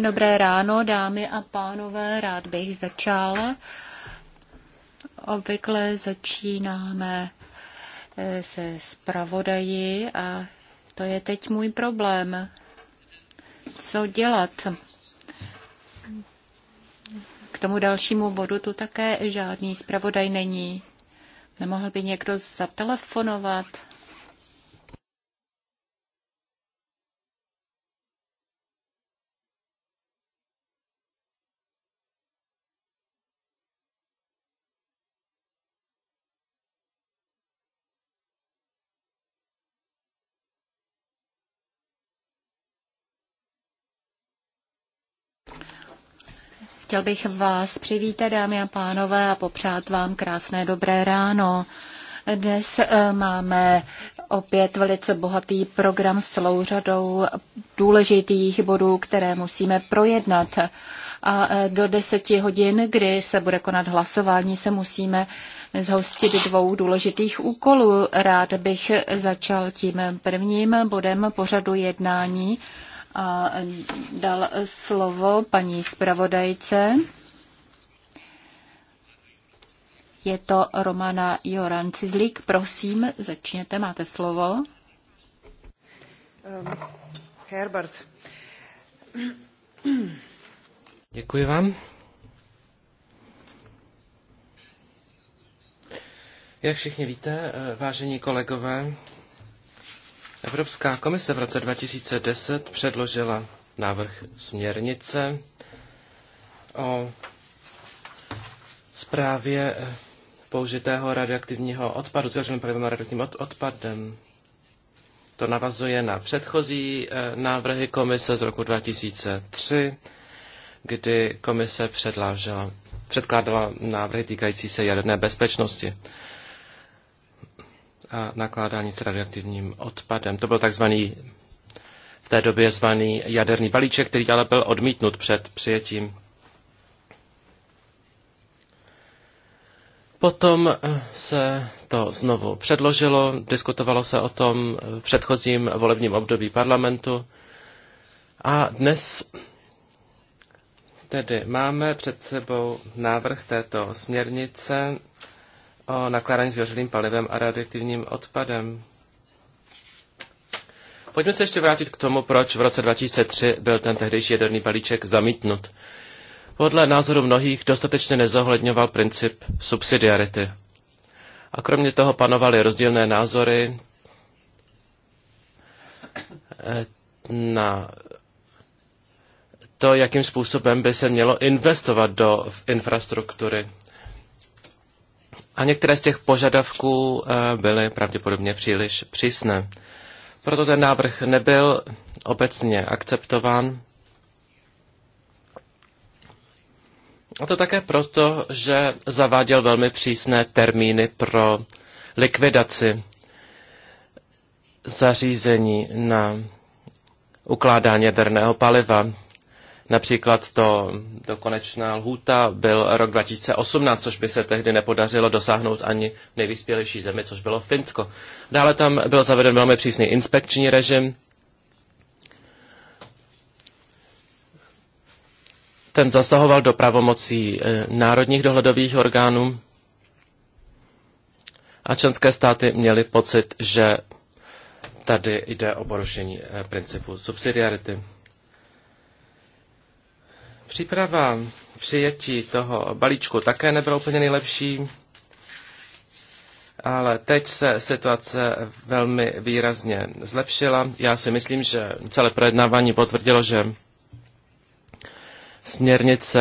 Dobré ráno, dámy a pánové, rád bych začal. Obvykle začínáme eh, se zpravodaji a to je teď můj problém. Co dělat? K tomu dalšímu bodu tu také žádný zpravodaj není. Nemohl by někdo zatelefonovat? Chtěl bych vás přivítat, dámy a pánové, a popřát vám krásné dobré ráno. Dnes eh, máme opět velice bohatý program s celou řadou důležitých bodů, které musíme projednat. A eh, do deseti hodin, kdy se bude konat hlasování, se musíme zhostit dvou důležitých úkolů. Rád bych začal tím prvním bodem pořadu jednání, a dal slovo paní zpravodajce. Je to Romana Joran Cizlík. Prosím, začněte, máte slovo. Um, Herbert. Děkuji vám. Jak všichni víte, eh, vážení kolegové, Evropská komise v roce 2010 předložila návrh směrnice o zprávě eh, použitého radioaktivního odpadu, zvařeným pravým radioaktivním od, odpadem. To navazuje na předchozí eh, návrhy komise z roku 2003, kdy komise předlážela, předkládala návrhy týkající se jaderné bezpečnosti a nakládání s radioaktivním odpadem. To byl takzvaný v té době zvaný jaderný balíček, který ale byl odmítnut před přijetím. Potom eh, se to znovu předložilo, diskutovalo se o tom eh, v předchozím volebním období parlamentu a dnes tedy máme před sebou návrh této směrnice o nakládání s vyhořelým palivem a radioaktivním odpadem. Pojďme se ještě vrátit k tomu, proč v roce 2003 byl ten tehdejší jaderný balíček zamítnut. Podle názoru mnohých dostatečně nezohledňoval princip subsidiarity. A kromě toho panovaly rozdílné názory eh, na to, jakým způsobem by se mělo investovat do infrastruktury. A některé z těch požadavků eh, byly pravděpodobně příliš přísné. Proto ten návrh nebyl obecně akceptován. A to také proto, že zaváděl velmi přísné termíny pro likvidaci zařízení na ukládání jaderného paliva. Například to konečná lhůta byl rok 2018, což by se tehdy nepodařilo dosáhnout ani v nejvyspělejší zemi, což bylo Finsko. Dále tam byl zaveden velmi přísný inspekční režim. Ten zasahoval do pravomocí eh, národních dohledových orgánů a členské státy měly pocit, že tady jde o porušení eh, principu subsidiarity. Příprava přijetí toho balíčku také nebyla úplně nejlepší, ale teď se situace velmi výrazně zlepšila. Já si myslím, že celé projednávání potvrdilo, že směrnice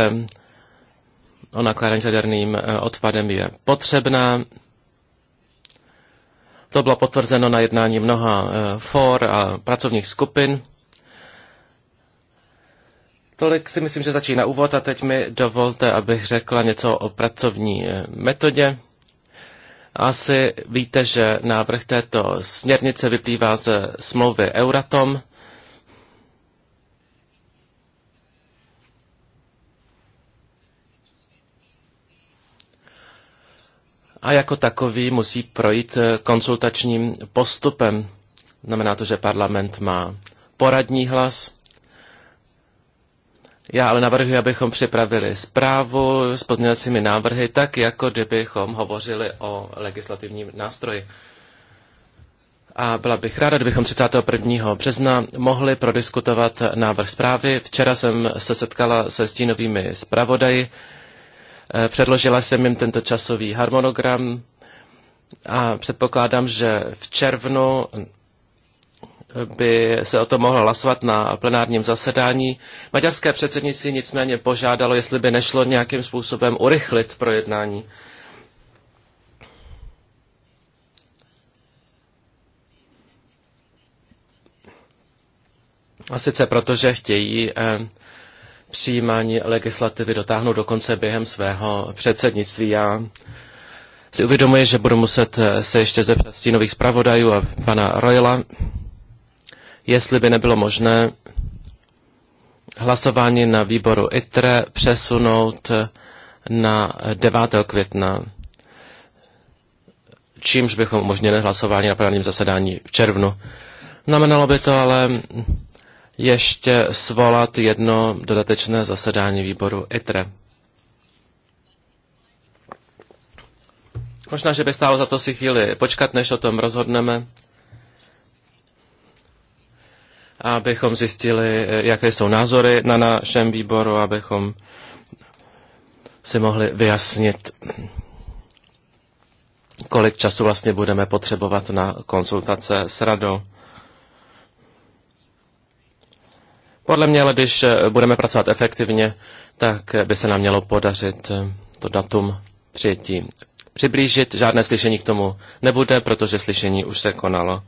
o nakládání s jaderným eh, odpadem je potřebná. To bylo potvrzeno na jednání mnoha eh, for a pracovních skupin. Tolik si myslím, že začíná na úvod a teď mi dovolte, abych řekla něco o pracovní eh, metodě. Asi víte, že návrh této směrnice vyplývá ze smlouvy Euratom. A jako takový musí projít eh, konsultačním postupem. Znamená to, že parlament má poradní hlas já ale navrhuji, abychom připravili zprávu s pozměňovacími návrhy, tak jako kdybychom hovořili o legislativním nástroji. A byla bych ráda, kdybychom 31. března mohli prodiskutovat návrh zprávy. Včera jsem se setkala se stínovými zpravodaji. Eh, předložila jsem jim tento časový harmonogram a předpokládám, že v červnu by se o tom mohlo hlasovat na plenárním zasedání. Maďarské předsednictví nicméně požádalo, jestli by nešlo nějakým způsobem urychlit projednání. A sice proto, že chtějí eh, přijímání legislativy dotáhnout dokonce během svého předsednictví. Já si uvědomuji, že budu muset eh, se ještě zeptat stínových zpravodajů a pana Royla, jestli by nebylo možné hlasování na výboru ITRE přesunout na 9. května, čímž bychom umožnili hlasování na plenárním zasedání v červnu. Znamenalo by to ale ještě svolat jedno dodatečné zasedání výboru ITRE. Možná, že by stálo za to si chvíli počkat, než o tom rozhodneme abychom zjistili, eh, jaké jsou názory na našem výboru, abychom si mohli vyjasnit, kolik času vlastně budeme potřebovat na konzultace s radou. Podle mě, ale když eh, budeme pracovat efektivně, tak eh, by se nám mělo podařit to datum přijetí přiblížit. Žádné slyšení k tomu nebude, protože slyšení už se konalo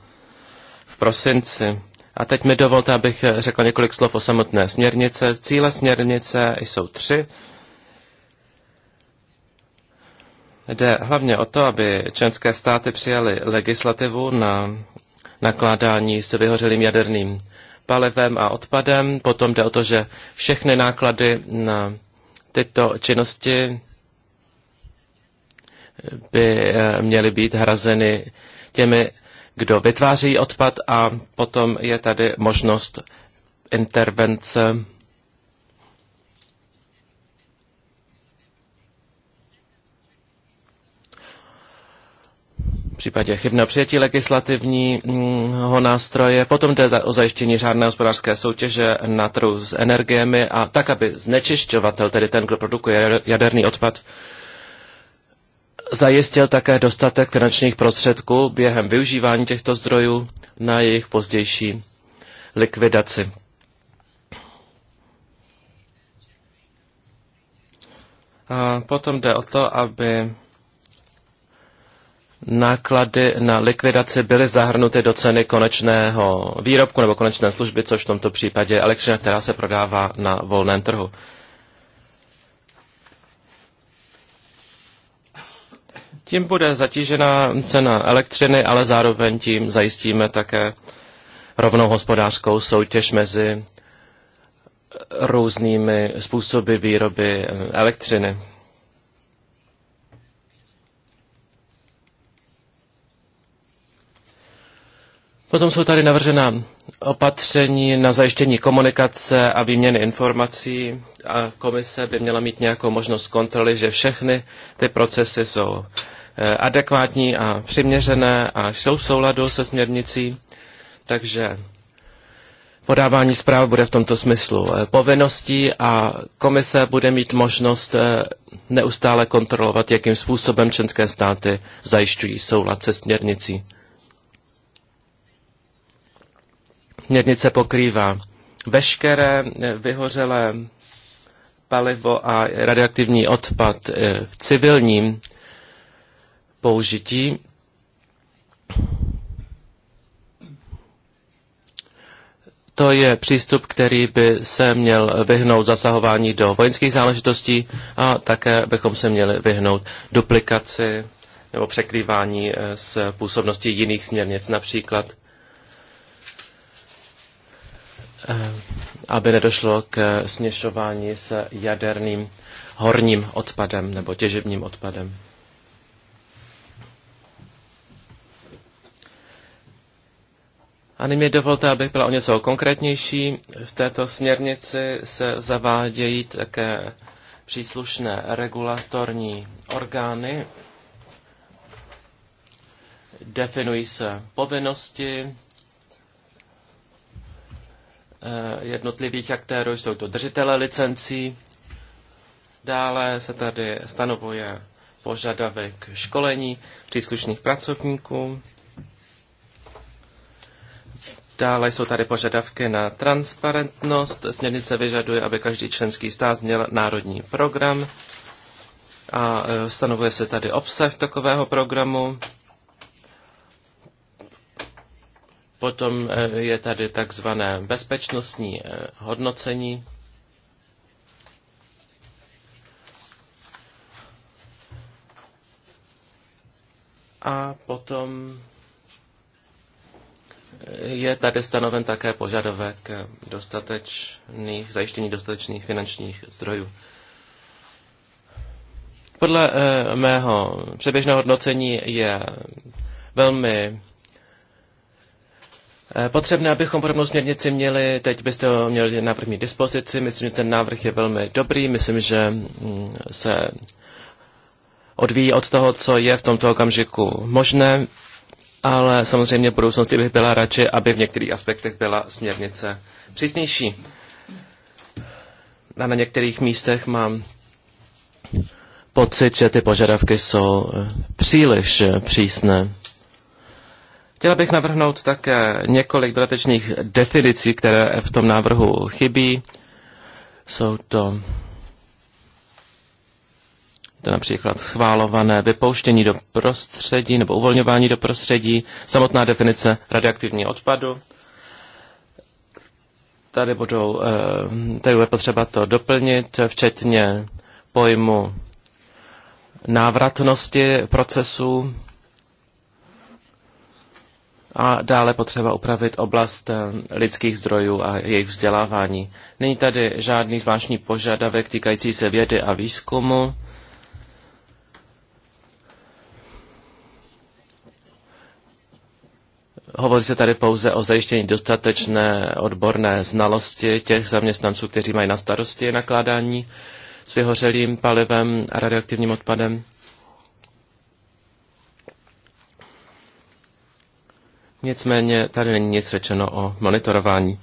v prosinci. A teď mi dovolte, abych řekl několik slov o samotné směrnice. Cíle směrnice jsou tři. Jde hlavně o to, aby členské státy přijaly legislativu na nakládání s vyhořelým jaderným palivem a odpadem. Potom jde o to, že všechny náklady na tyto činnosti by eh, měly být hrazeny těmi kdo vytváří odpad a potom je tady možnost intervence V případě chybného přijetí legislativního nástroje. Potom jde o zajištění řádné hospodářské soutěže na trhu s energiemi a tak, aby znečišťovatel, tedy ten, kdo produkuje jaderný odpad, zajistil také dostatek finančních prostředků během využívání těchto zdrojů na jejich pozdější likvidaci. A potom jde o to, aby náklady na likvidaci byly zahrnuty do ceny konečného výrobku nebo konečné služby, což v tomto případě elektřina, která se prodává na volném trhu. Tím bude zatížena cena elektřiny, ale zároveň tím zajistíme také rovnou hospodářskou soutěž mezi různými způsoby výroby eh, elektřiny. Potom jsou tady navržena opatření na zajištění komunikace a výměny informací a komise by měla mít nějakou možnost kontroly, že všechny ty procesy jsou Eh, adekvátní a přiměřené a jsou v souladu se směrnicí, takže podávání zpráv bude v tomto smyslu eh, povinností a komise bude mít možnost eh, neustále kontrolovat, jakým způsobem členské státy zajišťují soulad se směrnicí. Směrnice pokrývá veškeré vyhořelé palivo a radioaktivní odpad v civilním použití to je přístup, který by se měl vyhnout zasahování do vojenských záležitostí a také bychom se měli vyhnout duplikaci nebo překrývání eh, s působností jiných směrnic, například eh, aby nedošlo k směšování s jaderným horním odpadem nebo těžebním odpadem. A nyní mi dovolte, abych byla o něco konkrétnější. V této směrnici se zavádějí také příslušné regulatorní orgány. Definují se povinnosti eh, jednotlivých aktérů, jsou to držitele licencí. Dále se tady stanovuje požadavek školení příslušných pracovníků Dále jsou tady požadavky na transparentnost. Směrnice vyžaduje, aby každý členský stát měl národní program a e, stanovuje se tady obsah takového programu. Potom e, je tady takzvané bezpečnostní e, hodnocení. A potom je tady stanoven také požadavek dostatečných, zajištění dostatečných finančních zdrojů. Podle eh, mého předběžného hodnocení je velmi eh, Potřebné, abychom podobnou směrnici měli, teď byste ho měli na první dispozici, myslím, že ten návrh je velmi dobrý, myslím, že mm, se odvíjí od toho, co je v tomto okamžiku možné ale samozřejmě v budoucnosti bych byla radši, aby v některých aspektech byla směrnice přísnější. A na některých místech mám pocit, že ty požadavky jsou eh, příliš eh, přísné. Chtěla bych navrhnout také několik dodatečných definicí, které v tom návrhu chybí. Jsou to to například schválované vypouštění do prostředí nebo uvolňování do prostředí, samotná definice radioaktivního odpadu. Tady, budou, eh, tady bude potřeba to doplnit, včetně pojmu návratnosti procesu a dále potřeba upravit oblast eh, lidských zdrojů a jejich vzdělávání. Není tady žádný zvláštní požadavek týkající se vědy a výzkumu. Hovoří se tady pouze o zajištění dostatečné odborné znalosti těch zaměstnanců, kteří mají na starosti nakládání s vyhořelým palivem a radioaktivním odpadem. Nicméně tady není nic řečeno o monitorování.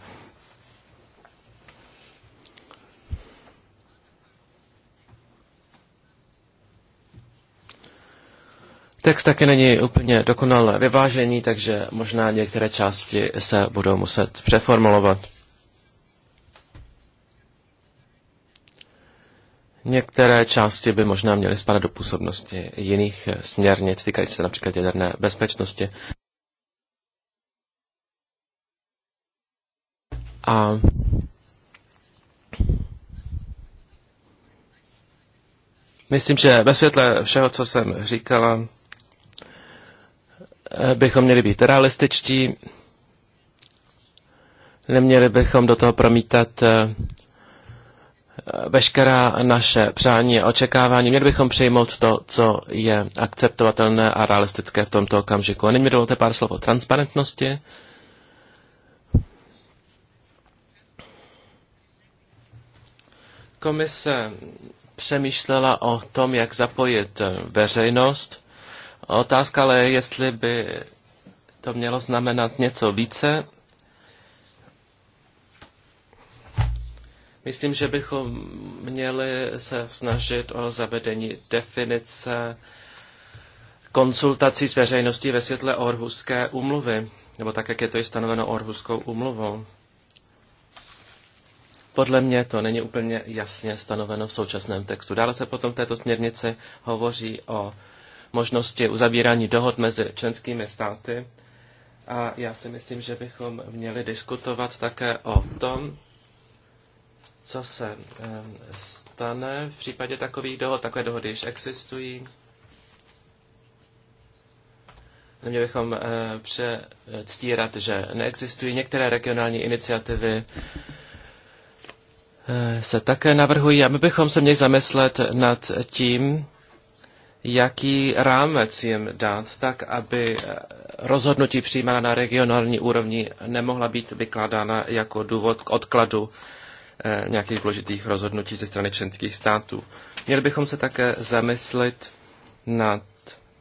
Text taky není úplně dokonale vyvážený, takže možná některé části se budou muset přeformulovat. Některé části by možná měly spadat do působnosti jiných směrnic, týkající se například jaderné bezpečnosti. A myslím, že ve světle všeho, co jsem říkala, bychom měli být realističtí, neměli bychom do toho promítat eh, veškerá naše přání a očekávání. Měli bychom přijmout to, co je akceptovatelné a realistické v tomto okamžiku. A nyní mi dovolte pár slov o transparentnosti. Komise přemýšlela o tom, jak zapojit veřejnost Otázka ale je, jestli by to mělo znamenat něco více. Myslím, že bychom měli se snažit o zavedení definice konsultací s veřejností ve světle Orhuské úmluvy, nebo tak, jak je to i stanoveno Orhuskou úmluvou. Podle mě to není úplně jasně stanoveno v současném textu. Dále se potom v této směrnici hovoří o možnosti uzavírání dohod mezi členskými státy. A já si myslím, že bychom měli diskutovat také o tom, co se stane v případě takových dohod. Takové dohody již existují. Neměli bychom eh, předstírat, že neexistují. Některé regionální iniciativy eh, se také navrhují a my bychom se měli zamyslet nad tím, jaký rámec jim dát, tak aby rozhodnutí přijímána na regionální úrovni nemohla být vykládána jako důvod k odkladu eh, nějakých důležitých rozhodnutí ze strany členských států. Měli bychom se také zamyslit nad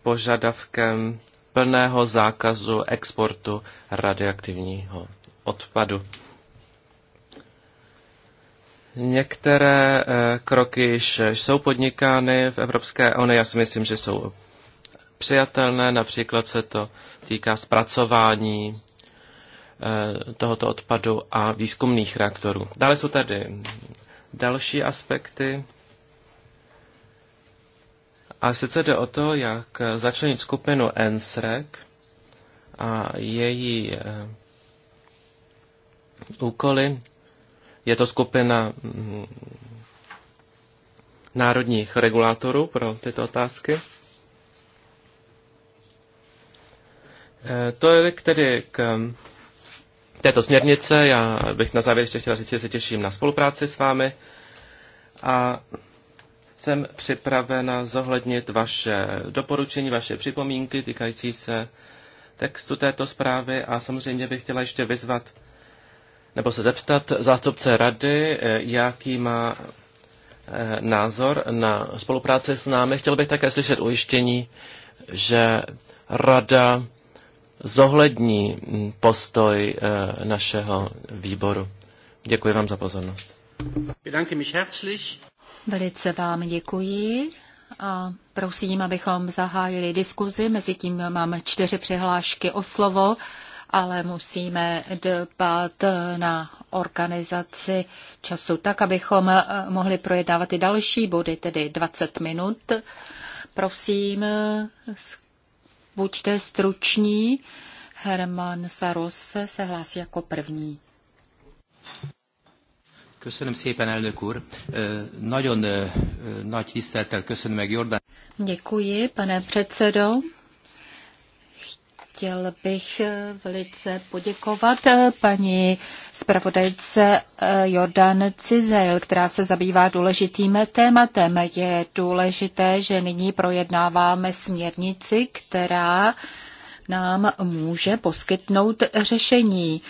požadavkem plného zákazu exportu radioaktivního odpadu. Některé eh, kroky již eh, jsou podnikány v Evropské unii, já si myslím, že jsou přijatelné, například se to týká zpracování eh, tohoto odpadu a výzkumných reaktorů. Dále jsou tady další aspekty. A sice jde o to, jak začlenit skupinu NSREC a její úkoly je to skupina mm, národních regulátorů pro tyto otázky. Eh, to je tedy k mm, této směrnice. Já bych na závěr ještě chtěla říct, že se těším na spolupráci s vámi a jsem připravena zohlednit vaše doporučení, vaše připomínky týkající se textu této zprávy a samozřejmě bych chtěla ještě vyzvat nebo se zeptat zástupce rady, eh, jaký má eh, názor na spolupráci s námi. Chtěl bych také slyšet ujištění, že rada zohlední mm, postoj eh, našeho výboru. Děkuji vám za pozornost. Velice vám děkuji a prosím, abychom zahájili diskuzi. Mezitím máme čtyři přihlášky o slovo ale musíme dbát na organizaci času tak, abychom eh, mohli projednávat i další body, tedy 20 minut. Prosím, buďte struční. Herman Saros se hlásí jako první. Köszönöm szépen, elnök úr. Eh, nagyon eh, nagy tisztelettel köszönöm meg Jordán. Děkuji, pane předsedo. Chtěl bych eh, velice poděkovat eh, paní zpravodajce eh, Jordan Cizel, která se zabývá důležitým tématem. Je důležité, že nyní projednáváme směrnici, která nám může poskytnout řešení.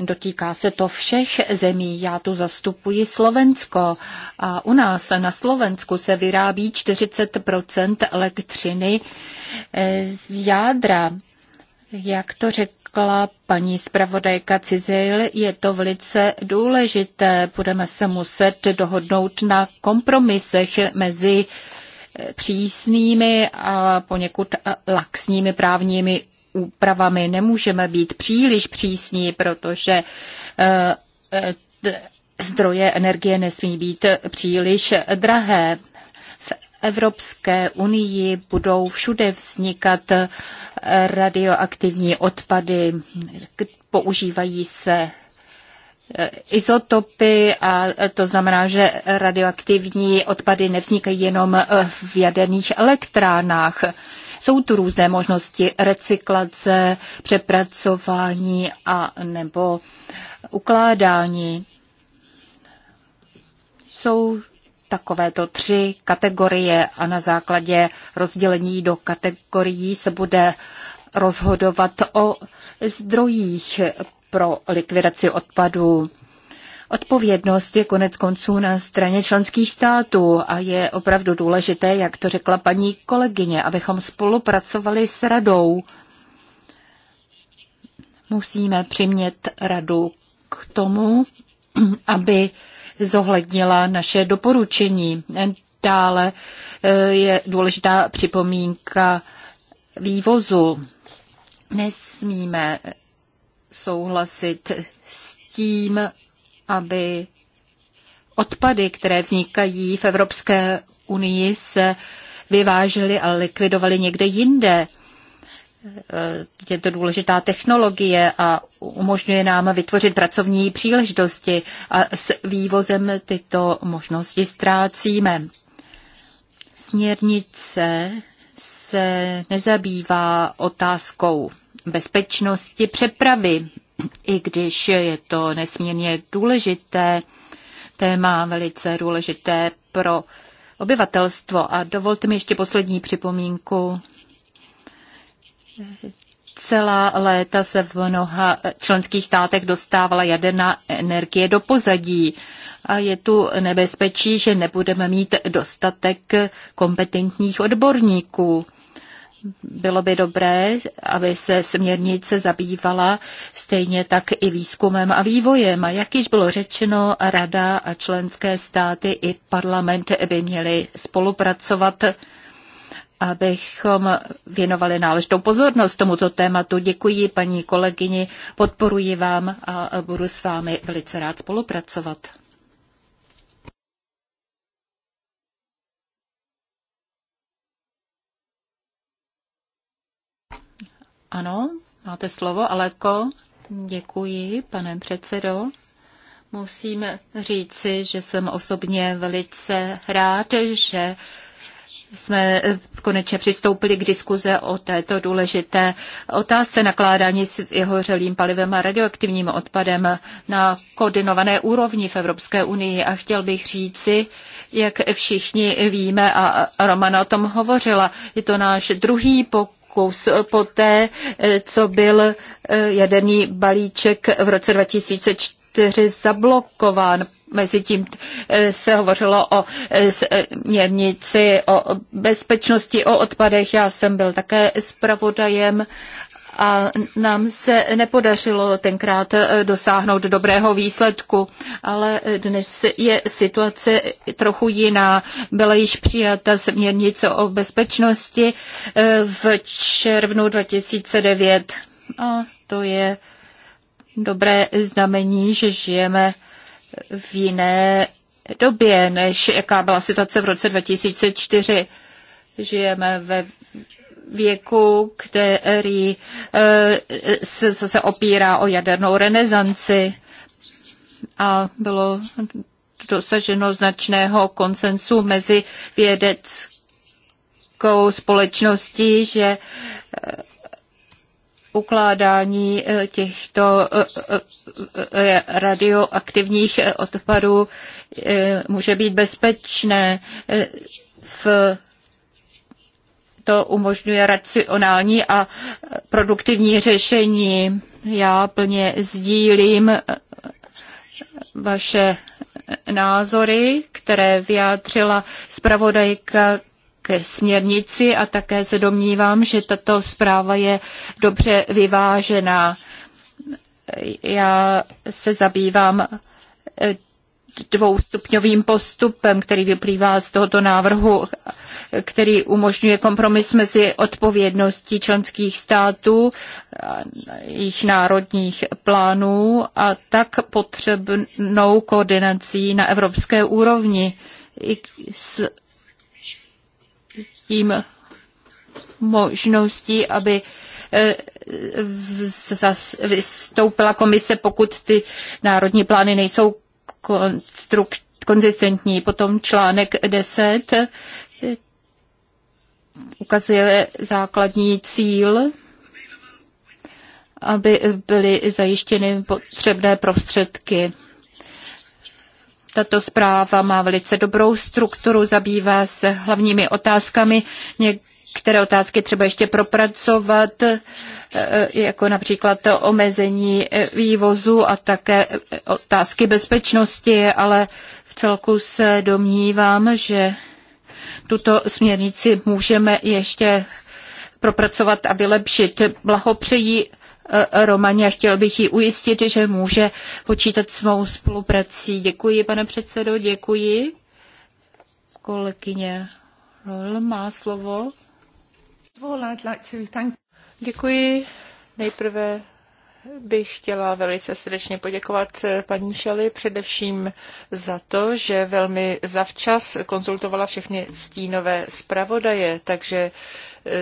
Dotýká se to všech zemí. Já tu zastupuji Slovensko a u nás na Slovensku se vyrábí 40 elektřiny z jádra. Jak to řekla paní zpravodajka Cizil, je to velice důležité. Budeme se muset dohodnout na kompromisech mezi eh, přísnými a poněkud laxními právními úpravami. Nemůžeme být příliš přísní, protože eh, eh, zdroje energie nesmí být příliš drahé. Evropské unii budou všude vznikat eh, radioaktivní odpady, používají se eh, izotopy a eh, to znamená, že radioaktivní odpady nevznikají jenom v jaderných elektrárnách. Jsou tu různé možnosti recyklace, přepracování a nebo ukládání. Jsou takovéto tři kategorie a na základě rozdělení do kategorií se bude rozhodovat o zdrojích pro likvidaci odpadu. Odpovědnost je konec konců na straně členských států a je opravdu důležité, jak to řekla paní kolegyně, abychom spolupracovali s radou. Musíme přimět radu k tomu, aby zohlednila naše doporučení. Dále eh, je důležitá připomínka vývozu. Nesmíme souhlasit s tím, aby odpady, které vznikají v Evropské unii, se vyvážely a likvidovaly někde jinde. Eh, je to důležitá technologie a umožňuje nám vytvořit pracovní příležitosti a s vývozem tyto možnosti ztrácíme. Směrnice se nezabývá otázkou bezpečnosti přepravy, i když je to nesmírně důležité téma, velice důležité pro obyvatelstvo. A dovolte mi ještě poslední připomínku celá léta se v mnoha členských státech dostávala jaderná energie do pozadí. A je tu nebezpečí, že nebudeme mít dostatek kompetentních odborníků. Bylo by dobré, aby se směrnice zabývala stejně tak i výzkumem a vývojem. A jak již bylo řečeno, Rada a členské státy i parlament by měly spolupracovat abychom věnovali náležitou pozornost tomuto tématu. Děkuji paní kolegyni, podporuji vám a budu s vámi velice rád spolupracovat. Ano, máte slovo, Aleko. Děkuji, pane předsedo. Musím říci, že jsem osobně velice rád, že jsme eh, konečně přistoupili k diskuze o této důležité otázce nakládání s vyhořelým palivem a radioaktivním odpadem na koordinované úrovni v Evropské unii. A chtěl bych říci, jak všichni víme, a Romana o tom hovořila, je to náš druhý pokus po poté, eh, co byl eh, jaderný balíček v roce 2004 zablokován Mezitím eh, se hovořilo o eh, směrnici, eh, o bezpečnosti, o odpadech. Já jsem byl také zpravodajem a nám se nepodařilo tenkrát dosáhnout dobrého výsledku, ale dnes je situace trochu jiná. Byla již přijata směrnice o bezpečnosti v červnu 2009 a to je dobré znamení, že žijeme v jiné době, než jaká byla situace v roce 2004. Žijeme ve věku, který eh, se, zase opírá o jadernou renesanci a bylo dosaženo značného konsensu mezi vědeckou společností, že eh, ukládání eh, těchto eh, eh, radioaktivních odpadů může být bezpečné. V to umožňuje racionální a produktivní řešení. Já plně sdílím vaše názory, které vyjádřila zpravodajka k směrnici a také se domnívám, že tato zpráva je dobře vyvážená. Já se zabývám eh, dvoustupňovým postupem, který vyplývá z tohoto návrhu, který umožňuje kompromis mezi odpovědností členských států, jejich národních plánů a tak potřebnou koordinací na evropské úrovni. I s tím možností, aby eh, vystoupila komise, pokud ty národní plány nejsou konzistentní. Potom článek 10 eh, ukazuje základní cíl, aby byly zajištěny potřebné prostředky. Tato zpráva má velice dobrou strukturu, zabývá se hlavními otázkami. Některé otázky třeba ještě propracovat, e, e, jako například to omezení e, vývozu a také otázky bezpečnosti, ale v celku se domnívám, že tuto směrnici můžeme ještě propracovat a vylepšit. Blahopřeji Eh, Romani a chtěl bych ji ujistit, že může počítat s mou spoluprací. Děkuji, pane předsedo, děkuji. Kolegyně Rol má slovo. Děkuji. Nejprve bych chtěla velice srdečně poděkovat eh, paní Šeli především za to, že velmi zavčas konzultovala všechny stínové zpravodaje, takže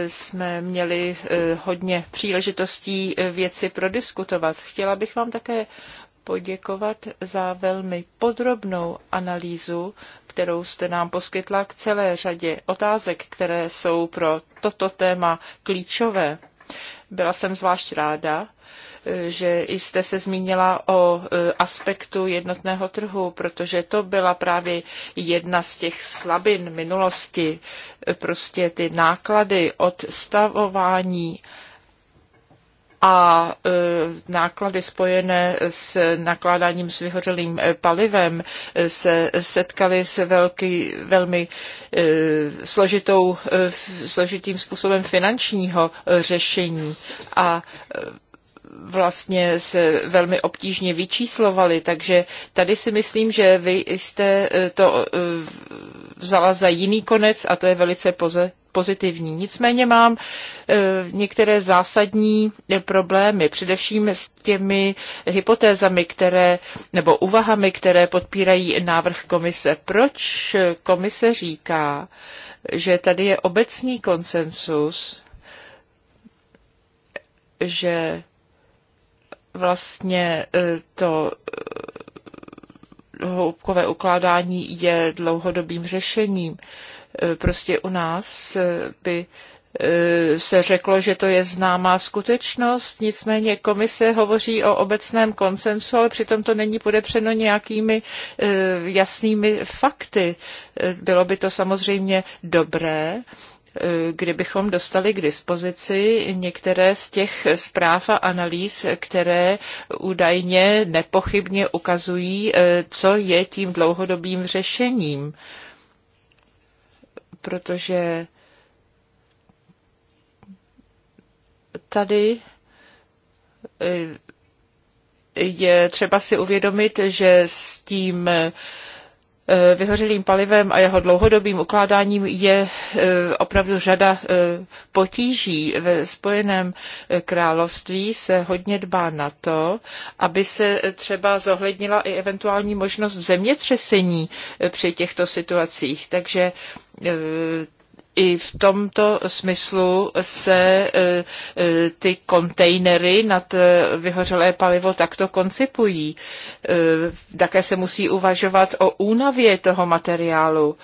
jsme měli eh, hodně příležitostí eh, věci prodiskutovat. Chtěla bych vám také poděkovat za velmi podrobnou analýzu, kterou jste nám poskytla k celé řadě otázek, které jsou pro toto téma klíčové. Byla jsem zvlášť ráda, že jste se zmínila o e, aspektu jednotného trhu, protože to byla právě jedna z těch slabin minulosti, prostě ty náklady od stavování a e, náklady spojené s nakládáním s vyhořelým e, palivem se setkaly s velký, velmi složitou, složitým způsobem finančního řešení. A vlastně se velmi obtížně vyčíslovaly, takže tady si myslím, že vy jste eh, to eh, vzala za jiný konec a to je velice poze, pozitivní. Nicméně mám eh, některé zásadní problémy, především s těmi hypotézami, které, nebo uvahami, které podpírají návrh komise. Proč komise říká, že tady je obecný konsensus, že vlastně e, to e, hloubkové ukládání je dlouhodobým řešením. E, prostě u nás by se řeklo, že to je známá skutečnost, nicméně komise hovoří o obecném konsensu, ale přitom to není podepřeno nějakými jasnými fakty. Bylo by to samozřejmě dobré, kdybychom dostali k dispozici některé z těch zpráv a analýz, které údajně nepochybně ukazují, eh, co je tím dlouhodobým řešením. Protože tady eh, je třeba si uvědomit, že s tím Eh, vyhořelým palivem a jeho dlouhodobým ukládáním je eh, opravdu řada eh, potíží. Ve Spojeném království se hodně dbá na to, aby se třeba zohlednila i eventuální možnost zemětřesení při těchto situacích. Takže i v tomto smyslu se e, e, ty kontejnery nad e, vyhořelé palivo takto koncipují. Také se musí uvažovat o únavě toho materiálu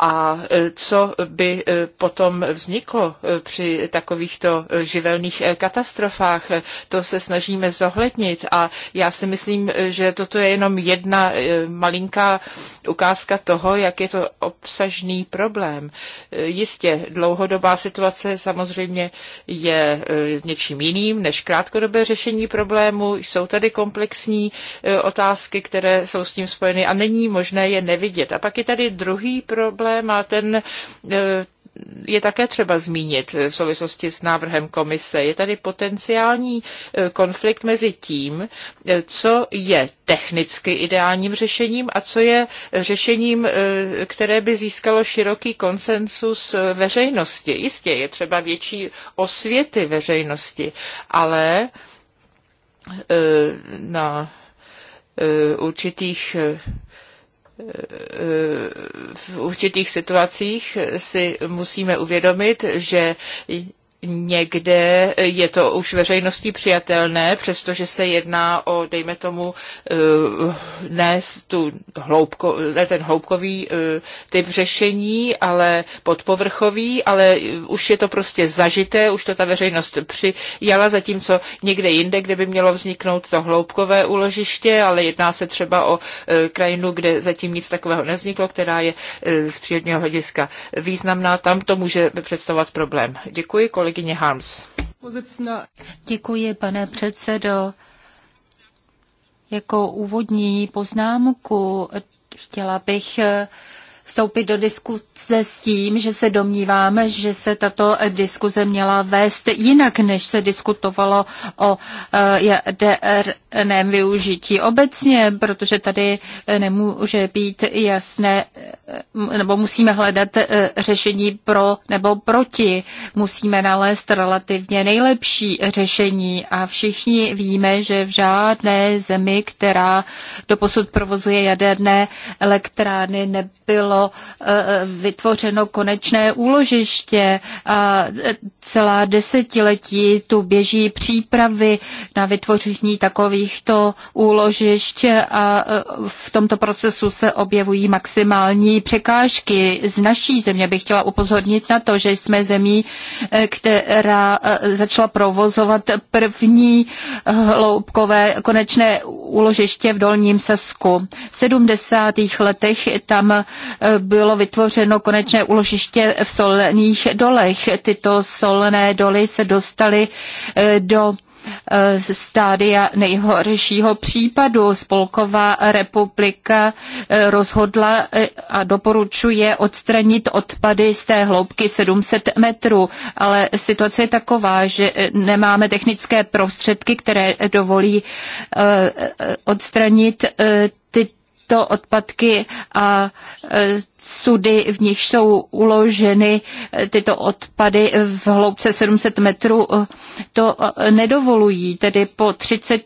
a e, co by e, potom vzniklo e, při takovýchto živelných katastrofách, to se snažíme zohlednit. A já si myslím, že toto je jenom jedna malinká ukázka toho, jak je to obsažný problém. Jistě, dlouhodobá situace samozřejmě je něčím jiným než krátkodobé řešení problému. Jsou tady komplexní otázky, které jsou s tím spojeny a není možné je nevidět. A pak je tady druhý problém, problém a ten e, je také třeba zmínit v souvislosti s návrhem komise. Je tady potenciální e, konflikt mezi tím, e, co je technicky ideálním řešením a co je řešením, které by získalo široký konsensus veřejnosti. Jistě je třeba větší osvěty veřejnosti, ale na určitých v určitých situacích si musíme uvědomit, že Někde je to už veřejností přijatelné, přestože se jedná o, dejme tomu, eh, ne, tu hloubko, ne ten hloubkový eh, typ řešení, ale podpovrchový, ale už je to prostě zažité, už to ta veřejnost přijala, zatímco někde jinde, kde by mělo vzniknout to hloubkové úložiště, ale jedná se třeba o eh, krajinu, kde zatím nic takového nevzniklo, která je z přírodního hlediska významná, tam to může představovat problém. Děkuji, kolik kolegyně Harms. Děkuji, pane předsedo. Jako úvodní poznámku chtěla bych vstoupit do diskuze s tím, že se domníváme, že se tato diskuze měla vést jinak, než se diskutovalo o eh, jaderném využití obecně, protože tady eh, nemůže být jasné, eh, nebo musíme hledat řešení pro nebo proti. Musíme nalézt relativně nejlepší řešení a všichni víme, že v žádné zemi, která doposud provozuje jaderné elektrárny, nebylo bylo eh, vytvořeno konečné úložiště a eh, celá desetiletí tu běží přípravy na vytvoření takovýchto úložišť a eh, v tomto procesu se objevují maximální překážky. Z naší země bych chtěla upozornit na to, že jsme zemí, která začala provozovat první hloubkové konečné úložiště v Dolním Sasku. V 70. letech tam bylo vytvořeno konečné uložiště v solných dolech. Tyto solné doly se dostaly eh, do eh, stádia nejhoršího případu. Spolková republika eh, rozhodla a doporučuje odstranit odpady z té hloubky 700 metrů, ale situace je taková, že nemáme technické prostředky, které dovolí odstranit Tyto odpadky a e, sudy, v nich jsou uloženy e, tyto odpady v hloubce 700 metrů, e, to nedovolují. Tedy po 30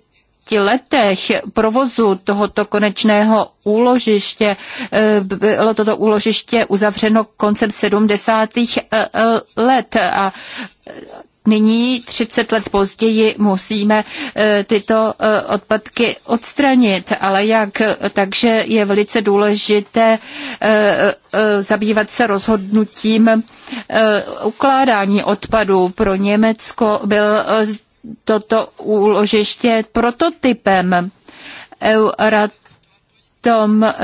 letech provozu tohoto konečného úložiště, bylo toto úložiště uzavřeno koncem 70. let a nyní 30 let později musíme e, tyto e, odpadky odstranit, ale jak? Takže je velice důležité e, zabývat se rozhodnutím ukládání odpadů. Pro Německo byl toto úložiště prototypem. Euratom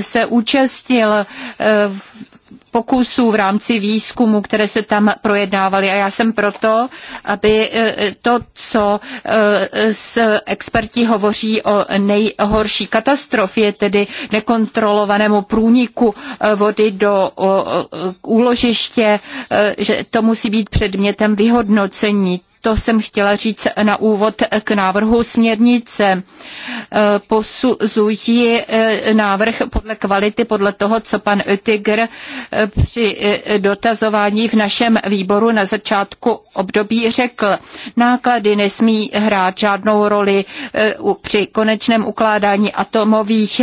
se účastnil pokusů v rámci výzkumu, které se tam projednávaly. A já jsem proto, aby e, to, co e, s experti hovoří o nejhorší katastrofě, tedy nekontrolovanému průniku e, vody do úložiště, že to musí být předmětem vyhodnocení to jsem chtěla říct na úvod k návrhu směrnice. E, posuzují e, návrh podle kvality, podle toho, co pan Tiger e, při dotazování v našem výboru na začátku období řekl. Náklady nesmí hrát žádnou roli při konečném ukládání atomových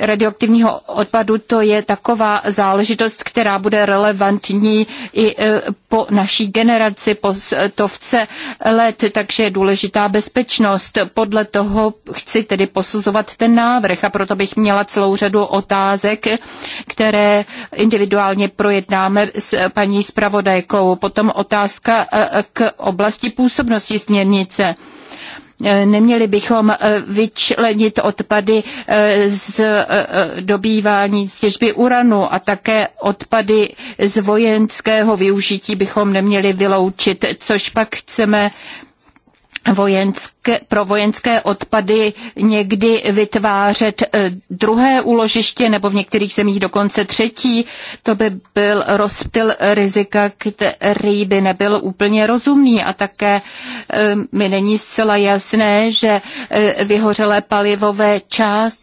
radioaktivního odpadu. To je taková záležitost, která bude relevantní i po naší generaci, po to stovce let, takže je důležitá bezpečnost. Podle toho chci tedy posuzovat ten návrh a proto bych měla celou řadu otázek, které individuálně projednáme s paní zpravodajkou. Potom otázka eh, k oblasti působnosti směrnice. Eh, neměli bychom eh, vyčlenit odpady eh, z dobývání z těžby uranu a také odpady z vojenského využití bychom neměli vyloučit, což pak chceme vojenské, pro vojenské odpady někdy vytvářet eh, druhé úložiště nebo v některých zemích dokonce třetí. To by byl rozptyl rizika, který by nebyl úplně rozumný a také eh, mi není zcela jasné, že eh, vyhořelé palivové část,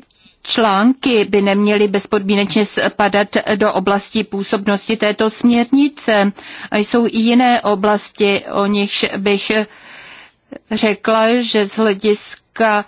články by neměly bezpodmínečně spadat do oblasti působnosti této směrnice. Jsou i jiné oblasti, o nichž bych řekla, že z hlediska otázka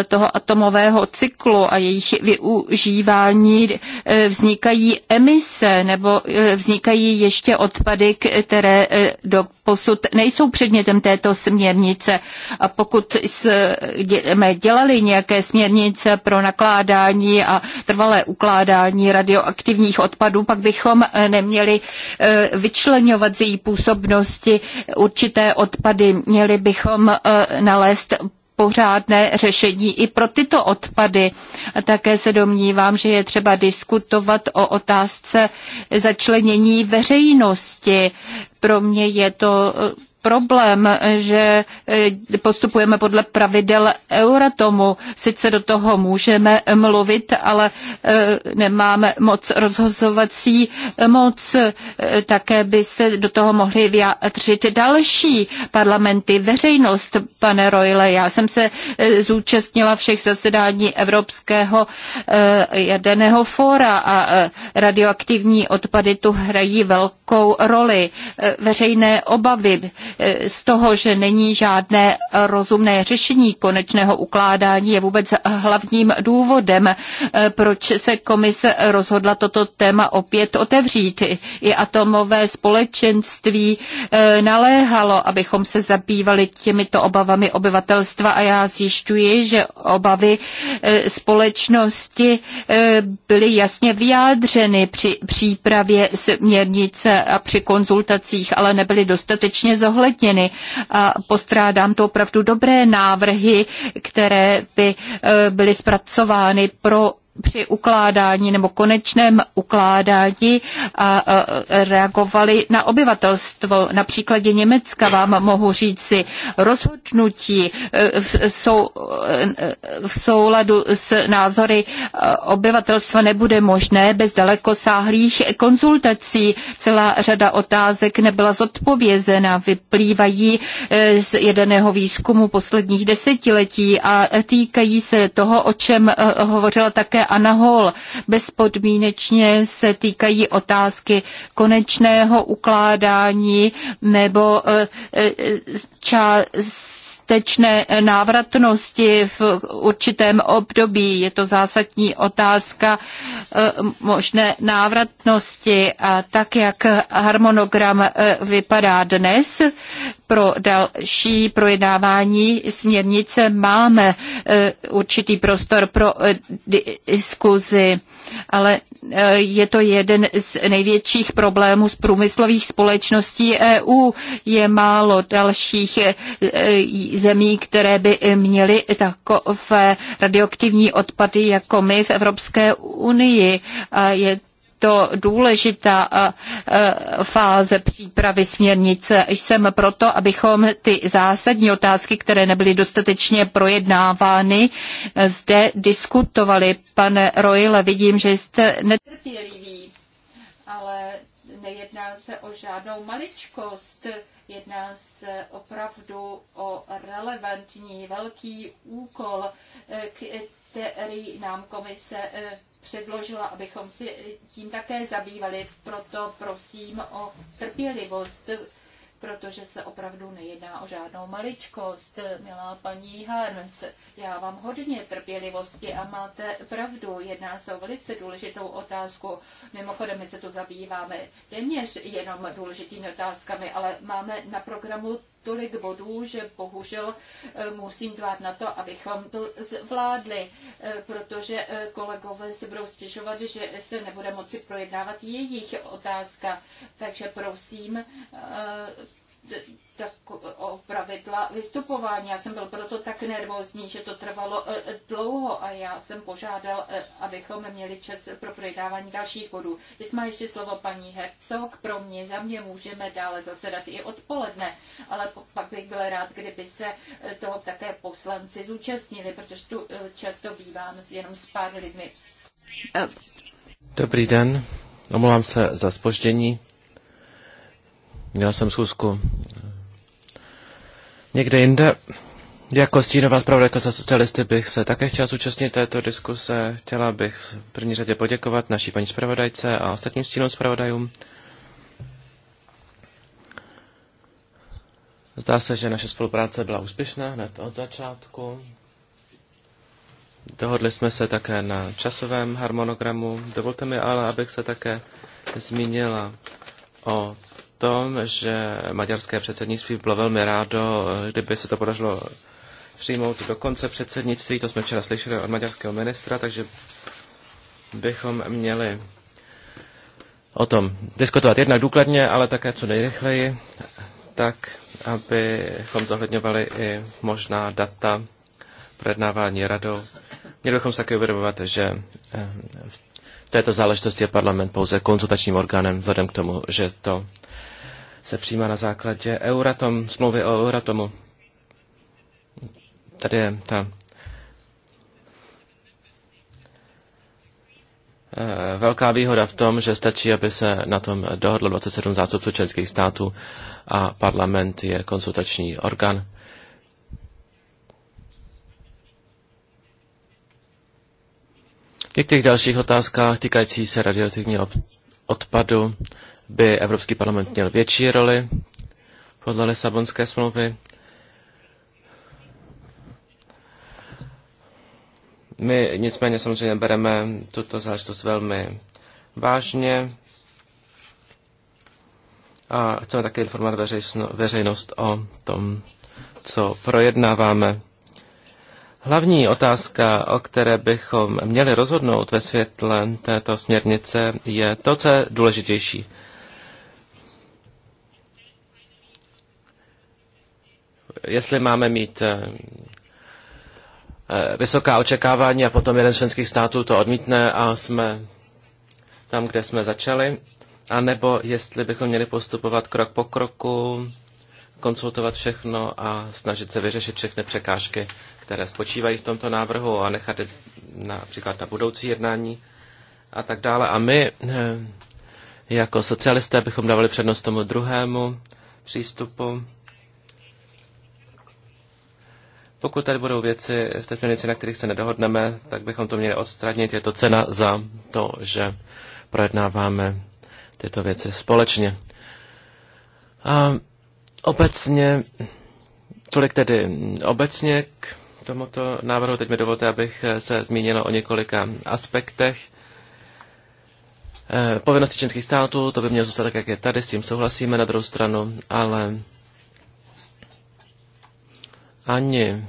eh, toho atomového cyklu a jejich využívání eh, vznikají emise nebo eh, vznikají ještě odpady, které do posud nejsou předmětem této směrnice. A pokud jsme dělali nějaké směrnice pro nakládání a trvalé ukládání radioaktivních odpadů, pak bychom neměli vyčlenovat z její působnosti určité odpady. Měli bychom nalézt pořádné řešení i pro tyto odpady. A také se domnívám, že je třeba diskutovat o otázce začlenění veřejnosti. Pro mě je to problém, že eh, postupujeme podle pravidel Euratomu. Sice do toho můžeme mluvit, ale eh, nemáme moc rozhozovací moc. Eh, také by se do toho mohly vyjádřit další parlamenty, veřejnost, pane Royle. Já jsem se zúčastnila všech zasedání Evropského jaderného fóra a radioaktivní odpady tu hrají velkou roli. Veřejné obavy Eh, z toho, že není žádné rozumné řešení konečného ukládání, je vůbec hlavním důvodem, eh, proč se komise rozhodla toto téma opět otevřít. I atomové společenství eh, naléhalo, abychom se zabývali těmito obavami obyvatelstva a já zjišťuji, že obavy společnosti byly jasně vyjádřeny při přípravě směrnice a při konzultacích, ale nebyly dostatečně zohledněny zohledněny. A postrádám to opravdu dobré návrhy, které by eh, byly zpracovány pro při ukládání nebo konečném ukládání a reagovali na obyvatelstvo. Na příkladě Německa vám mohu říct si rozhodnutí e, sou, e, v souladu s názory e, obyvatelstva nebude možné bez dalekosáhlých konzultací. Celá řada otázek nebyla zodpovězena, vyplývají z jedeného výzkumu posledních desetiletí a týkají se toho, o čem hovořila také a nahol. Bezpodmínečně se týkají otázky konečného ukládání nebo eh, eh, čas dostatečné návratnosti v určitém období. Je to zásadní otázka eh, možné návratnosti a tak, jak harmonogram eh, vypadá dnes, pro další projednávání směrnice máme eh, určitý prostor pro diskuzi, ale Eh, je to jeden z největších problémů z průmyslových společností EU. Je málo dalších eh, eh, zemí, které by měly takové radioaktivní odpady jako my v Evropské unii. je to důležitá fáze přípravy směrnice. Jsem proto, abychom ty zásadní otázky, které nebyly dostatečně projednávány, zde diskutovali. Pane Royle, vidím, že jste netrpělivý, ale nejedná se o žádnou maličkost. Jedná se opravdu o relevantní velký úkol, který nám komise eh, předložila, abychom si tím také zabývali. Proto prosím o trpělivost, protože se opravdu nejedná o žádnou maličkost. Milá paní Harms, já vám hodně trpělivosti a máte pravdu. Jedná se o velice důležitou otázku. Mimochodem, my se tu zabýváme téměř jenom důležitými otázkami, ale máme na programu tolik bodů, že bohužel eh, musím dbát na to, abychom to zvládli, eh, protože eh, kolegové se budou stěžovat, že se nebude moci projednávat jejich otázka. Takže prosím, o pravidla vystupování. Já jsem byl proto tak nervózní, že to trvalo e, dlouho a já jsem požádal, e, abychom měli čas pro projednávání dalších bodů. Teď má ještě slovo paní Hercog. Pro mě, za mě můžeme dále zasedat i odpoledne, ale pak bych byl rád, kdyby se e, toho také poslanci zúčastnili, protože tu často bývám jenom s pár lidmi. Dobrý den, omlouvám se za spoždění. Měl jsem schůzku někde jinde. Jako stínová zpravodajka za socialisty bych se také chtěla zúčastnit této diskuse. Chtěla bych v první řadě poděkovat naší paní zpravodajce a ostatním stínovým zpravodajům. Zdá se, že naše spolupráce byla úspěšná hned od začátku. Dohodli jsme se také na časovém harmonogramu. Dovolte mi ale, abych se také zmínila o tom, že maďarské předsednictví bylo velmi rádo, kdyby se to podařilo přijmout do konce předsednictví. To jsme včera slyšeli od maďarského ministra, takže bychom měli o tom diskutovat jednak důkladně, ale také co nejrychleji, tak abychom zohledňovali i možná data projednávání radou. Měli bychom se také uvědomovat, že eh, v této záležitosti je parlament pouze konzultačním orgánem, vzhledem k tomu, že to se přijímá na základě Euratom, smlouvy o Euratomu. Tady je ta eh, Velká výhoda v tom, že stačí, aby se na tom dohodlo 27 zástupců členských států a parlament je konsultační orgán. V některých dalších otázkách týkající se radioaktivního odpadu by Evropský parlament měl větší roli podle Lisabonské smlouvy. My nicméně samozřejmě bereme tuto záležitost velmi vážně a chceme také informovat veřejnost o tom, co projednáváme. Hlavní otázka, o které bychom měli rozhodnout ve světle této směrnice, je to, co je důležitější. jestli máme mít eh, eh, vysoká očekávání a potom jeden z členských států to odmítne a jsme tam, kde jsme začali, a nebo jestli bychom měli postupovat krok po kroku, konsultovat všechno a snažit se vyřešit všechny překážky, které spočívají v tomto návrhu a nechat je například na budoucí jednání a tak dále. A my eh, jako socialisté bychom dávali přednost tomu druhému přístupu pokud tady budou věci v té směrnici, na kterých se nedohodneme, tak bychom to měli odstranit. Je to cena za to, že projednáváme tyto věci společně. A obecně, tolik tedy obecně k tomuto návrhu. Teď mi dovolte, abych se zmínil o několika aspektech. Eh, povinnosti čínských států, to by mělo zůstat tak, jak je tady, s tím souhlasíme na druhou stranu, ale ani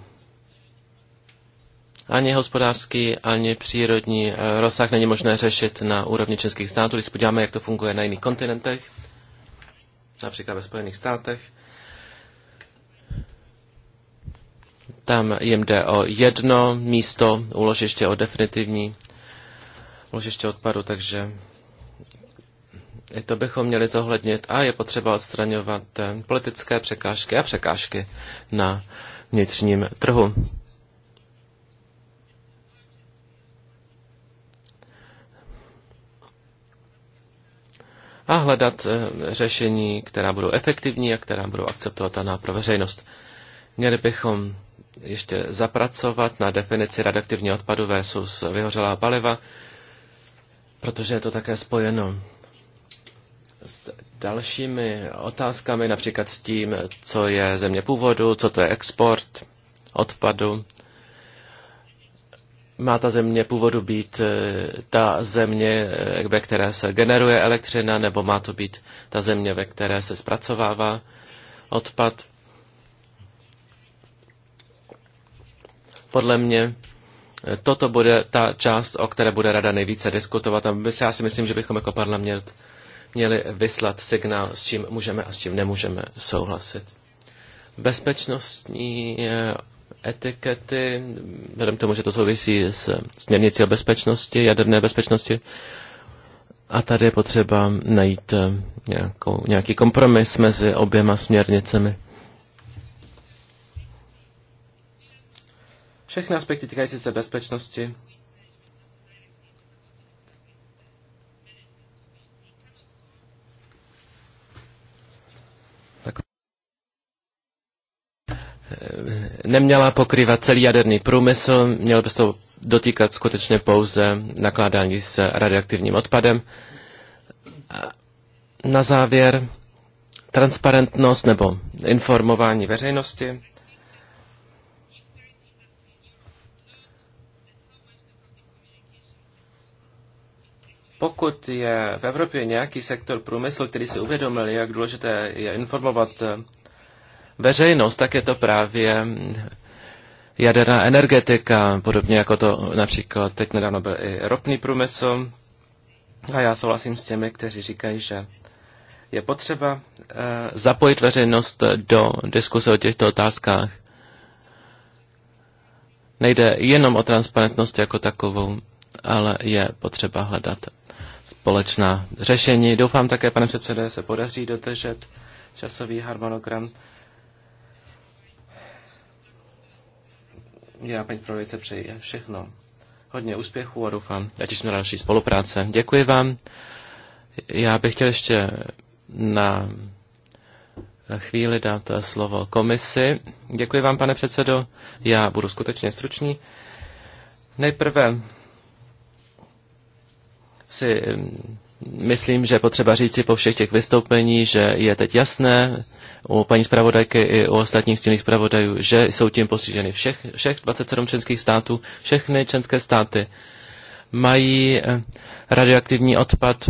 ani hospodářský, ani přírodní eh, rozsah není možné řešit na úrovni českých států. Když podíváme, jak to funguje na jiných kontinentech, například ve Spojených státech, tam jim jde o jedno místo, úložiště o definitivní úložiště odpadu, takže i to bychom měli zohlednit a je potřeba odstraňovat eh, politické překážky a překážky na vnitřním trhu. A hledat eh, řešení, která budou efektivní a která budou akceptovatelná pro veřejnost. Měli bychom ještě zapracovat na definici radioaktivního odpadu versus vyhořelá paliva, protože je to také spojeno s dalšími otázkami, například s tím, co je země původu, co to je export odpadu. Má ta země původu být eh, ta země, eh, ve které se generuje elektřina, nebo má to být ta země, ve které se zpracovává odpad? Podle mě eh, toto bude ta část, o které bude rada nejvíce diskutovat. A my, já si myslím, že bychom jako parlament měli vyslat signál, s čím můžeme a s čím nemůžeme souhlasit. Bezpečnostní eh, etikety, vzhledem k tomu, že to souvisí s směrnicí o bezpečnosti, jaderné bezpečnosti, a tady je potřeba najít eh, nějakou, nějaký kompromis mezi oběma směrnicemi. Všechny aspekty týkající se bezpečnosti neměla pokrývat celý jaderný průmysl, mělo by se to dotýkat skutečně pouze nakládání s radioaktivním odpadem. Na závěr transparentnost nebo informování veřejnosti. Pokud je v Evropě nějaký sektor průmysl, který si uvědomil, jak důležité je informovat veřejnost, tak je to právě jaderná energetika, podobně jako to například teď nedávno byl i ropný průmysl. A já souhlasím s těmi, kteří říkají, že je potřeba eh, zapojit veřejnost do diskuse o těchto otázkách. Nejde jenom o transparentnost jako takovou, ale je potřeba hledat společná řešení. Doufám také, pane předsedo, se podaří dotežet časový harmonogram Já, paní zpravodajce, přeji všechno. Hodně úspěchů a doufám. Já těším na další spolupráce. Děkuji vám. Já bych chtěl ještě na chvíli dát slovo komisi. Děkuji vám, pane předsedo. Já budu skutečně stručný. Nejprve si Myslím, že potřeba říci po všech těch vystoupení, že je teď jasné u paní zpravodajky i u ostatních stěných zpravodajů, že jsou tím postiženy všech, všech 27 členských států, všechny členské státy mají eh, radioaktivní odpad,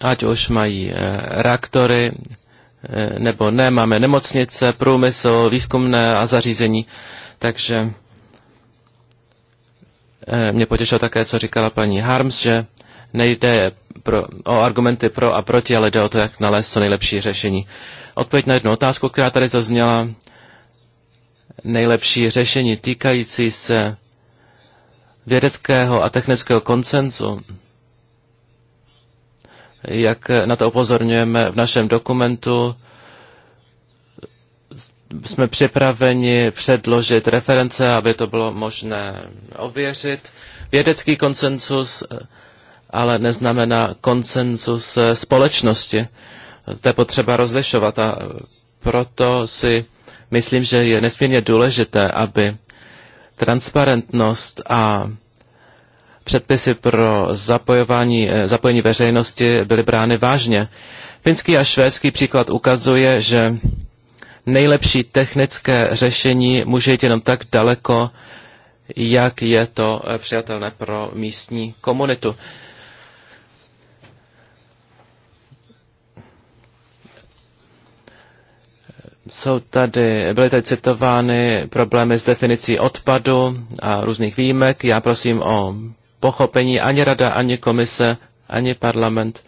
ať už mají eh, reaktory eh, nebo ne, máme nemocnice, průmysl, výzkumné a zařízení, takže Eh, mě potěšilo také, co říkala paní Harms, že nejde pro, o argumenty pro a proti, ale jde o to, jak nalézt co nejlepší řešení. Odpověď na jednu otázku, která tady zazněla, nejlepší řešení týkající se vědeckého a technického koncenzu, jak na to upozorňujeme v našem dokumentu, jsme připraveni předložit reference, aby to bylo možné ověřit. Vědecký konsenzus ale neznamená konsenzus společnosti. To je potřeba rozlišovat a proto si myslím, že je nesmírně důležité, aby transparentnost a předpisy pro zapojování, zapojení veřejnosti byly brány vážně. Finský a švédský příklad ukazuje, že nejlepší technické řešení může jít jenom tak daleko, jak je to eh, přijatelné pro místní komunitu. Jsou tady, byly tady citovány problémy s definicí odpadu a různých výjimek. Já prosím o pochopení ani rada, ani komise, ani parlament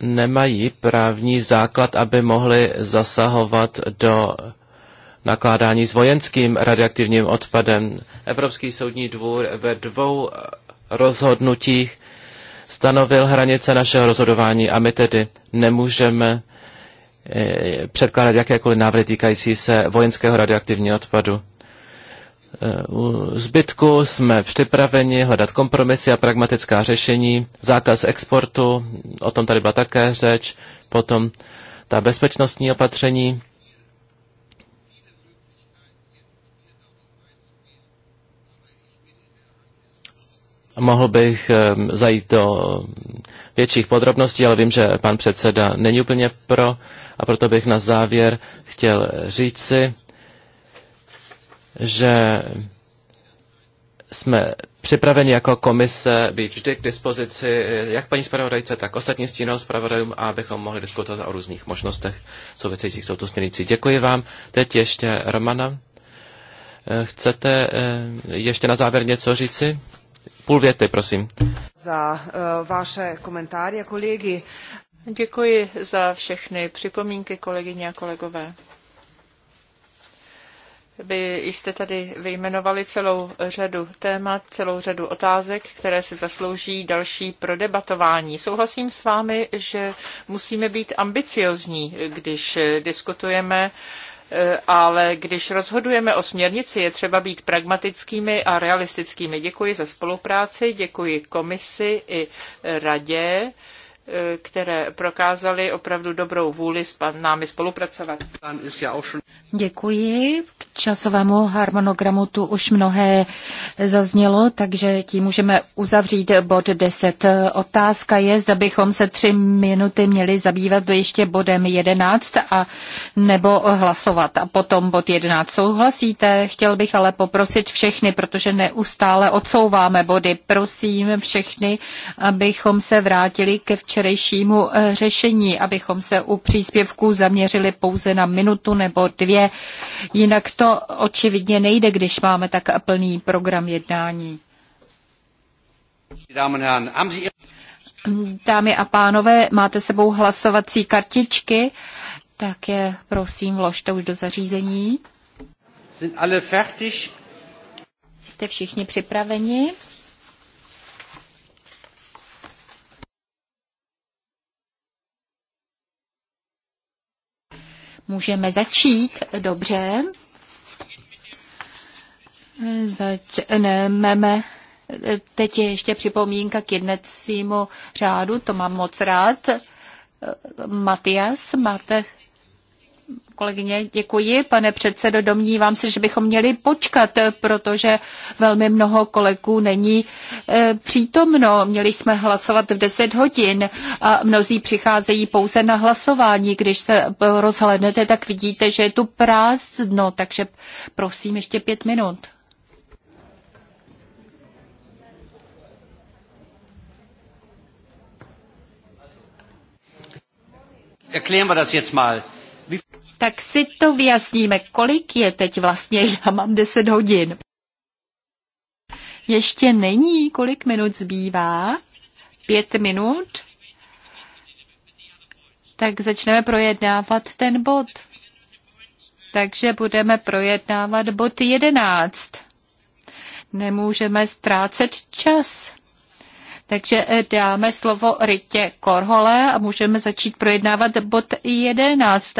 nemají právní základ, aby mohli zasahovat do nakládání s vojenským radioaktivním odpadem. Evropský soudní dvůr ve dvou rozhodnutích stanovil hranice našeho rozhodování a my tedy nemůžeme eh, předkládat jakékoliv návrhy týkající se vojenského radioaktivního odpadu. Eh, zbytku jsme připraveni hledat kompromisy a pragmatická řešení, zákaz exportu, o tom tady byla také řeč, potom ta bezpečnostní opatření. Mohl bych eh, zajít do větších podrobností, ale vím, že pan předseda není úplně pro a proto bych na závěr chtěl říci, že jsme připraveni jako komise být vždy k dispozici jak paní zpravodajce, tak ostatním stínovým zpravodajům, abychom mohli diskutovat o různých možnostech souvisejících s touto směrnicí. Děkuji vám. Teď ještě Romana. Eh, chcete eh, ještě na závěr něco říci? Půl věty, prosím. Za uh, vaše komentáře, kolegy. Děkuji za všechny připomínky, kolegyně a kolegové. Vy jste tady vyjmenovali celou řadu témat, celou řadu otázek, které si zaslouží další prodebatování. Souhlasím s vámi, že musíme být ambiciozní, když diskutujeme eh, ale když rozhodujeme o směrnici, je třeba být pragmatickými a realistickými. Děkuji za spolupráci, děkuji komisi i radě které prokázali opravdu dobrou vůli s námi spolupracovat. Děkuji. K časovému harmonogramu tu už mnohé zaznělo, takže tím můžeme uzavřít bod 10. Otázka je, zda bychom se tři minuty měli zabývat ještě bodem 11 a nebo hlasovat a potom bod 11. Souhlasíte? Chtěl bych ale poprosit všechny, protože neustále odsouváme body. Prosím všechny, abychom se vrátili ke včerejšímu včerejšímu eh, řešení, abychom se u příspěvků zaměřili pouze na minutu nebo dvě. Jinak to očividně nejde, když máme tak plný program jednání. Dámy a pánové, máte sebou hlasovací kartičky, tak je prosím vložte už do zařízení. Jste všichni připraveni? Můžeme začít, dobře. Začneme. Teď je ještě připomínka k jednacímu řádu, to mám moc rád. Matias, máte Kolegyně, děkuji. Pane předsedo, domnívám se, že bychom měli počkat, protože velmi mnoho kolegů není eh, přítomno. Měli jsme hlasovat v 10 hodin a mnozí přicházejí pouze na hlasování. Když se eh, rozhlednete, tak vidíte, že je tu prázdno, takže prosím ještě pět minut. Erklären wir das jetzt mal tak si to vyjasníme, kolik je teď vlastně, já mám 10 hodin. Ještě není, kolik minut zbývá? Pět minut? Tak začneme projednávat ten bod. Takže budeme projednávat bod 11. Nemůžeme ztrácet čas. Takže eh, dáme slovo Rytě Korhole a můžeme začít projednávat bod 11.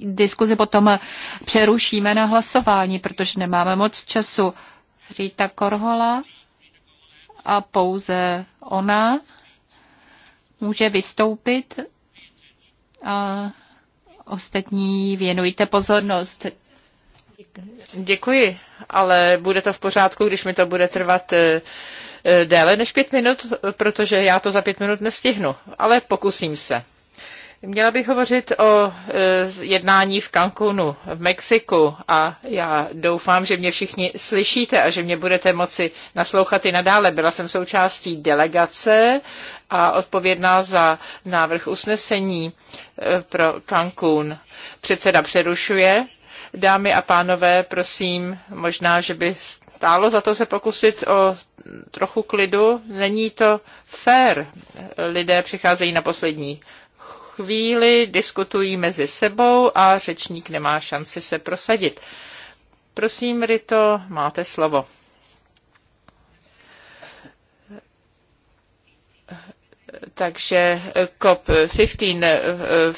diskuzi potom eh, přerušíme na hlasování, protože nemáme moc času. Rita Korhola a pouze ona může vystoupit a ostatní věnujte pozornost. Děkuji, ale bude to v pořádku, když mi to bude trvat eh, Eh, déle než pět minut, protože já to za pět minut nestihnu, ale pokusím se. Měla bych hovořit o eh, jednání v Cancunu, v Mexiku a já doufám, že mě všichni slyšíte a že mě budete moci naslouchat i nadále. Byla jsem součástí delegace a odpovědná za návrh usnesení eh, pro Cancún. Předseda přerušuje. Dámy a pánové, prosím, možná, že by stálo za to se pokusit o trochu klidu. Není to fér. Lidé přicházejí na poslední chvíli, diskutují mezi sebou a řečník nemá šanci se prosadit. Prosím, Rito, máte slovo. Takže COP15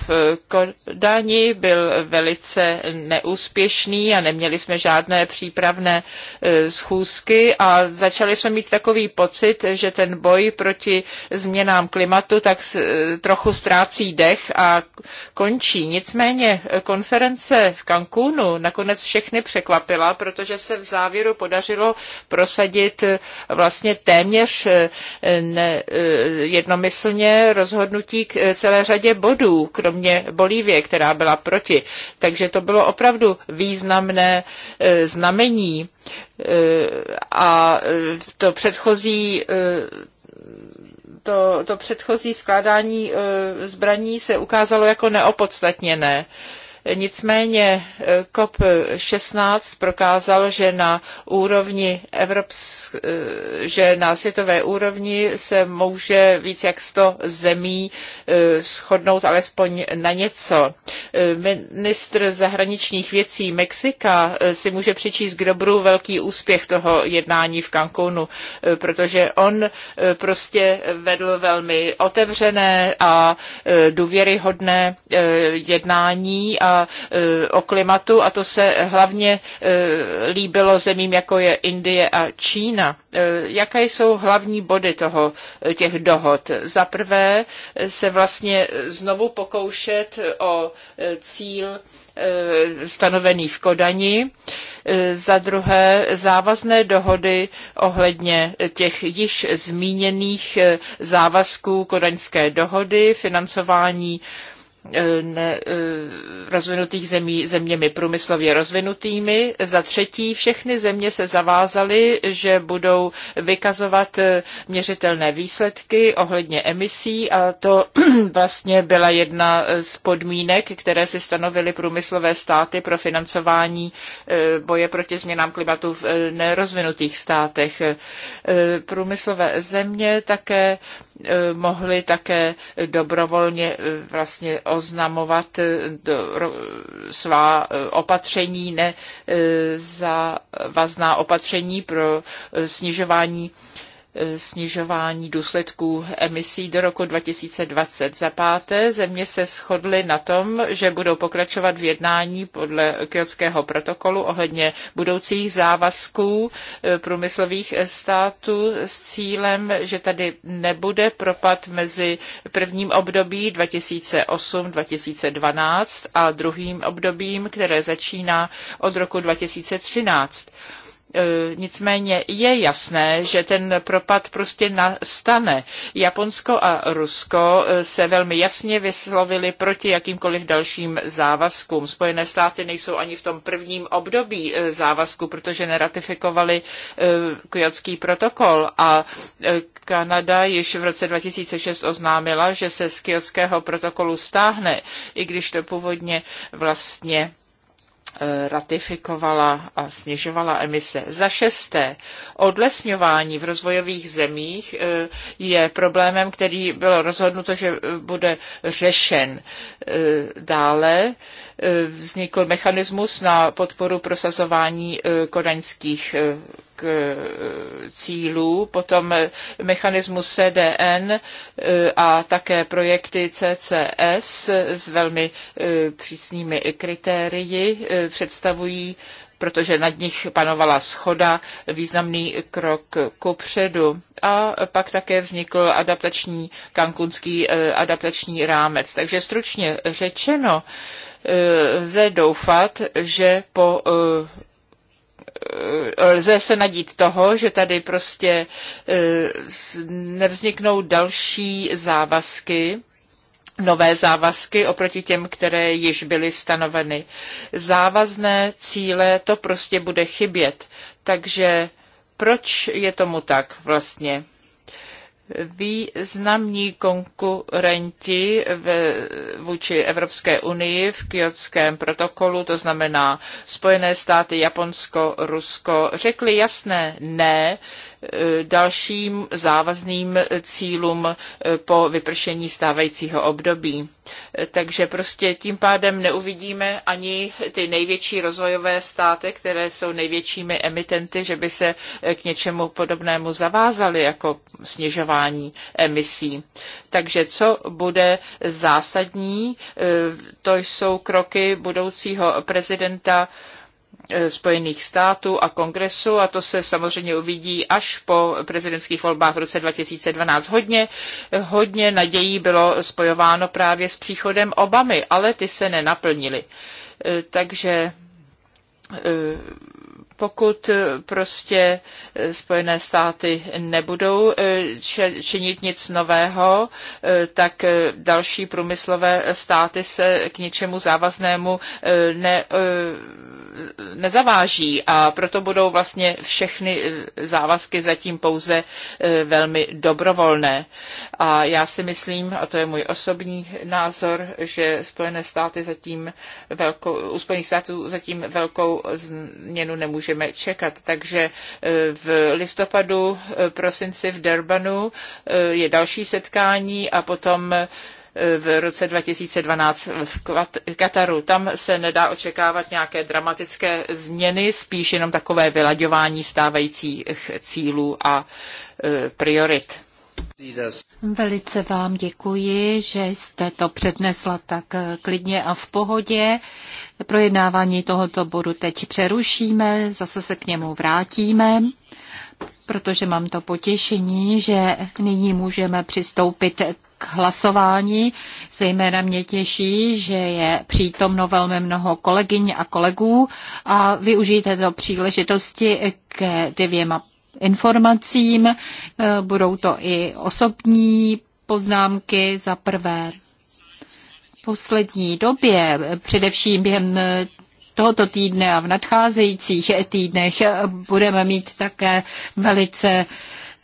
v Kodani byl velice neúspěšný a neměli jsme žádné přípravné e, schůzky a začali jsme mít takový pocit, že ten boj proti změnám klimatu tak e, trochu ztrácí dech a končí. Nicméně e, konference v Cancúnu nakonec všechny překvapila, protože se v závěru podařilo prosadit vlastně téměř jednomyslně jednomyslně rozhodnutí k e, celé řadě bodů, kromě Bolívie, která byla proti. Takže to bylo opravdu významné e, znamení e, a to předchozí to, to předchozí skládání zbraní se ukázalo jako neopodstatněné. Ne Nicméně eh, COP16 prokázal, že na úrovni Evropsk, eh, že na světové úrovni se může víc jak 100 zemí eh, shodnout alespoň na něco. Ministr zahraničních věcí Mexika si může přečíst k dobru velký úspěch toho jednání v Cancúnu, protože on prostě vedl velmi otevřené a důvěryhodné jednání a Eh, o klimatu a to se hlavně eh, líbilo zemím, jako je Indie a Čína. Eh, jaké jsou hlavní body toho, těch dohod? Za prvé se vlastně znovu pokoušet o cíl stanovený v Kodani, za druhé závazné dohody ohledně těch již zmíněných závazků kodaňské dohody, financování E, ne, e, rozvinutých zemí zeměmi průmyslově rozvinutými. Za třetí, všechny země se zavázaly, že budou vykazovat e, měřitelné výsledky ohledně emisí a to vlastně byla jedna z podmínek, které si stanovily průmyslové státy pro financování boje proti změnám klimatu v nerozvinutých státech. Průmyslové země také mohly také dobrovolně vlastně oznamovat eh, svá eh, opatření, nezávazná eh, opatření pro snižování snižování důsledků emisí do roku 2020. Za páté, země se shodly na tom, že budou pokračovat v jednání podle Kyotského protokolu ohledně budoucích závazků eh, průmyslových států s cílem, že tady nebude propad mezi prvním období 2008-2012 a druhým obdobím, které začíná od roku 2013. E, nicméně je jasné, že ten propad prostě nastane. Japonsko a Rusko e, se velmi jasně vyslovili proti jakýmkoliv dalším závazkům. Spojené státy nejsou ani v tom prvním období e, závazku, protože neratifikovali Kyotský protokol a Kanada již v roce 2006 oznámila, že se z Kyotského protokolu stáhne, i když to původně vlastně Eh, ratifikovala a snižovala emise. Za šesté, odlesňování v rozvojových zemích eh, je problémem, který bylo rozhodnuto, že eh, bude řešen dále vznikl mechanismus na podporu prosazování kodaňských E, cílů, potom mechanismus CDN e, a také projekty CCS s velmi e, přísnými kritérii představují protože nad nich panovala schoda, významný krok ku předu. A pak také vznikl adaptační, kankunský adaptační rámec. Takže stručně řečeno, lze doufat, že po Eh, lze se nadít toho, že tady prostě eh, nevzniknou další závazky, nové závazky oproti těm, které již byly stanoveny. Závazné cíle to prostě bude chybět. Takže proč je tomu tak vlastně? významní konkurenti v, vůči Evropské unii v kyotském protokolu, to znamená Spojené státy, Japonsko, Rusko, řekli jasné ne dalším závazným cílům eh, po vypršení stávajícího období. Eh, takže prostě tím pádem neuvidíme ani ty největší rozvojové státy, které jsou největšími emitenty, že by se eh, k něčemu podobnému zavázaly jako snižování emisí. Takže co bude zásadní, to jsou kroky budoucího prezidenta Eh, Spojených států a kongresu a to se samozřejmě uvidí až po prezidentských volbách v roce 2012. Hodně, hodně nadějí bylo spojováno právě s příchodem Obamy, ale ty se nenaplnily. Eh, takže eh, pokud prostě Spojené státy nebudou činit nic nového, tak další průmyslové státy se k ničemu závaznému ne, nezaváží a proto budou vlastně všechny e, závazky zatím pouze e, velmi dobrovolné. A já si myslím, a to je můj osobní názor, že Spojené státy zatím velkou, u Spojených států zatím velkou změnu nemůžeme čekat. Takže e, v listopadu, prosinci v Durbanu je další setkání a potom v roce 2012 v Kataru. Tam se nedá očekávat nějaké dramatické změny, spíš jenom takové vyladěvání stávajících cílů a e, priorit. Velice vám děkuji, že jste to přednesla tak e, klidně a v pohodě. Projednávání tohoto bodu teď přerušíme, zase se k němu vrátíme, protože mám to potěšení, že nyní můžeme přistoupit hlasování. Zejména mě těší, že je přítomno velmi mnoho kolegyň a kolegů a využijte této příležitosti ke dvěma informacím. E, budou to i osobní poznámky za prvé. V poslední době, především během tohoto týdne a v nadcházejících týdnech budeme mít také velice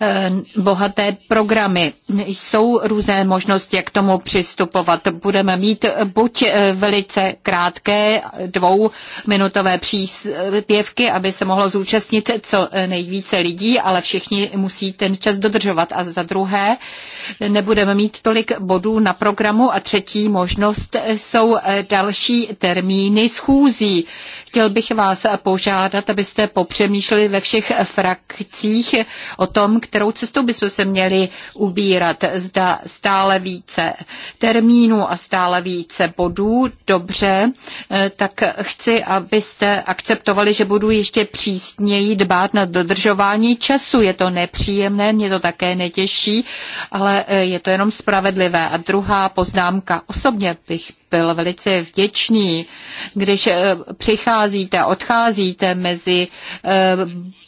Eh, bohaté programy. Jsou různé možnosti, jak k tomu přistupovat. Budeme mít buď eh, velice krátké dvouminutové příspěvky, aby se mohlo zúčastnit co nejvíce lidí, ale všichni musí ten čas dodržovat. A za druhé, nebudeme mít tolik bodů na programu. A třetí možnost jsou eh, další termíny schůzí. Chtěl bych vás požádat, abyste popřemýšleli ve všech frakcích o tom, kterou cestou bychom se měli ubírat. Zda stále více termínů a stále více bodů, dobře, eh, tak chci, abyste akceptovali, že budu ještě přísněji dbát na dodržování času. Je to nepříjemné, mě to také netěší, ale eh, je to jenom spravedlivé. A druhá poznámka. Osobně bych byl velice vděčný, když eh, přicházíte, odcházíte mezi eh,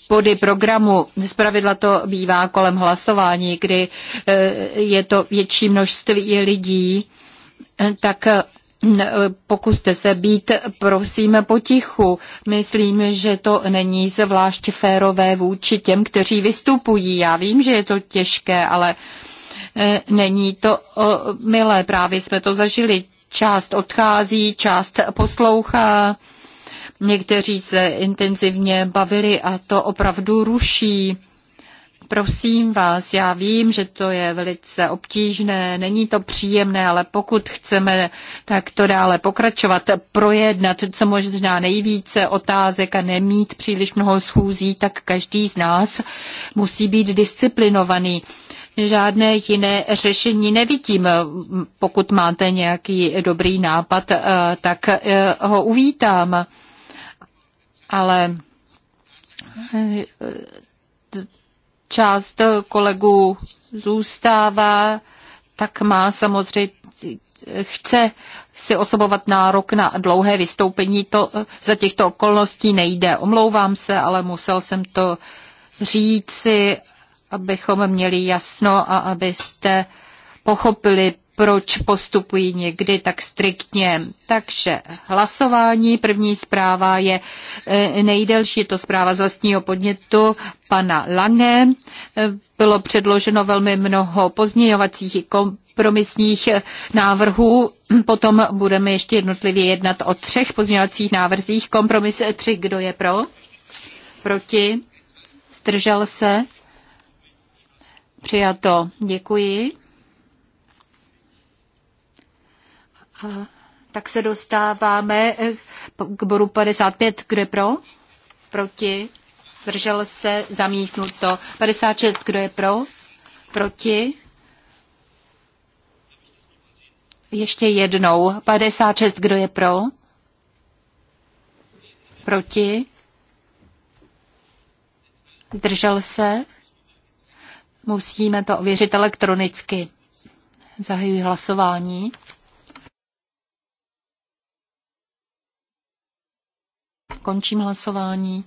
body programu. Zpravidla to bývá kolem hlasování, kdy eh, je to větší množství lidí, tak pokuste se být, prosím, potichu. Myslím, že to není zvlášť férové vůči těm, kteří vystupují. Já vím, že je to těžké, ale není to milé. Právě jsme to zažili část odchází, část poslouchá. Někteří se intenzivně bavili a to opravdu ruší. Prosím vás, já vím, že to je velice obtížné, není to příjemné, ale pokud chceme tak to dále pokračovat, projednat co možná nejvíce otázek a nemít příliš mnoho schůzí, tak každý z nás musí být disciplinovaný žádné jiné řešení nevidím. Pokud máte nějaký dobrý nápad, eh, tak eh, ho uvítám. Ale eh, část kolegů zůstává, tak má samozřejmě chce si osobovat nárok na dlouhé vystoupení, to za těchto okolností nejde. Omlouvám se, ale musel jsem to říci abychom měli jasno a abyste pochopili, proč postupují někdy tak striktně. Takže hlasování, první zpráva je e, nejdelší, je to zpráva z vlastního podnětu pana Lange. E, bylo předloženo velmi mnoho pozměňovacích i kompromisních návrhů. Potom budeme ještě jednotlivě jednat o třech pozměňovacích návrzích. Kompromis tři, kdo je pro? Proti? Zdržel se? Přijato. Děkuji. A tak se dostáváme eh, k bodu 55. Kdo je pro? Proti? Zdržel se? Zamítnuto. 56. Kdo je pro? Proti? Ještě jednou. 56. Kdo je pro? Proti? Zdržel se? Musíme to ověřit elektronicky. Zahajuji hlasování. Končím hlasování.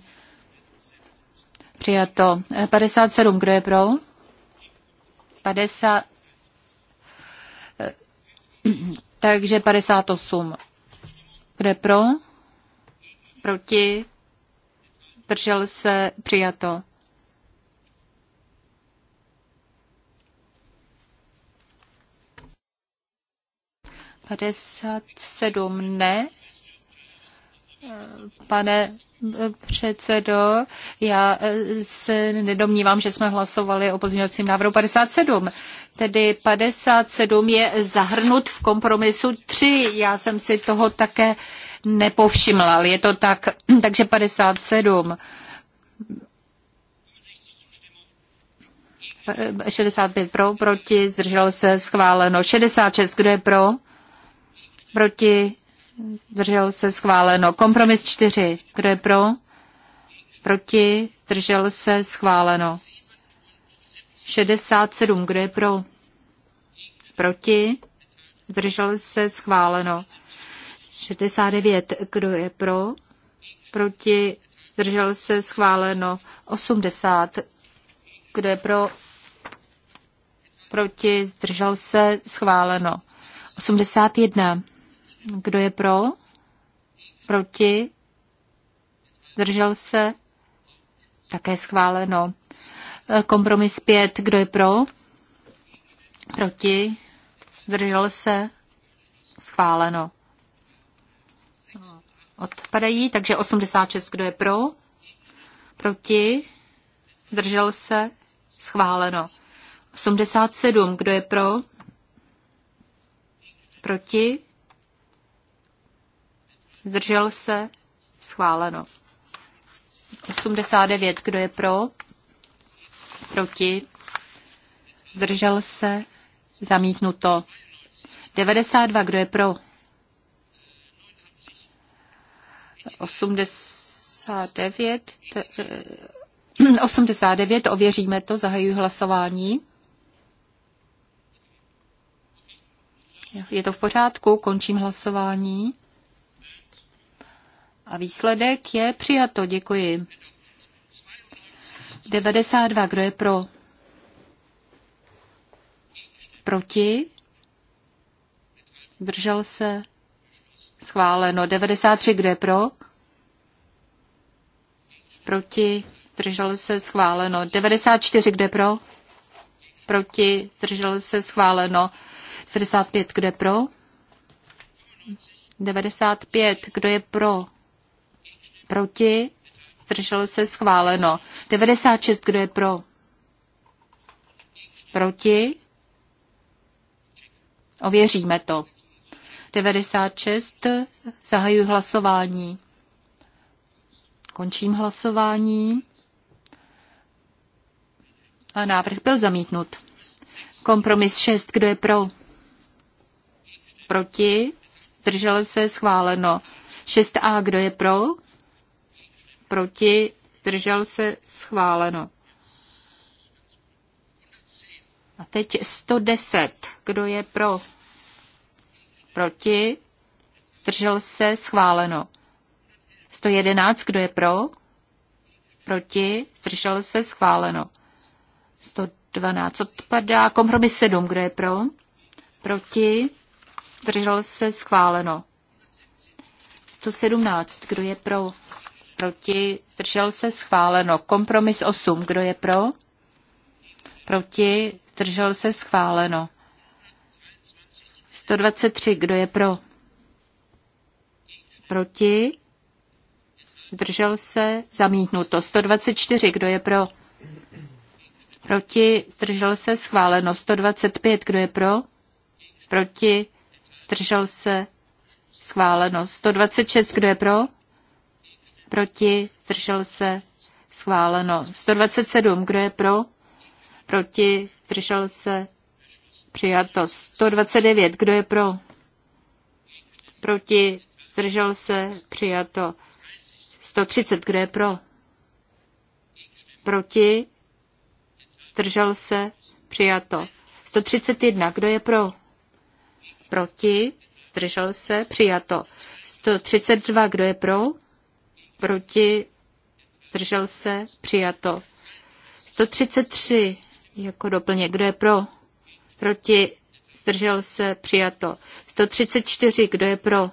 Přijato. 57, eh, kdo je pro? 50. Eh, takže 58. Kdo je pro? Proti? Držel se přijato. 57 ne. Pane eh, předsedo, já eh, se nedomnívám, že jsme hlasovali o pozměňovacím návrhu 57. Tedy 57 je zahrnut v kompromisu 3. Já jsem si toho také nepovšimla, je to tak. Takže 57. 65 eh, pro, proti, zdržel se schváleno. 66, kdo je pro? proti, zdržel se schváleno. Kompromis 4, kdo je pro, proti, zdržel se schváleno. 67, kdo je pro, proti, zdržel se schváleno. 69, kdo je pro, proti, zdržel se schváleno. 80, kdo je pro, proti, zdržel se schváleno. 81. Kdo je pro? Proti? Držel se? Také schváleno. Kompromis 5. Kdo je pro? Proti? Držel se? Schváleno. Odpadají, takže 86. Kdo je pro? Proti? Držel se? Schváleno. 87. Kdo je pro? Proti? Zdržel se? Schváleno. 89. Kdo je pro? Proti? Zdržel se? Zamítnuto. 92. Kdo je pro? 89. 89. Eh, Ověříme to. Zahajuji hlasování. Je to v pořádku, končím hlasování. A výsledek je přijato. Děkuji. 92. Kdo je pro? Proti? Držel se? Schváleno. 93. Kdo je pro? Proti? Držel se? Schváleno. 94. Kdo je pro? Proti? Držel se? Schváleno. 95. Kdo je pro? 95. Kdo je pro? proti, zdržel se schváleno. 96, kdo je pro, proti, ověříme to. 96, zahajuji hlasování. Končím hlasování. A návrh byl zamítnut. Kompromis 6, kdo je pro? Proti? Držel se schváleno. 6a, kdo je pro? proti, zdržel se, schváleno. A teď 110. Kdo je pro? Proti? Držel se? Schváleno. 111. Kdo je pro? Proti? Zdržel se? Schváleno. 112 odpadá. Kompromis 7. Kdo je pro? Proti? Držel se? Schváleno. 117. Kdo je pro? proti, zdržel se, schváleno. Kompromis 8, kdo je pro, proti, zdržel se, schváleno. 123, kdo je pro, proti, zdržel se, zamítnuto. 124, kdo je pro, proti, zdržel se, schváleno. 125, kdo je pro, proti, zdržel se, schváleno. 126, kdo je pro? proti, zdržel se, schváleno. 127, kdo je pro, proti, zdržel se, přijato. 129, kdo je pro, proti, zdržel se, přijato. 130, kdo je pro, proti, zdržel se, přijato. 131, kdo je pro, proti, zdržel se, přijato. 132, kdo je pro, proti, držel se, přijato. 133 jako doplněk, kdo je pro, proti, zdržel se, přijato. 134, kdo je pro,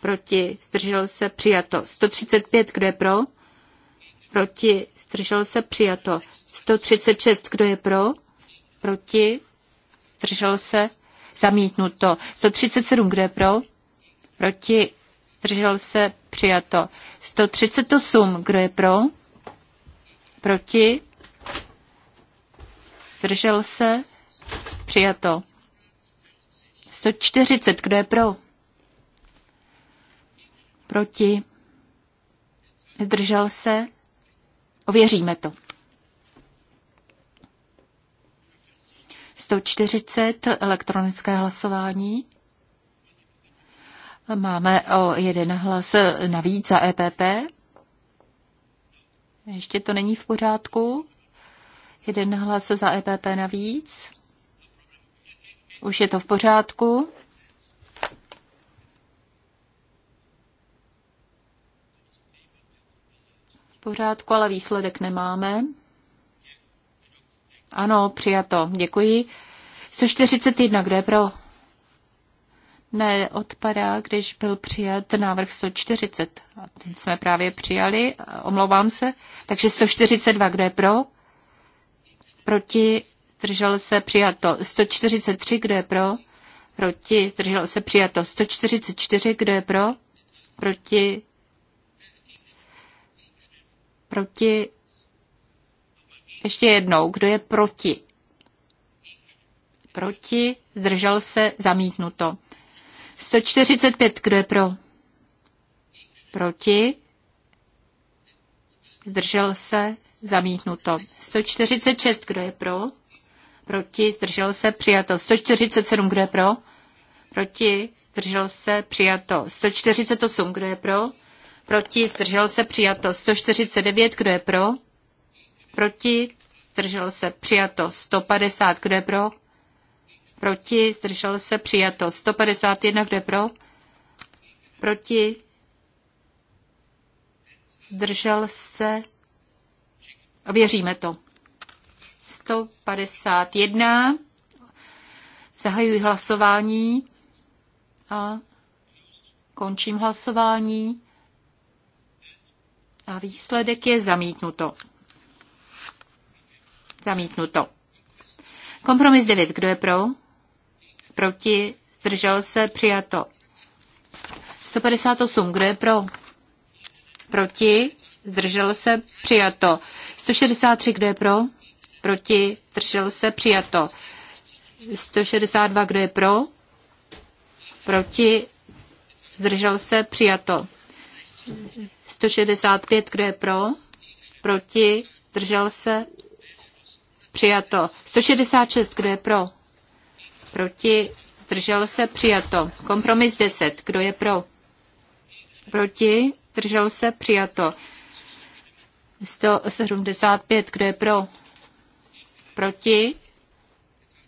proti, zdržel se, přijato. 135, kdo je pro, proti, zdržel se, přijato. 136, kdo je pro, proti, zdržel se, zamítnuto. 137, kdo je pro, proti, zdržel se, přijato. 138, kdo je pro? Proti? Zdržel se, přijato. 140, kdo je pro? Proti? Zdržel se? Ověříme to. 140 elektronické hlasování. Máme o jeden hlas navíc za EPP. Ještě to není v pořádku. Jeden hlas za EPP navíc. Už je to v pořádku. V pořádku, ale výsledek nemáme. Ano, přijato. Děkuji. 141, kdo je pro? neodpadá, když byl přijat návrh 140. A ten jsme právě přijali, omlouvám se. Takže 142, kdo je pro? Proti, zdržel se, přijato. 143, kdo je pro? Proti, zdržel se, přijato. 144, kdo je pro? Proti, proti, ještě jednou, kdo je proti? Proti, zdržel se, zamítnuto. 145, kdo je pro? Proti? Zdržel se? Zamítnuto. 146, kdo je pro? Proti? Zdržel se? Přijato. 147, kdo je pro? Proti? Zdržel se? Přijato. 148, kdo je pro? Proti? Zdržel se? Přijato. 149, kdo je pro? Proti? Zdržel se? Přijato. 150, kdo je pro? proti, zdržel se, přijato. 151, kdo je pro, proti, zdržel se, věříme to. 151, zahajuji hlasování a končím hlasování a výsledek je zamítnuto. Zamítnuto. Kompromis 9. Kdo je pro? proti, zdržel se, přijato. 158, kdo je pro? Proti, zdržel se, přijato. 163, kdo je pro? Proti, zdržel se, přijato. 162, kdo je pro? Proti, zdržel se, přijato. 165, kdo je pro? Proti, zdržel se, přijato. 166, kdo je pro? Proti? držel se? Přijato. Kompromis 10. Kdo je pro? Proti? držel se? Přijato. 175. Kdo je pro? Proti?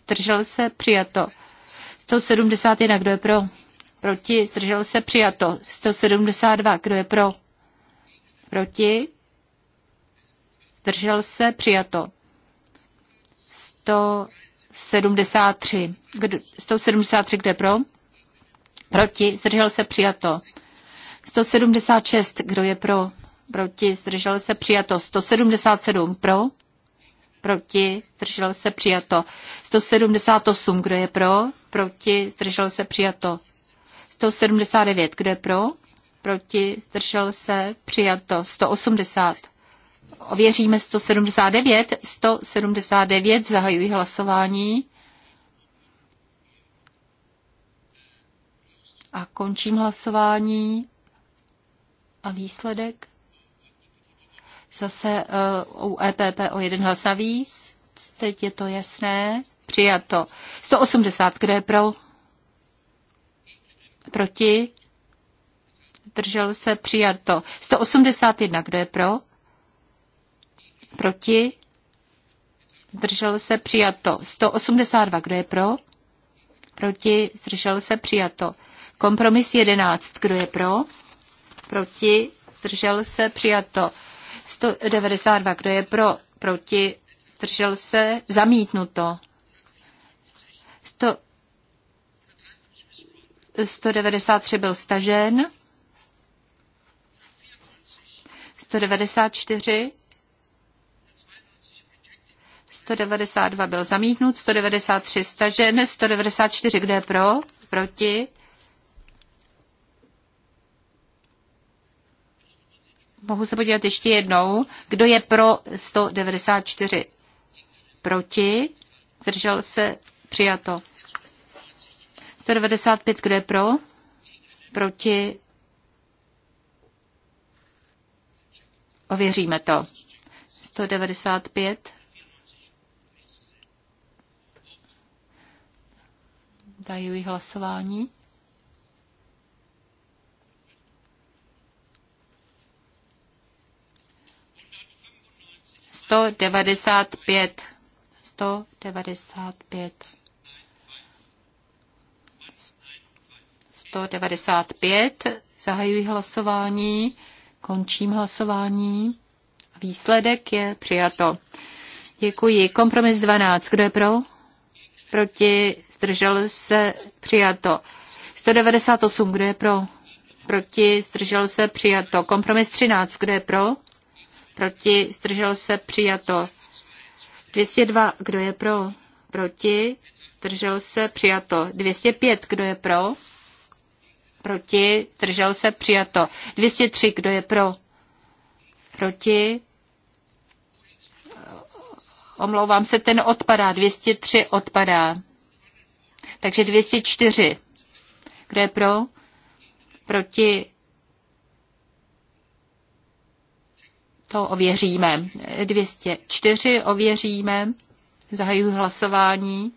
držel se? Přijato. 171. Kdo je pro? Proti? držel se? Přijato. 172. Kdo je pro? Proti? držel se? Přijato. 100 173, Kdo, 173, kde pro? Proti, zdržel se přijato. 176, kdo je pro? Proti, zdržel se přijato. 177, pro? Proti, zdržel se přijato. 178, kdo je pro? Proti, zdržel se přijato. 179, kdo je pro? Proti, zdržel se přijato. 180. Ověříme 179. 179 zahajuji hlasování. A končím hlasování. A výsledek? Zase uh, u EPP o jeden hlas navíc. Teď je to jasné. Přijato. 180, kdo je pro? Proti? Držel se přijato. 181, kdo je pro? Proti? Zdržel se přijato. 182. Kdo je pro? Proti? Zdržel se přijato. Kompromis 11. Kdo je pro? Proti? Zdržel se přijato. 192. Kdo je pro? Proti? Zdržel se zamítnuto. 100, 193 byl stažen. 194 192 byl zamítnut, 193 stažen, 194 kde je pro, proti. Mohu se podívat ještě jednou, kdo je pro 194 proti, držel se přijato. 195 kdo je pro, proti. Ověříme to. 195. Zahajuji hlasování. Sto devadesát pět. Sto devadesát pět. Sto devadesát pět. Zahajuji hlasování. Končím hlasování. Výsledek je přijato. Děkuji. Kompromis 12. Kdo je pro? proti, zdržel se, přijato. 198, kdo je pro, proti, zdržel se, přijato. Kompromis 13, kdo je pro, proti, zdržel se, přijato. 202, kdo je pro, proti, zdržel se, přijato. 205, kdo je pro, proti, zdržel se, přijato. 203, kdo je pro, proti, Omlouvám se, ten odpadá. 203 odpadá. Takže 204. Kdo je pro? Proti? To ověříme. 204 ověříme. Zahajuji hlasování.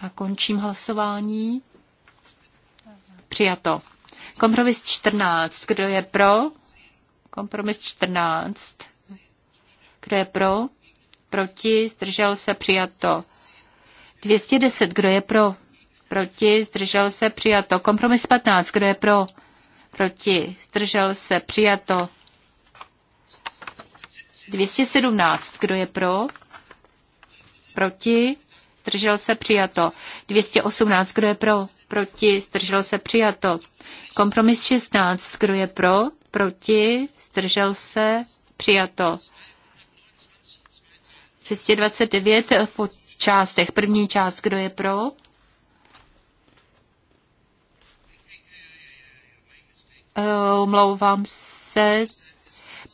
A končím hlasování. Přijato. Kompromis 14. Kdo je pro? Kompromis 14. Kdo je pro? Proti? Zdržel se? Přijato. 210. Kdo je pro? Proti? Zdržel se? Přijato. Kompromis 15. Kdo je pro? Proti? Zdržel se? Přijato. 217. Kdo je pro? Proti? Zdržel se? Přijato. 218. Kdo je pro? Proti? Zdržel se? Přijato. Kompromis 16. Kdo je pro? proti, zdržel se, přijato. 229 po částech. První část, kdo je pro? Eh, omlouvám se.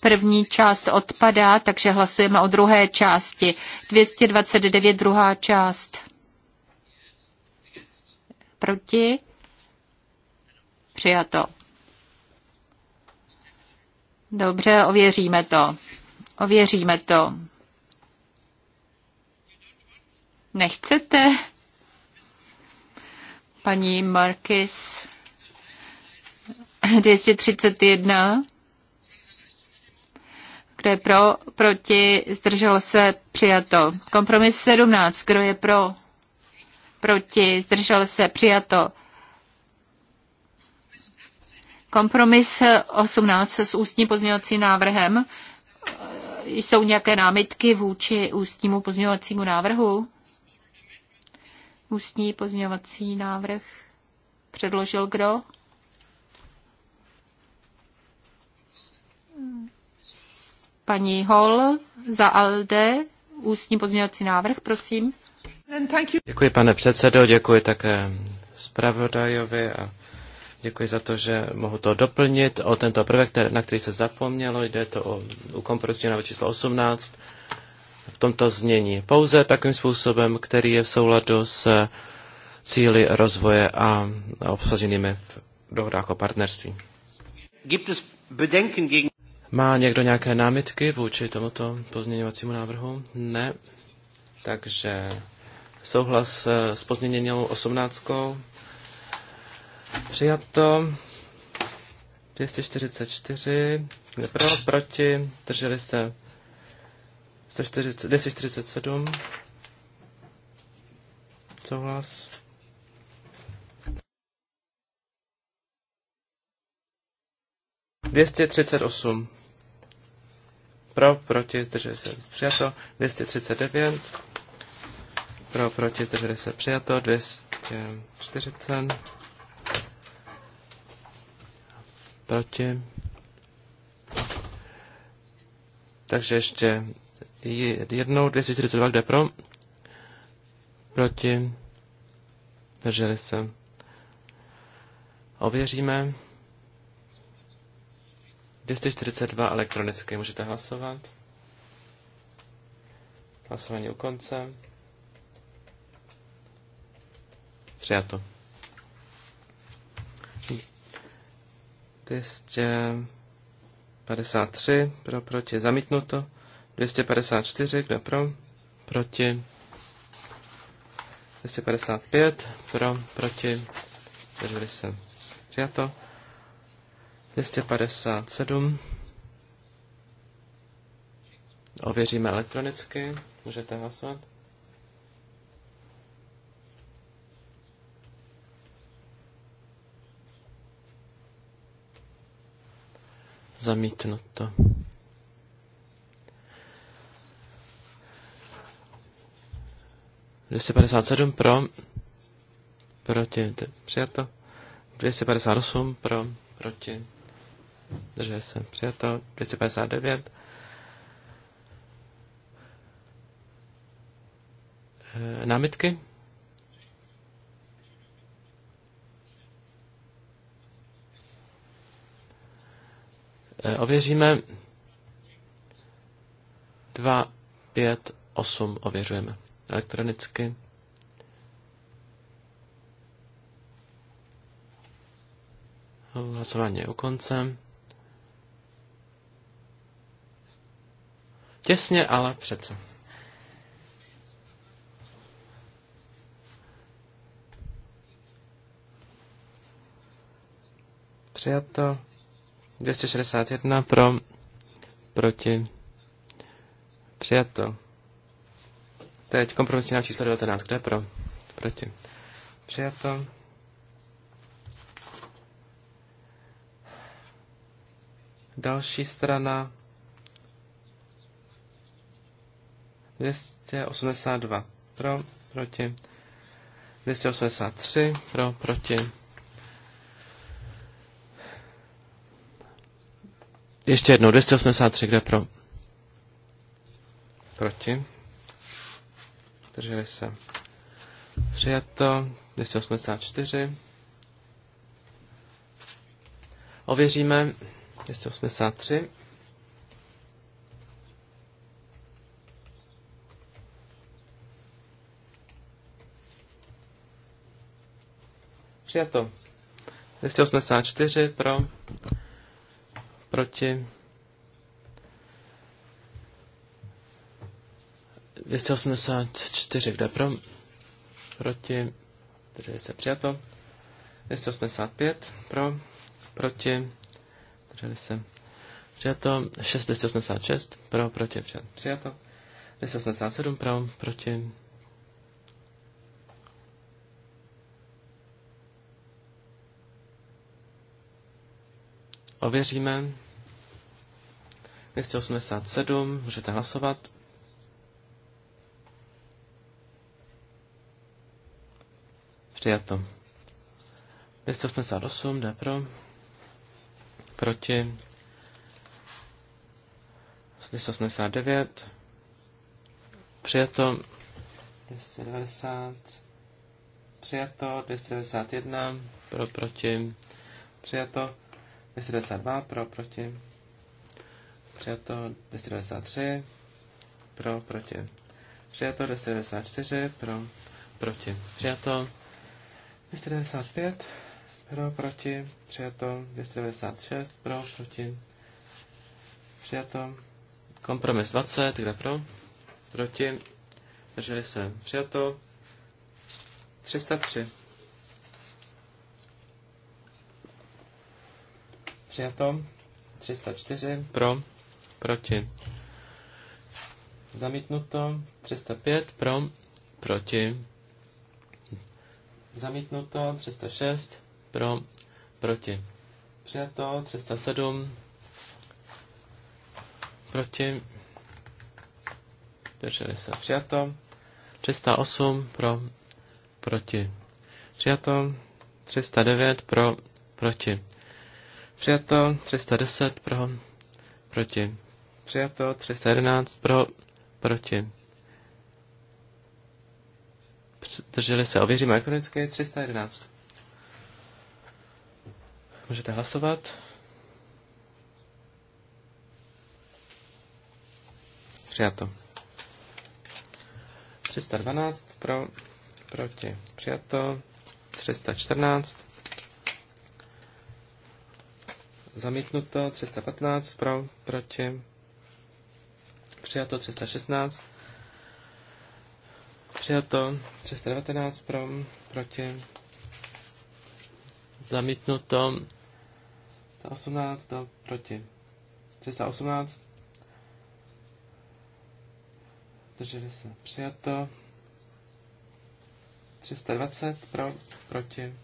První část odpadá, takže hlasujeme o druhé části. 229, druhá část. Proti? Přijato. Dobře, ověříme to. Ověříme to. Nechcete? Paní Markis 231. Kdo je pro, proti, zdržel se, přijato. Kompromis 17. Kdo je pro, proti, zdržel se, přijato. Kompromis 18 s ústním pozměňovacím návrhem. Jsou nějaké námitky vůči ústnímu pozměňovacímu návrhu? Ústní pozměňovací návrh předložil kdo? Paní Hol za ALDE, ústní pozměňovací návrh, prosím. Děkuji, pane předsedo, děkuji také zpravodajovi a Děkuji za to, že mohu to doplnit. O tento prvek, na který se zapomnělo, jde to o, u kompromisního návrhu číslo 18 v tomto znění. Pouze takovým způsobem, který je v souladu s cíly rozvoje a obsaženými v dohodách o partnerství. Má někdo nějaké námitky vůči tomuto pozměňovacímu návrhu? Ne. Takže souhlas s pozměněnou osmnáctkou. Přijato. 244. Kde pro? Proti. Drželi se. 140, 247. Souhlas. Dvěstě třicet osm. Pro, proti, zdrželi se přijato. devět. Pro, proti, zdrželi se přijato. 240. bratě. Takže ještě jednou 242, kde pro? Proti? Drželi se. Ověříme. 242 elektronicky můžete hlasovat. Hlasování u konce. Přijato. 253 pro, proti, zamítnuto. 254, kdo pro, proti. 255 pro, proti, drželi se. Přijato. 257. Ověříme elektronicky. Můžete hlasovat. Zamítnuto. sedm pro, proti, přijato. 258 pro, proti, držel se, přijato. 259 eh, námitky? Eh, ověříme. 2, 5, 8 ověřujeme elektronicky. Hlasování je u konce. Těsně, ale přece. Přijato. 261 pro, proti, přijato. Teď kompromisní návrh číslo 19, kde je pro, proti, přijato. Další strana 282 pro, proti, 283 pro, proti, Ještě jednou, 283, kde pro? Proti. Drželi se. Přijato, 284. Ověříme, 283. Přijato. 284 pro, Proti? 284, kde pro? Proti? Drželi se přijato. 285 pro, proti, drželi se přijato, 6, 286 pro, proti, přijato, 287 pro, proti, Ověříme. 287, můžete hlasovat. Přijato. 288, jde pro. Proti. 289. Přijato. 290. Přijato. 291. Pro, proti. Přijato. 292 pro, proti. Přijato 293 pro, proti. Přijato 294 pro, proti. Přijato 295 pro, proti. Přijato 296 pro, proti. Přijato kompromis 20, kde pro, proti. Drželi se. Přijato 303 Přijato. 304 pro, proti. Zamítnuto. 305 pro, proti. Zamítnuto. 306 pro, proti. Přijato. 307 proti. Drželi se. Přijato. 308 pro, proti. Přijato. 309 pro, proti. Přijato 310 pro, proti. Přijato 311 pro, proti. Drželi se, ověříme elektronicky 311. Můžete hlasovat. Přijato. 312 pro, proti. Přijato. 314 zamítnuto, 315 pro, proti, přijato 316, přijato 319 pro, proti, zamítnuto 318 proti, 318, drželi se, přijato 320 pro, proti,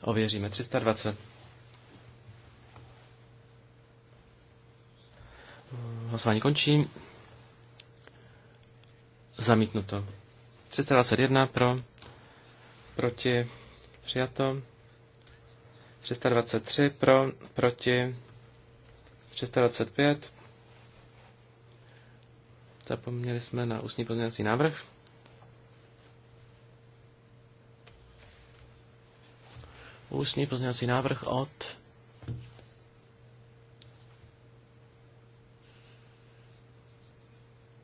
ověříme 320. Hlasování končí. Zamítnuto. 321 pro, proti, přijato. 323 pro, proti, 325. Zapomněli jsme na ústní pozměňovací návrh. Ústní pozměňovací návrh od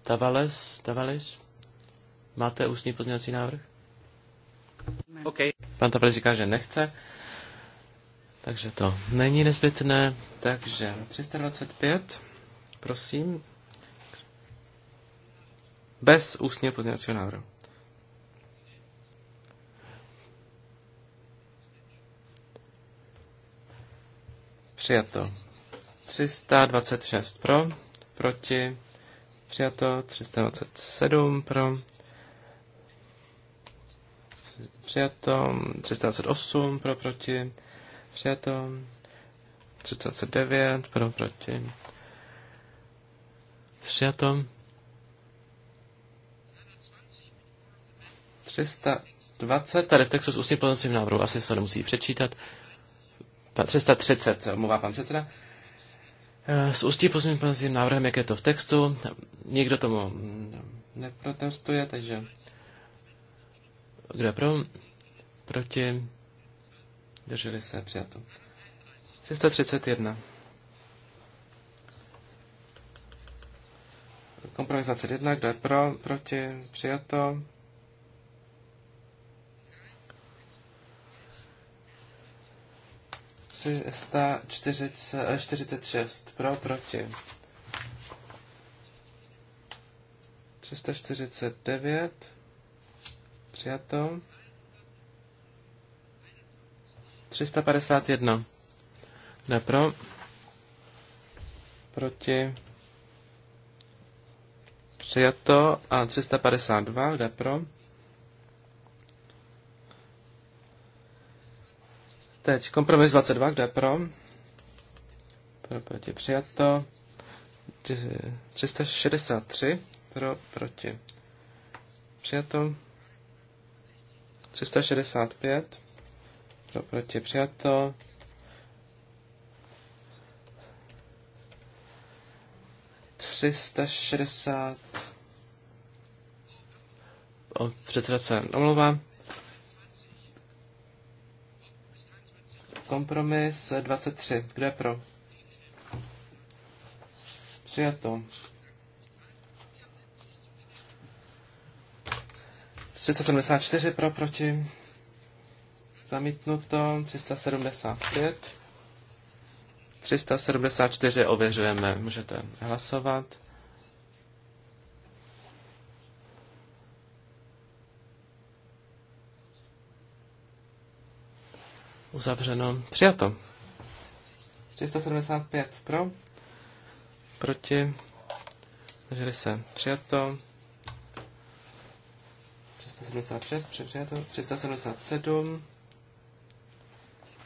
Tavales, Tavales, máte ústní pozměňovací návrh? OK. Pan Tavales říká, že nechce, takže to není nezbytné. Takže 325, prosím, bez ústního pozměňovacího návrhu. Přijato. 326 pro, proti Přijato 327 pro. Přijato 328 pro proti. Přijato 329 pro proti. Přijato 320, tady v textu s ústním pozemcím návrhu, asi se to nemusí přečítat. 330, mluvá pan předseda s eh, ústí pozměňovacím návrhem, jak je to v textu. Nikdo tomu neprotestuje, takže kdo pro? Proti? Drželi se, přijato. 331. Kompromis 21, kdo je pro? Proti? Přijato. 346 pro, proti. 349 přijato. 351 ne pro, proti. Přijato a 352 jde pro Teď kompromis 22, kde pro? Pro, proti, přijato. 363, pro, proti. Přijato. 365, pro, proti, přijato. 360. O, předseda se Kompromis 23. Kdo je pro? Přijato. 374 pro, proti. Zamítnuto. 375. 374 ověřujeme. Můžete hlasovat. uzavřeno, přijato. 375 pro, proti, drželi se, přijato. 376, přijato, 377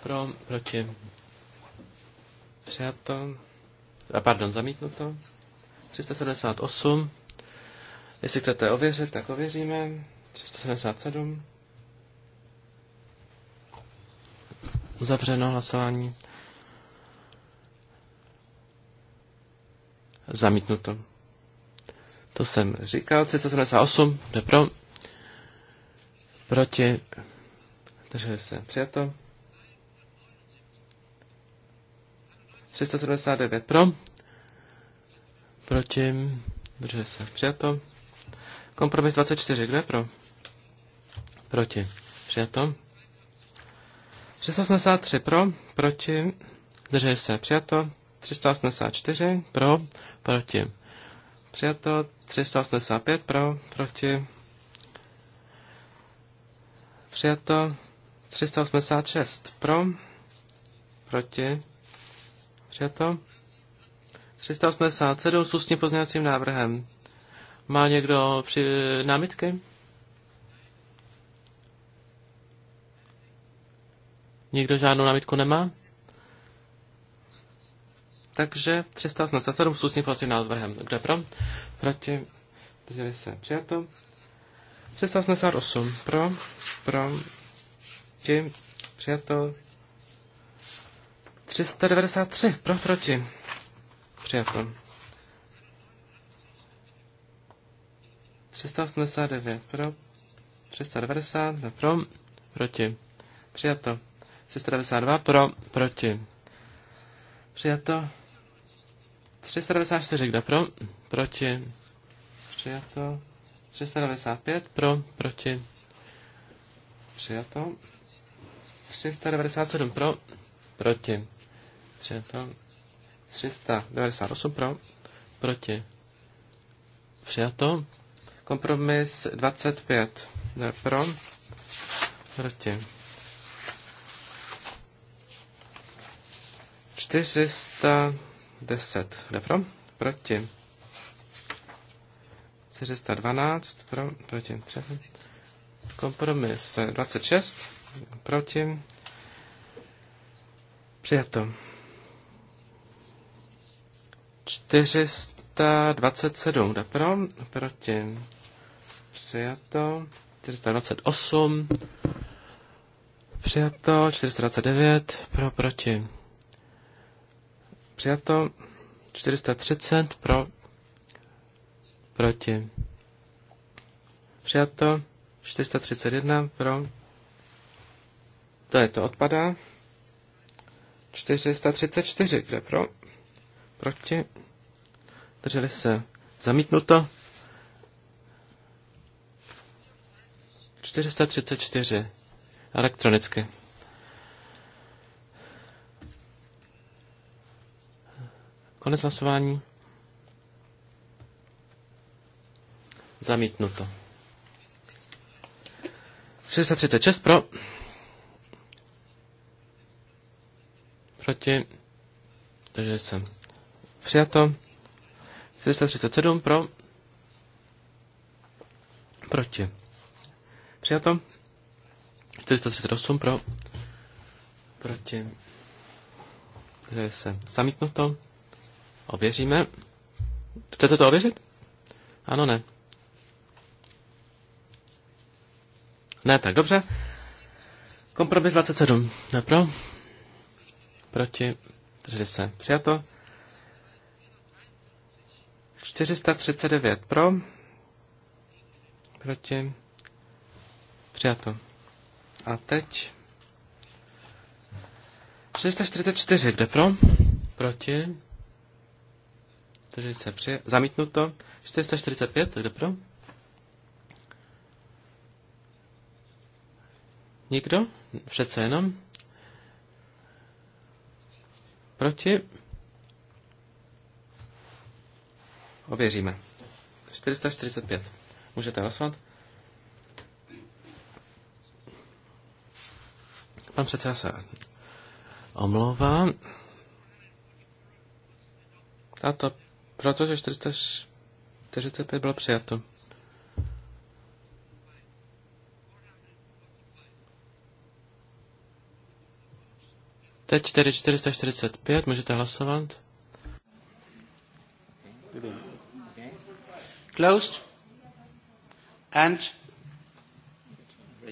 pro, proti, přijato, a pardon, zamítnuto, 378, jestli chcete ověřit, tak ověříme, 377, Uzavřeno hlasování. Zamítnuto. To jsem říkal. 378. Jde pro. Proti. Takže se. Přijato. 379 pro. Proti. Drželi se. Přijato. Kompromis 24. Kdo je pro? Proti. Přijato. 383 pro, proti, zdrželi se, přijato. 384 pro, proti, přijato. 385 pro, proti, přijato. 386 pro, proti, přijato. 387 s ústním pozměňovacím návrhem. Má někdo při námitky? Nikdo žádnou námitku nemá? Takže 387 s ústním pozměňovacím návrhem. Kdo je pro? Proti? Drželi se. Přijato. 388 pro, pro, proti, přijato. 393 pro, proti, přijato. 389 pro, 390 pro, proti, přijato. 392 pro, proti. Přijato. 394, kdo pro, proti. Přijato. 395 pro, proti. Přijato. 397 pro, proti. Přijato. 398 pro, proti. Přijato. Kompromis 25 pro, proti 410. jde pro? Proti. 412. Pro, proti. Kompromis 26. Proti. Přijato. 427. jde pro? Proti. Přijato. 428. Přijato. 429. Pro, proti. Přijato 430 pro, proti. Přijato 431 pro, to je to odpadá. 434, kde pro, proti. Drželi se zamítnuto. 434 elektronicky. Konec hlasování. Zamítnuto. 636 pro. Proti. Takže jsem přijato. 437 pro. Proti. Přijato. 438 pro. Proti. Takže jsem zamítnuto. Ověříme. Chcete to ověřit? Ano, ne. Ne, tak dobře. Kompromis 27. Pro, Proti. Drželi se. Přijato. 439 pro. Proti. Přijato. A teď 444, kde pro? Proti. Takže se Zamítnuto. 445, kde pro? Nikdo? Přece jenom. Proti? Ověříme. 445. Můžete hlasovat. Pan předseda se omlouvá. Tato Protože 445 bylo přijato. Teď tedy 445, můžete hlasovat. Closed and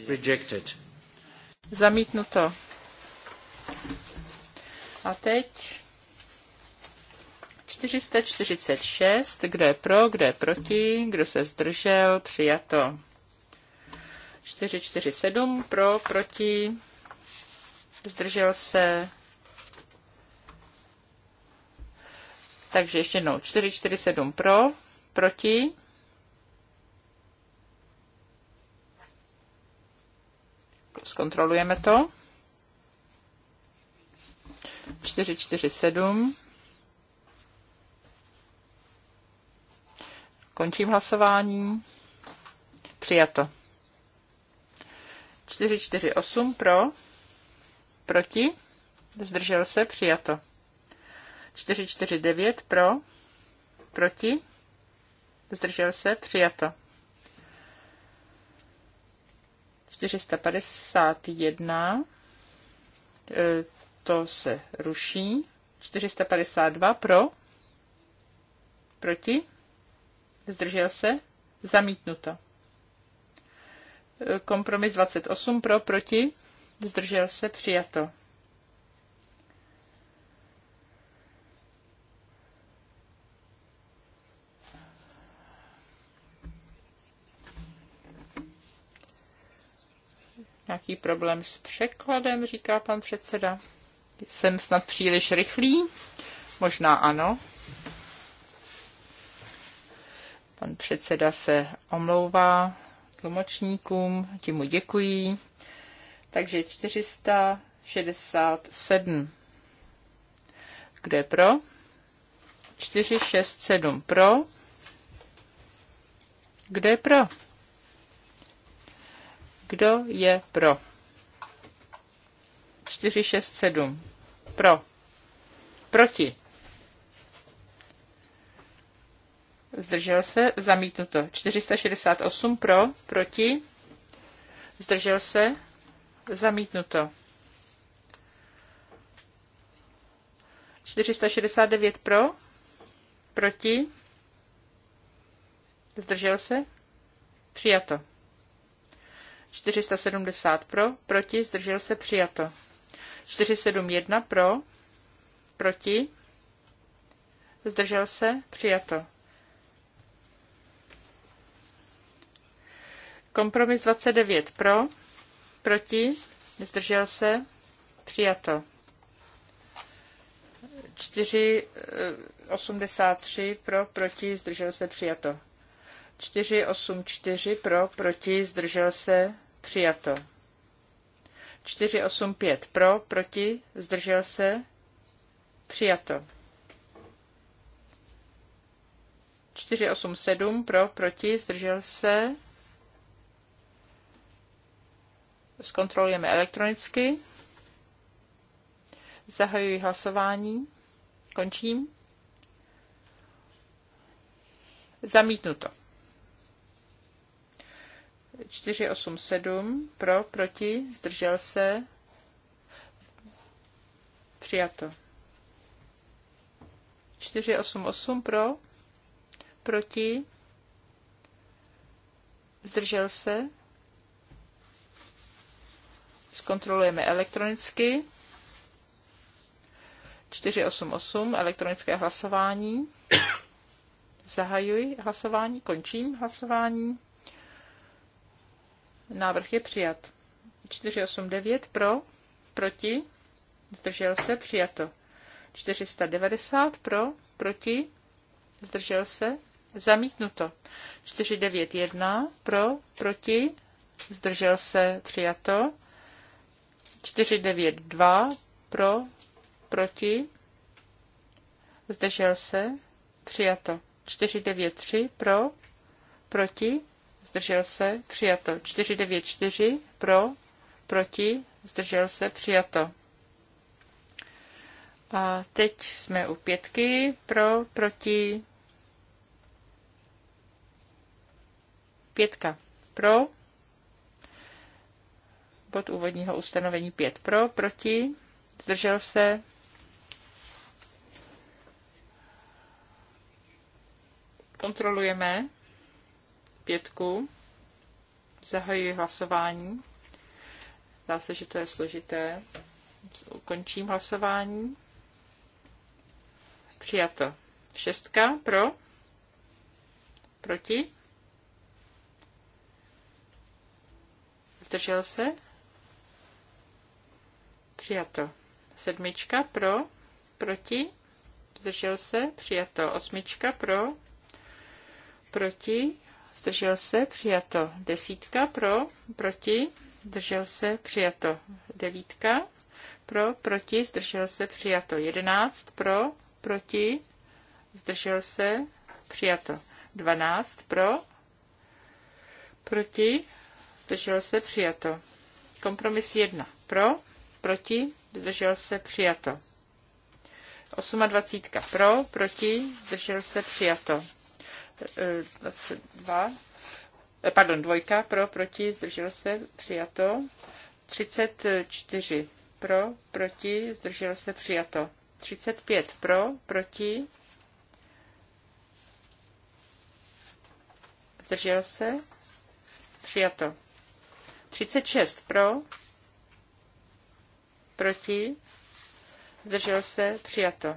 rejected. Zamítnuto. A teď 446, kdo je pro, kdo je proti, kdo se zdržel, přijato. 447 pro, proti, zdržel se. Takže ještě jednou, 447 pro, proti. Zkontrolujeme to. 447. Končím hlasování. Přijato. 448 pro, proti, zdržel se, přijato. 449 pro, proti, zdržel se, přijato. 451, e, to se ruší. 452 pro, proti, zdržel se, zamítnuto. Kompromis 28 pro, proti, zdržel se, přijato. Nějaký problém s překladem, říká pan předseda. Jsem snad příliš rychlý? Možná ano. Pan předseda se omlouvá tlumočníkům, ti mu děkují. Takže 467. Kde pro? 467 pro. Kde je pro? Kdo je pro? 467 pro. Proti. zdržel se, zamítnuto. 468 pro, proti, zdržel se, zamítnuto. 469 pro, proti, zdržel se, přijato. 470 pro, proti, zdržel se, přijato. 471 pro, proti, zdržel se, přijato. Kompromis 29 pro, proti, zdržel se, přijato. 4,83 eh, pro, proti, zdržel se, přijato. 4,84 pro, proti, zdržel se, přijato. 4,85 pro, proti, zdržel se, přijato. 4,87 pro, proti, zdržel se, zkontrolujeme elektronicky. Zahajuji hlasování. Končím. Zamítnuto. 487 pro, proti, zdržel se. Přijato. 488 pro, proti, zdržel se. Zkontrolujeme elektronicky. 488 elektronické hlasování. Zahajuji hlasování, končím hlasování. Návrh je přijat. 489 pro, proti, zdržel se, přijato. 490 pro, proti, zdržel se, zamítnuto. 491 pro, proti, zdržel se, přijato. 492 pro, proti, zdržel se, přijato. 493 pro, proti, zdržel se, přijato. 494 pro, proti, zdržel se, přijato. A teď jsme u pětky, pro, proti, pětka, pro, bod úvodního ustanovení 5 pro, proti, zdržel se. Kontrolujeme pětku, zahajuji hlasování. Zdá se, že to je složité. Ukončím hlasování. Přijato. Šestka pro. Proti. Zdržel se. Přijato. Sedmička pro, proti, zdržel se, přijato. Osmička pro, proti, zdržel se, přijato. Desítka pro, proti, zdržel se, přijato. Devítka pro, proti, zdržel se, přijato. Jedenáct pro, proti, zdržel se, přijato. Dvanáct pro, proti, zdržel se, přijato. Kompromis jedna pro, proti, zdržel se, přijato. 28 pro, proti, zdržel se, přijato. 22, e, e, pardon, dvojka pro, proti, zdržel se, přijato. 34 pro, proti, zdržel se, přijato. 35 pro, proti, zdržel se, přijato. 36 pro, proti, zdržel se, přijato.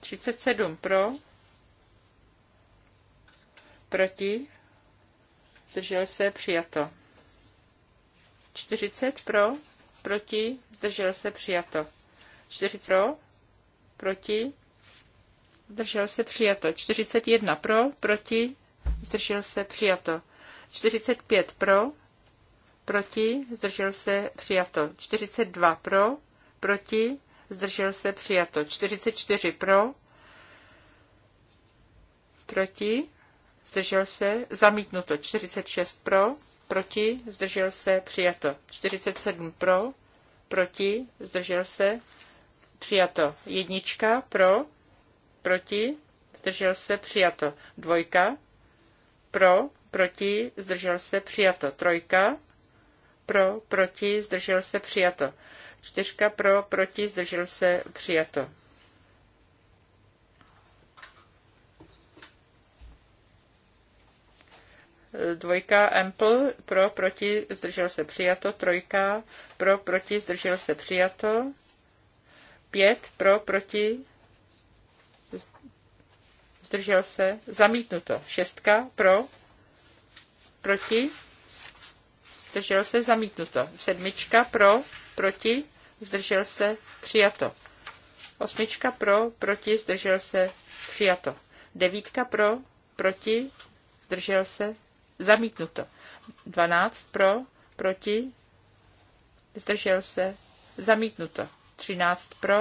37 pro, proti, zdržel se, přijato. 40 pro, proti, zdržel se, přijato. 40 pro, proti, zdržel se, přijato. 41 pro, proti, zdržel se, přijato. 45 pro, proti, zdržel se, přijato. 42 pro, proti, zdržel se, přijato. 44 pro, proti, zdržel se, zamítnuto. 46 pro, proti, zdržel se, přijato. 47 pro, proti, zdržel se, přijato. Jednička pro, proti, zdržel se, přijato. Dvojka pro, proti, zdržel se, přijato. Trojka pro, proti, zdržel se, přijato. Čtyřka pro, proti, zdržel se, přijato. Dvojka Ample pro, proti, zdržel se, přijato. Trojka pro, proti, zdržel se, přijato. Pět pro, proti, zdržel se, zamítnuto. Šestka pro, proti, zdržel se, zamítnuto. Sedmička pro, proti, zdržel se, přijato. Osmička pro, proti, zdržel se, přijato. Devítka pro, proti, zdržel se, zamítnuto. Dvanáct pro, proti, zdržel se, zamítnuto. Třináct pro,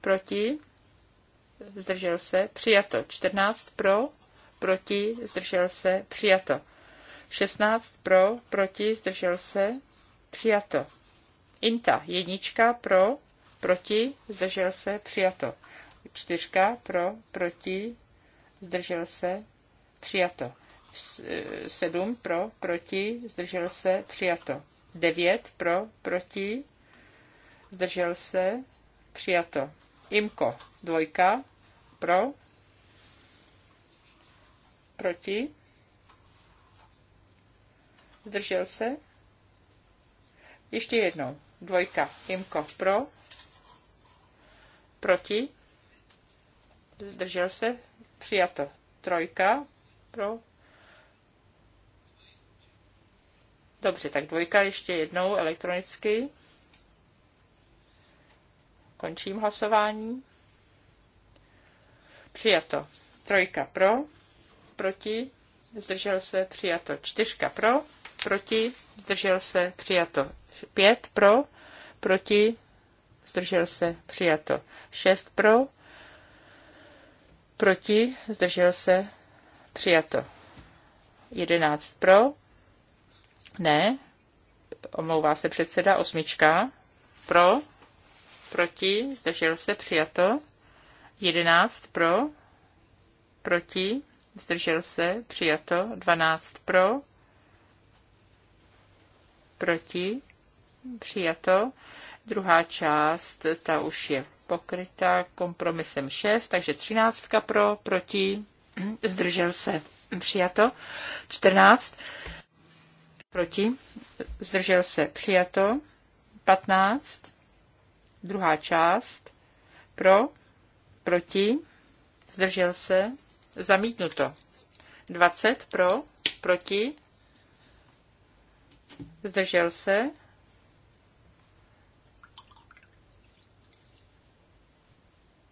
proti, zdržel se, přijato. Čtrnáct pro, proti, zdržel se, přijato. 16 pro, proti, zdržel se, přijato. Inta jednička pro, proti, zdržel se, přijato. Čtyřka pro, proti, zdržel se, přijato. Sedm pro, proti, zdržel se, přijato. Devět pro, proti, zdržel se, přijato. Imko, dvojka, pro, proti, zdržel se. Ještě jednou. Dvojka, imko, pro, proti, zdržel se, přijato. Trojka, pro. Dobře, tak dvojka ještě jednou elektronicky. Končím hlasování. Přijato. Trojka pro, proti, zdržel se, přijato. Čtyřka pro, proti, zdržel se, přijato. Pět pro, proti, zdržel se, přijato. Šest pro, proti, zdržel se, přijato. Jedenáct pro, ne, omlouvá se předseda, osmička, pro, proti, zdržel se, přijato. Jedenáct pro, proti, zdržel se, přijato. Dvanáct pro, proti, přijato. Druhá část, ta už je pokryta kompromisem 6, takže 13 pro, proti, zdržel se, přijato. 14 proti, zdržel se, přijato. 15, druhá část, pro, proti, zdržel se, zamítnuto. 20 pro, proti, Zdržel se?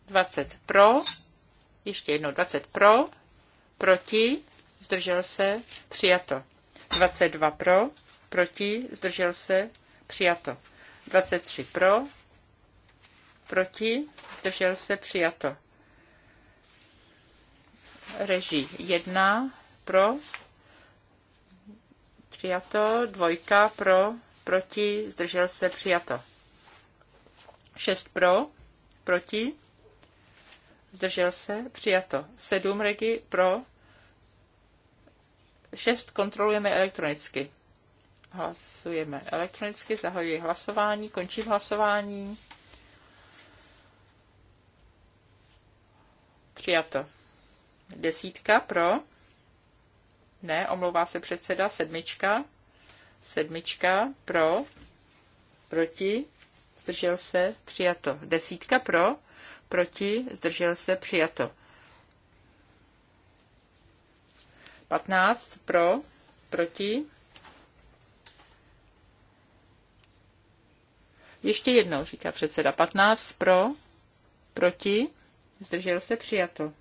Dvacet pro. Ještě jednou dvacet pro. Proti. Zdržel se? Přijato. 22 pro. Proti. Zdržel se? Přijato. 23 pro. Proti. Zdržel se? Přijato. Reží 1 pro přijato, dvojka pro, proti, zdržel se, přijato. šest pro, proti, zdržel se, přijato. sedm regi pro, šest kontrolujeme elektronicky. Hlasujeme elektronicky, zahajuji hlasování, končím hlasování. Přijato. Desítka pro ne, omlouvá se předseda. Sedmička. Sedmička pro. Proti. Zdržel se. Přijato. Desítka pro. Proti. Zdržel se. Přijato. Patnáct pro, proti. Ještě jednou, říká předseda. patnáct pro, proti, zdržel se, přijato.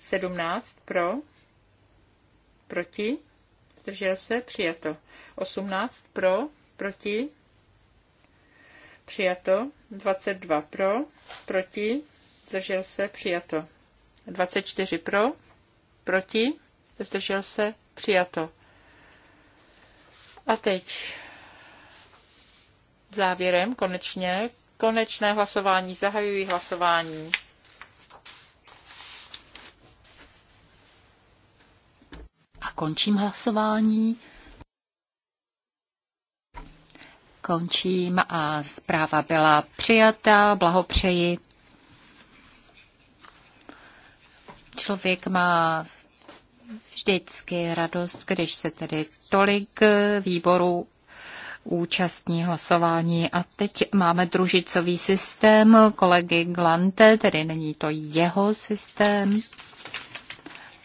Sedmnáct pro, proti, zdržel se, přijato. 18 pro, proti, přijato. 22 pro, proti, zdržel se, přijato. 24 pro, proti, zdržel se, přijato. A teď závěrem konečně konečné hlasování. Zahajuji hlasování. Končím hlasování. Končím a zpráva byla přijata. Blahopřeji. Člověk má vždycky radost, když se tedy tolik výborů účastní hlasování. A teď máme družicový systém kolegy Glante, tedy není to jeho systém.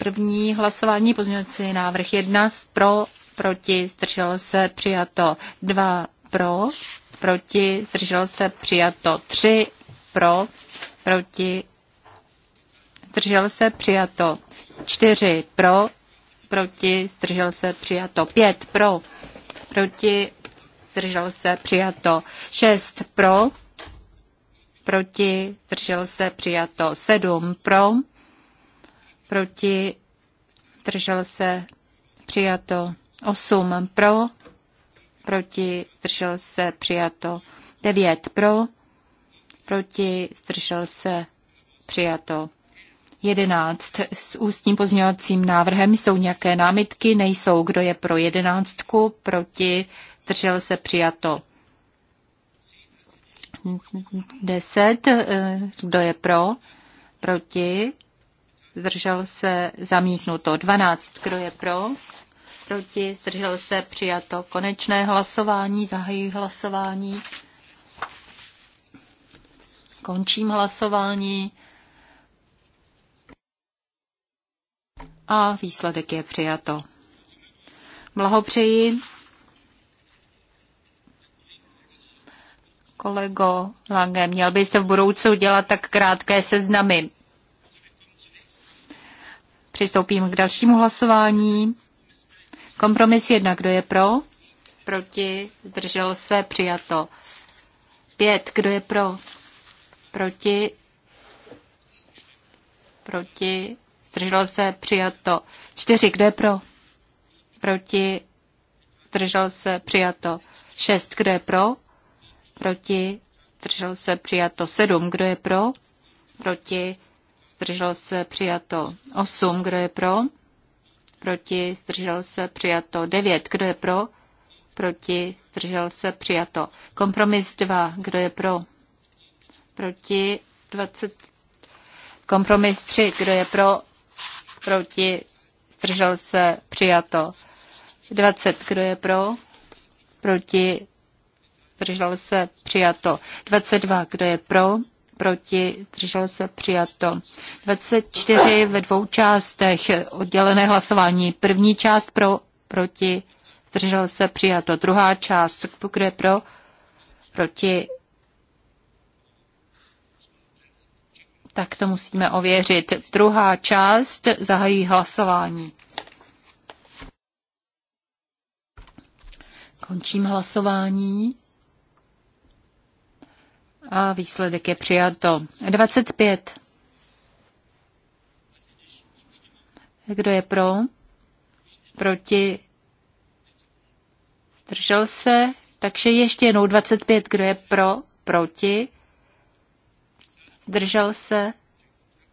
První hlasování pozměňovací návrh 1 pro, proti, zdržel se, přijato 2 pro, proti, zdržel se, přijato 3 pro, proti, zdržel se, přijato 4 pro, proti, zdržel se, přijato 5 pro, proti, zdržel se, přijato 6 pro, proti, zdržel se, přijato 7 pro, proti, držel se přijato 8 pro, proti, držel se přijato 9 pro, proti, zdržel se přijato 11. S ústním pozměňovacím návrhem jsou nějaké námitky, nejsou, kdo je pro jedenáctku, proti, držel se přijato 10. Eh, kdo je pro, proti, zdržel se zamítnuto. 12. Kdo je pro? Proti, zdržel se přijato. Konečné hlasování, zahají hlasování. Končím hlasování. A výsledek je přijato. Blahopřeji. Kolego Lange, měl byste v budoucnu dělat tak krátké seznamy přistoupíme k dalšímu hlasování. Kompromis jedna, kdo je pro? Proti, zdržel se, přijato. Pět, kdo je pro? Proti, proti, zdržel se, přijato. Čtyři, kdo je pro? Proti, zdržel se, přijato. Šest, kdo je pro? Proti, zdržel se, přijato. Sedm, kdo je pro? Proti, zdržel se, přijato 8, kdo je pro, proti, zdržel se, přijato 9, kdo je pro, proti, zdržel se, přijato. Kompromis 2, kdo je pro, proti, 20, kompromis 3, kdo je pro, proti, zdržel se, přijato. 20, kdo je pro, proti, zdržel se, přijato. 22, kdo je pro, proti, držel se přijato. 24 ve dvou částech, oddělené hlasování. První část pro, proti, držel se přijato. Druhá část, pokud je pro, proti, tak to musíme ověřit. Druhá část zahají hlasování. Končím hlasování. A výsledek je přijato. 25. Kdo je pro? Proti? Držel se? Takže ještě jednou 25. Kdo je pro? Proti? Držel se?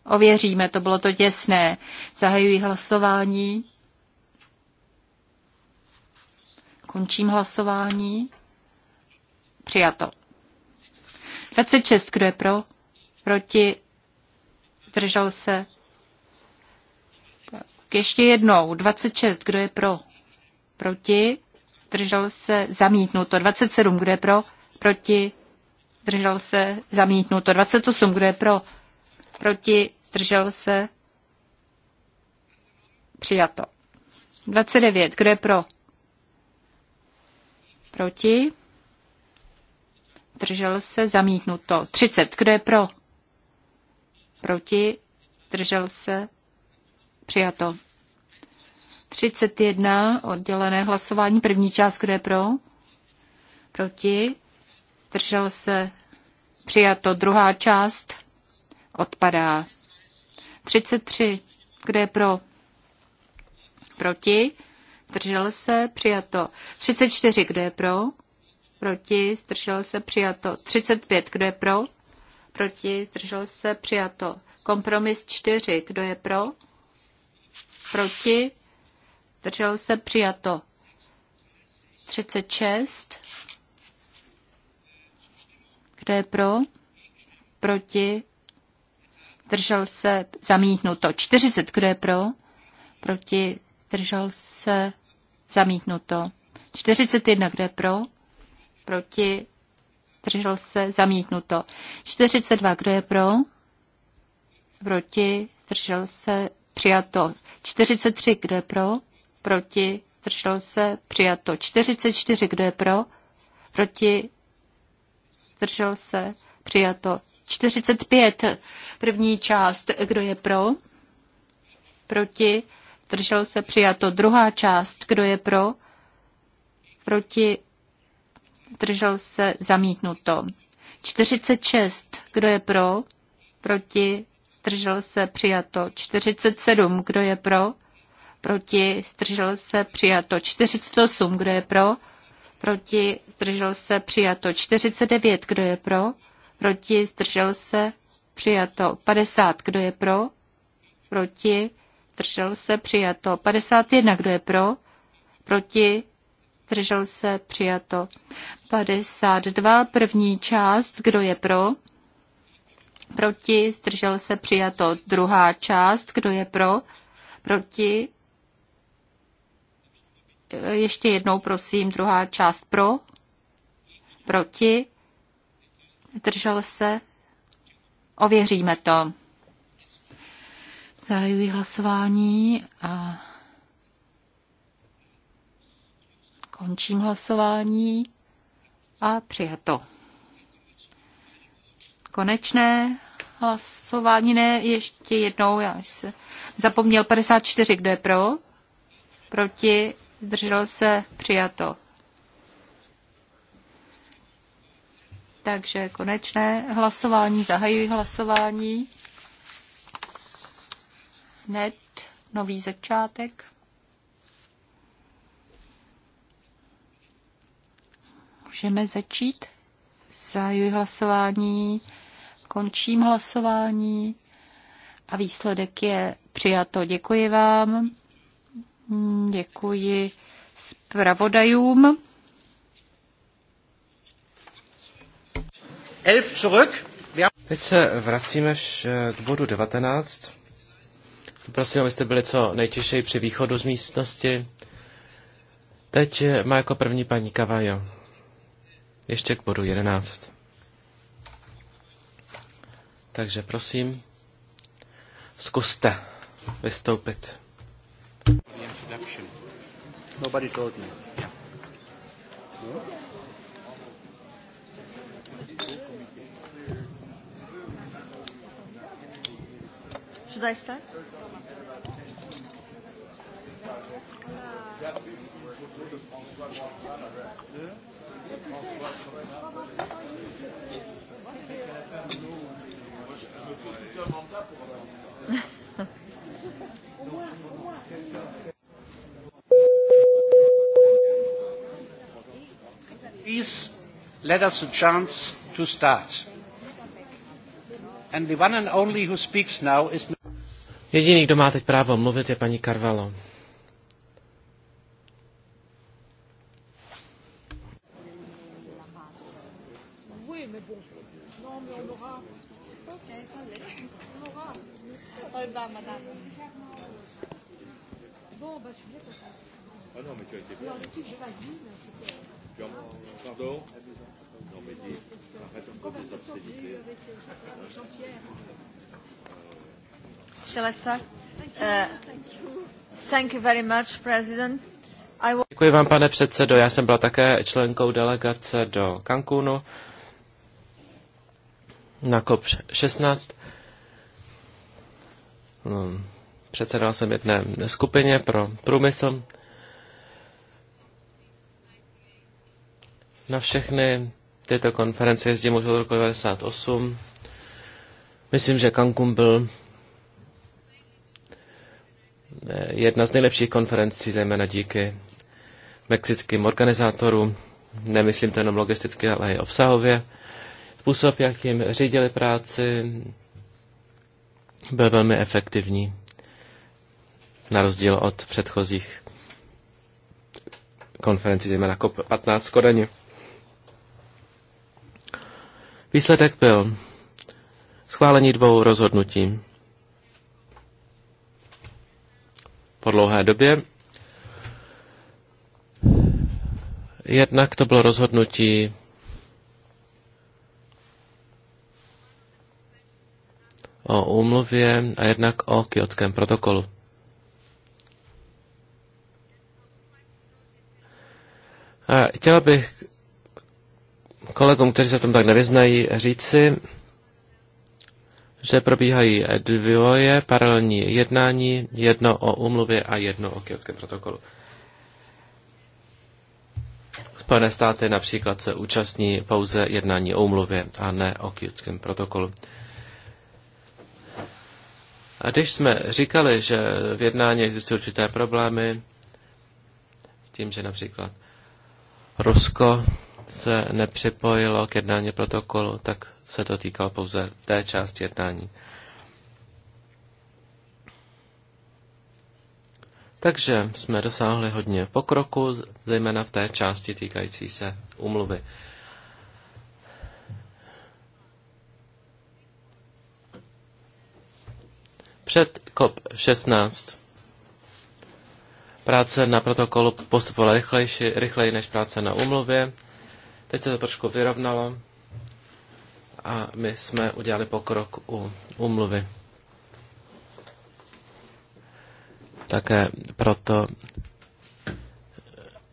Ověříme, to bylo to těsné. Zahajuji hlasování. Končím hlasování. Přijato. 26, kdo je pro? Proti? Držel se? Ještě jednou. 26, kdo je pro? Proti? Držel se? Zamítnuto. 27, kdo je pro? Proti? Držel se? Zamítnuto. 28, kdo je pro? Proti? Držel se? Přijato. 29, kdo je pro? Proti? Držel se zamítnuto. 30. Kdo je pro? Proti? Držel se? Přijato. 31. Oddělené hlasování. První část. Kdo je pro? Proti? Držel se? Přijato. Druhá část. Odpadá. 33. Kdo je pro? Proti? Držel se? Přijato. 34. Kdo je pro? Proti? zdrželo se? Přijato. 35. Kdo je pro? Proti? zdrželo se? Přijato. Kompromis 4. Kdo je pro? Proti? zdrželo se? Přijato. 36. Kdo je pro? Proti? Držel se zamítnuto. 40. Kdo je pro? Proti? Držel se zamítnuto. 41. Kdo je pro? proti, držel se, zamítnuto. 42, kdo je pro, proti, držel se, přijato. 43, kdo je pro, proti, držel se, přijato. 44, kdo je pro, proti, držel se, přijato. 45, první část, kdo je pro, proti, držel se, přijato. Druhá část, kdo je pro, proti, zdržel se, zamítnuto. 46, kdo je pro, proti, zdržel se, přijato. 47, kdo je pro, proti, zdržel se, přijato. 48, kdo je pro, proti, zdržel se, přijato. 49, kdo je pro, proti, zdržel se, přijato. 50, kdo je pro, proti, zdržel se, přijato. 51, kdo je pro, proti, zdržel se, přijato. 52, první část, kdo je pro? Proti, zdržel se, přijato. Druhá část, kdo je pro? Proti. E, ještě jednou, prosím, druhá část pro? Proti, držel se. Ověříme to. Zahajuji hlasování a Končím hlasování a přijato. Konečné hlasování, ne, ještě jednou, já jsem zapomněl 54, kdo je pro, proti, držel se, přijato. Takže konečné hlasování, zahajuji hlasování. Hned nový začátek. Můžeme začít? Zahajuji hlasování, končím hlasování a výsledek je přijato. Děkuji vám, děkuji zpravodajům. Elf zurück. Teď se vracíme eh, k bodu 19. Prosím, abyste byli co nejtěžší při východu z místnosti. Teď má jako první paní Kavajo ještě k bodu 11. Takže prosím, zkuste vystoupit. Nobody told me. Should I start? Yeah. Please let us a chance to start. And the one and only who speaks now is... Jediný, kdo má teď právo mluvit, je paní Karvalo. Euh, tu as été Non, je bonne. Tu c'était. Pardon Non, mais dis, arrête un peu de obscénités. Euh, euh, Shall thank you very much, President. Děkuji vám, pane předsedo. Já jsem byla také členkou delegace do Cancúnu na COP16. Hmm, předsedal jsem jedné skupině pro průmysl Na všechny tyto konference jezdím už od roku 1998. Myslím, že Cancún byl eh, jedna z nejlepších konferencí, zejména díky mexickým organizátorům. Nemyslím to jenom logisticky, ale i obsahově. Způsob, jak jim řídili práci, byl velmi efektivní, na rozdíl od předchozích konferencí, zejména COP15 Kodaně. Výsledek byl schválení dvou rozhodnutí. Po dlouhé době Jednak to bylo rozhodnutí o úmluvě a jednak o kiotském protokolu. A chtěl bych kolegům, kteří se v tom tak nevyznají, říci, že probíhají dvoje paralelní jednání, jedno o umluvě a jedno o kyotském protokolu. Spojené státy například se účastní pouze jednání o umluvě a ne o kyotském protokolu. A když jsme říkali, že v jednání existují určité problémy, tím, že například Rusko se nepřipojilo k jednání protokolu, tak se to týkalo pouze té části jednání. Takže jsme dosáhli hodně pokroku, zejména v té části týkající se umluvy. Před COP16 práce na protokolu postupovala rychlejší, rychleji než práce na umluvě. Teď se to trošku vyrovnalo a my jsme udělali pokrok u umluvy. Také proto,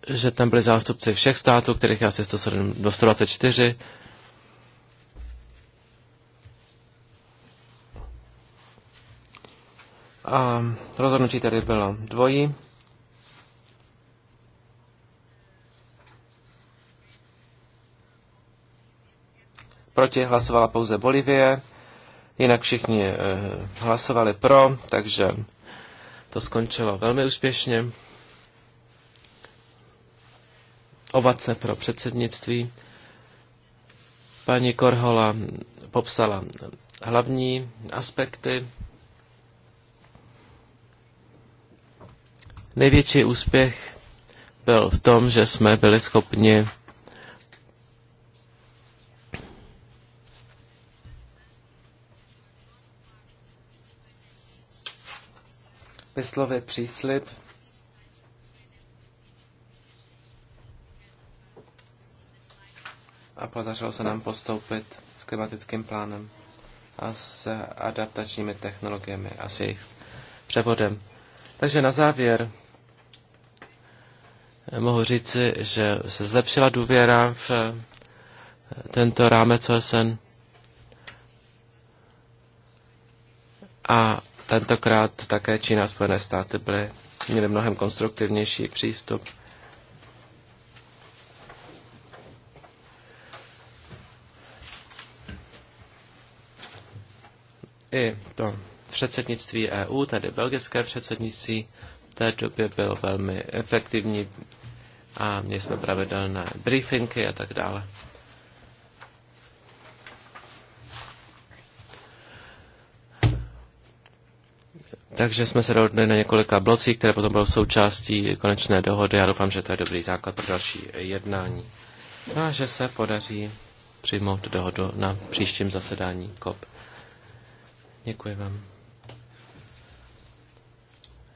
že tam byli zástupci všech států, kterých je asi 107, 124. A rozhodnutí tady bylo dvojí. proti hlasovala pouze Bolivie, jinak všichni eh, hlasovali pro, takže to skončilo velmi úspěšně. Ovace pro předsednictví. Paní Korhola popsala hlavní aspekty. Největší úspěch byl v tom, že jsme byli schopni vyslovit příslip, a podařilo se nám postoupit s klimatickým plánem a s adaptačními technologiemi a s jejich převodem. Takže na závěr mohu říci, že se zlepšila důvěra v tento rámec OSN a tentokrát také Čína a Spojené státy byly, měly mnohem konstruktivnější přístup. I to předsednictví EU, tedy belgické předsednictví, v té době bylo velmi efektivní a měli jsme pravidelné briefingy a tak dále. Takže jsme se dohodli na několika blocích, které potom budou součástí konečné dohody. Já doufám, že to je dobrý základ pro další jednání. No a že se podaří přijmout dohodu na příštím zasedání COP. Děkuji vám.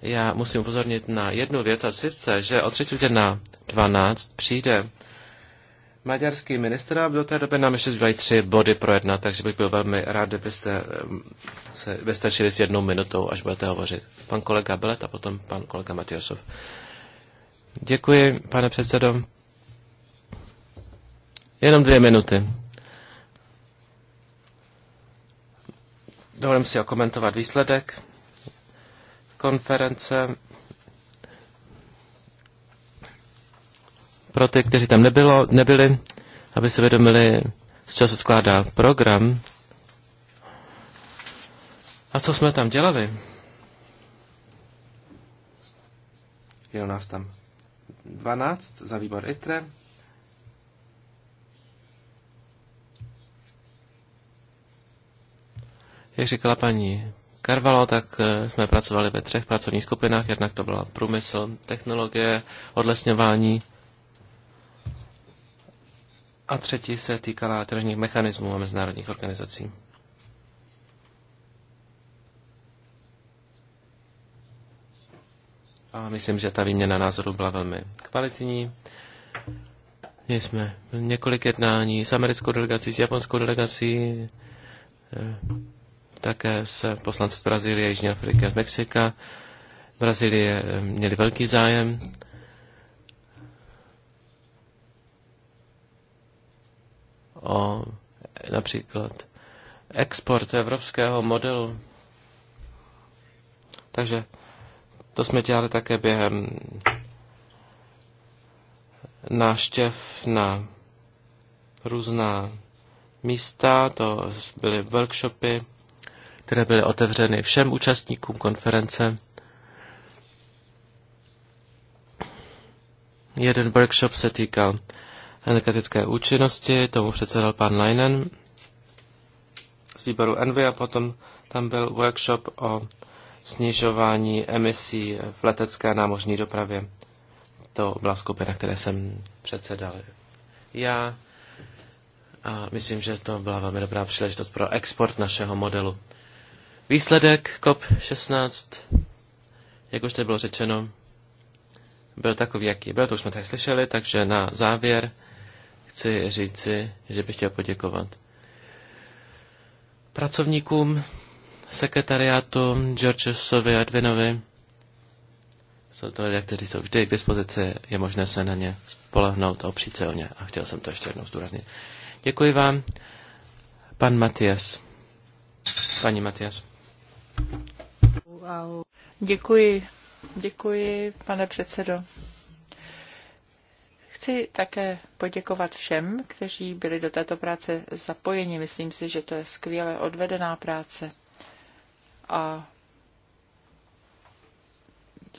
Já musím upozornit na jednu věc a sice, že od třetí na 12 přijde maďarský ministr a do té doby nám ještě zbývají tři body projednat, takže bych byl velmi rád, kdybyste um, se vystačili s jednou minutou, až budete hovořit. Pan kolega Belet a potom pan kolega Matiasov. Děkuji, pane předsedo. Jenom dvě minuty. Dovolím si okomentovat výsledek konference pro ty, kteří tam nebylo, nebyli, aby se vědomili, z čeho se skládá program a co jsme tam dělali. Je nás tam 12 za výbor ITRE. Jak říkala paní Karvalo, tak eh, jsme pracovali ve třech pracovních skupinách. Jednak to byla průmysl, technologie, odlesňování a třetí se týkala tržních mechanismů a mezinárodních organizací. A myslím, že ta výměna názoru byla velmi kvalitní. Měli jsme několik jednání s americkou delegací, s japonskou delegací, eh, také s poslanci z Brazílie, Jižní Afriky a z Mexika. Brazílie eh, měli velký zájem o například export evropského modelu. Takže to jsme dělali také během náštěv na různá místa, to byly workshopy, které byly otevřeny všem účastníkům konference. Jeden workshop se týkal energetické účinnosti, tomu předsedal pan Leinen z výboru Envy a potom tam byl workshop o snižování emisí v letecké a námořní dopravě. To byla skupina, které jsem předsedal já. A myslím, že to byla velmi dobrá příležitost pro export našeho modelu. Výsledek COP16, jak už tady bylo řečeno, byl takový, jaký byl, to už jsme tady slyšeli, takže na závěr chci říci, že bych chtěl poděkovat pracovníkům sekretariátu Georgesovi a Edvinovi. Jsou to lidé, kteří jsou vždy k dispozici, je možné se na ně spolehnout a opřít se o ně. A chtěl jsem to ještě jednou zdůraznit. Děkuji vám, pan Matias. Paní Matias. Děkuji, děkuji, pane předsedo. Chci také poděkovat všem, kteří byli do této práce zapojeni. Myslím si, že to je skvěle odvedená práce. A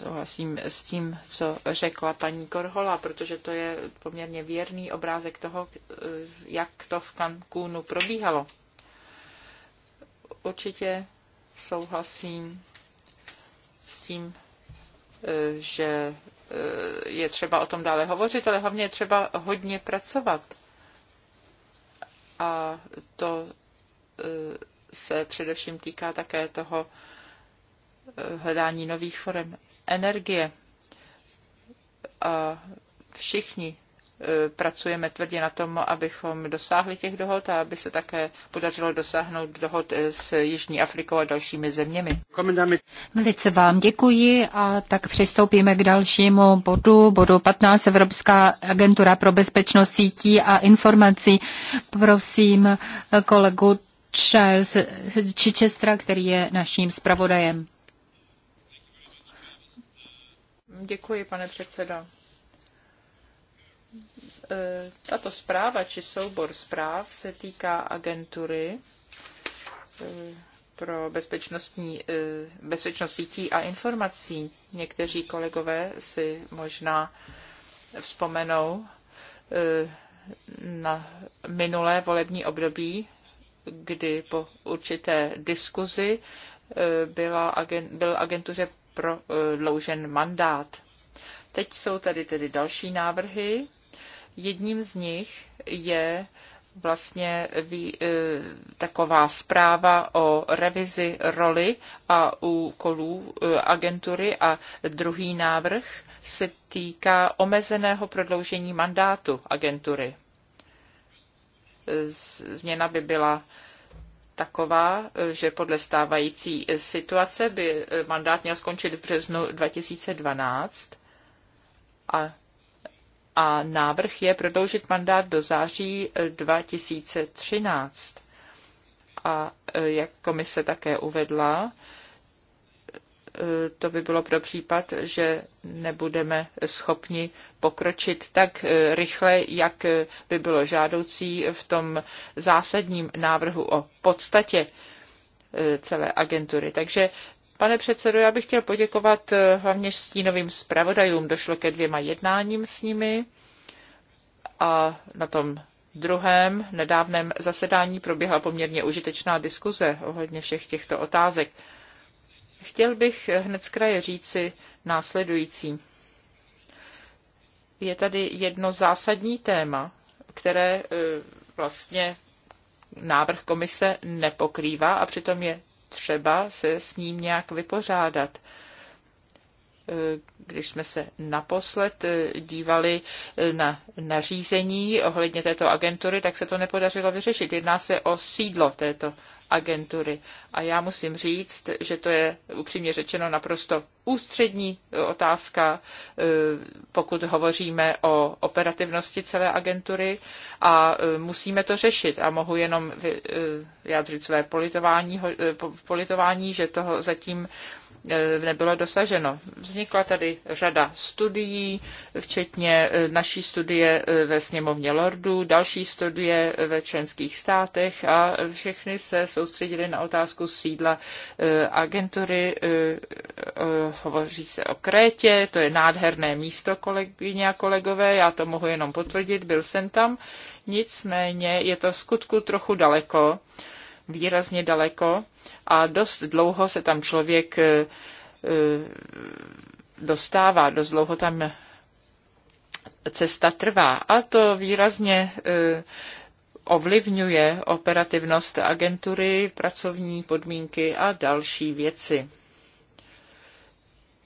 souhlasím s tím, co řekla paní Korhola, protože to je poměrně věrný obrázek toho, jak to v Cancúnu probíhalo. Určitě souhlasím s tím, že Eh, je třeba o tom dále hovořit, ale hlavně je třeba hodně pracovat. A to eh, se především týká také toho eh, hledání nových forem energie. A všichni E, pracujeme tvrdě na tom, abychom dosáhli těch dohod a aby se také podařilo dosáhnout dohod e, s Jižní Afrikou a dalšími zeměmi. Velice vám děkuji a tak přistoupíme k dalšímu bodu, bodu 15 Evropská agentura pro bezpečnost sítí a informací. Prosím kolegu Charles Chichestra, který je naším zpravodajem. Děkuji, pane předsedo. E, tato zpráva či soubor zpráv se týká agentury e, pro bezpečnostní, e, bezpečnost sítí a informací. Někteří kolegové si možná vzpomenou na minulé volební období, kdy po určité diskuzi byla, byl agentuře prodloužen mandát. Teď jsou tady tedy další návrhy Jedním z nich je vlastně e, taková zpráva o revizi roli a úkolů e, agentury a druhý návrh se týká omezeného prodloužení mandátu agentury. Změna by byla taková, že podle stávající situace by mandát měl skončit v březnu 2012 a a návrh je prodloužit mandát do září 2013. Eh, a eh, jak komise také uvedla, eh, to by bylo pro případ, že nebudeme schopni pokročit tak rychle, jak by bylo žádoucí v tom zásadním návrhu o podstatě celé agentury. Takže Pane předsedo, já bych chtěl poděkovat eh, hlavně stínovým zpravodajům. Došlo ke dvěma jednáním s nimi a na tom druhém nedávném zasedání proběhla poměrně užitečná diskuze ohledně všech těchto otázek. Chtěl bych hned z kraje říci následující. Je tady jedno zásadní téma, které eh, vlastně návrh komise nepokrývá a přitom je třeba se s ním nějak vypořádat e, když jsme se naposled e, dívali e, na nařízení ohledně této agentury, tak se to nepodařilo vyřešit. Jedná se o sídlo této agentury. A já musím říct, že to je upřímně řečeno naprosto ústřední eh, otázka, eh, pokud hovoříme o operativnosti celé agentury a eh, musíme to řešit. A mohu jenom vyjádřit své politování, politování že toho zatím E, nebylo dosaženo. Vznikla tady řada studií, včetně e, naší studie e, ve sněmovně Lordů, další studie ve členských státech a všechny se soustředili na otázku sídla agentury. Hovoří se o Krétě, to je nádherné místo, kolegyně a kolegové, já to mohu jenom potvrdit, byl jsem tam. Nicméně je to skutku trochu daleko výrazně daleko a dost dlouho se tam člověk eh, eh, dostává, dost dlouho tam cesta trvá a to výrazně eh, ovlivňuje operativnost agentury, pracovní podmínky a další věci.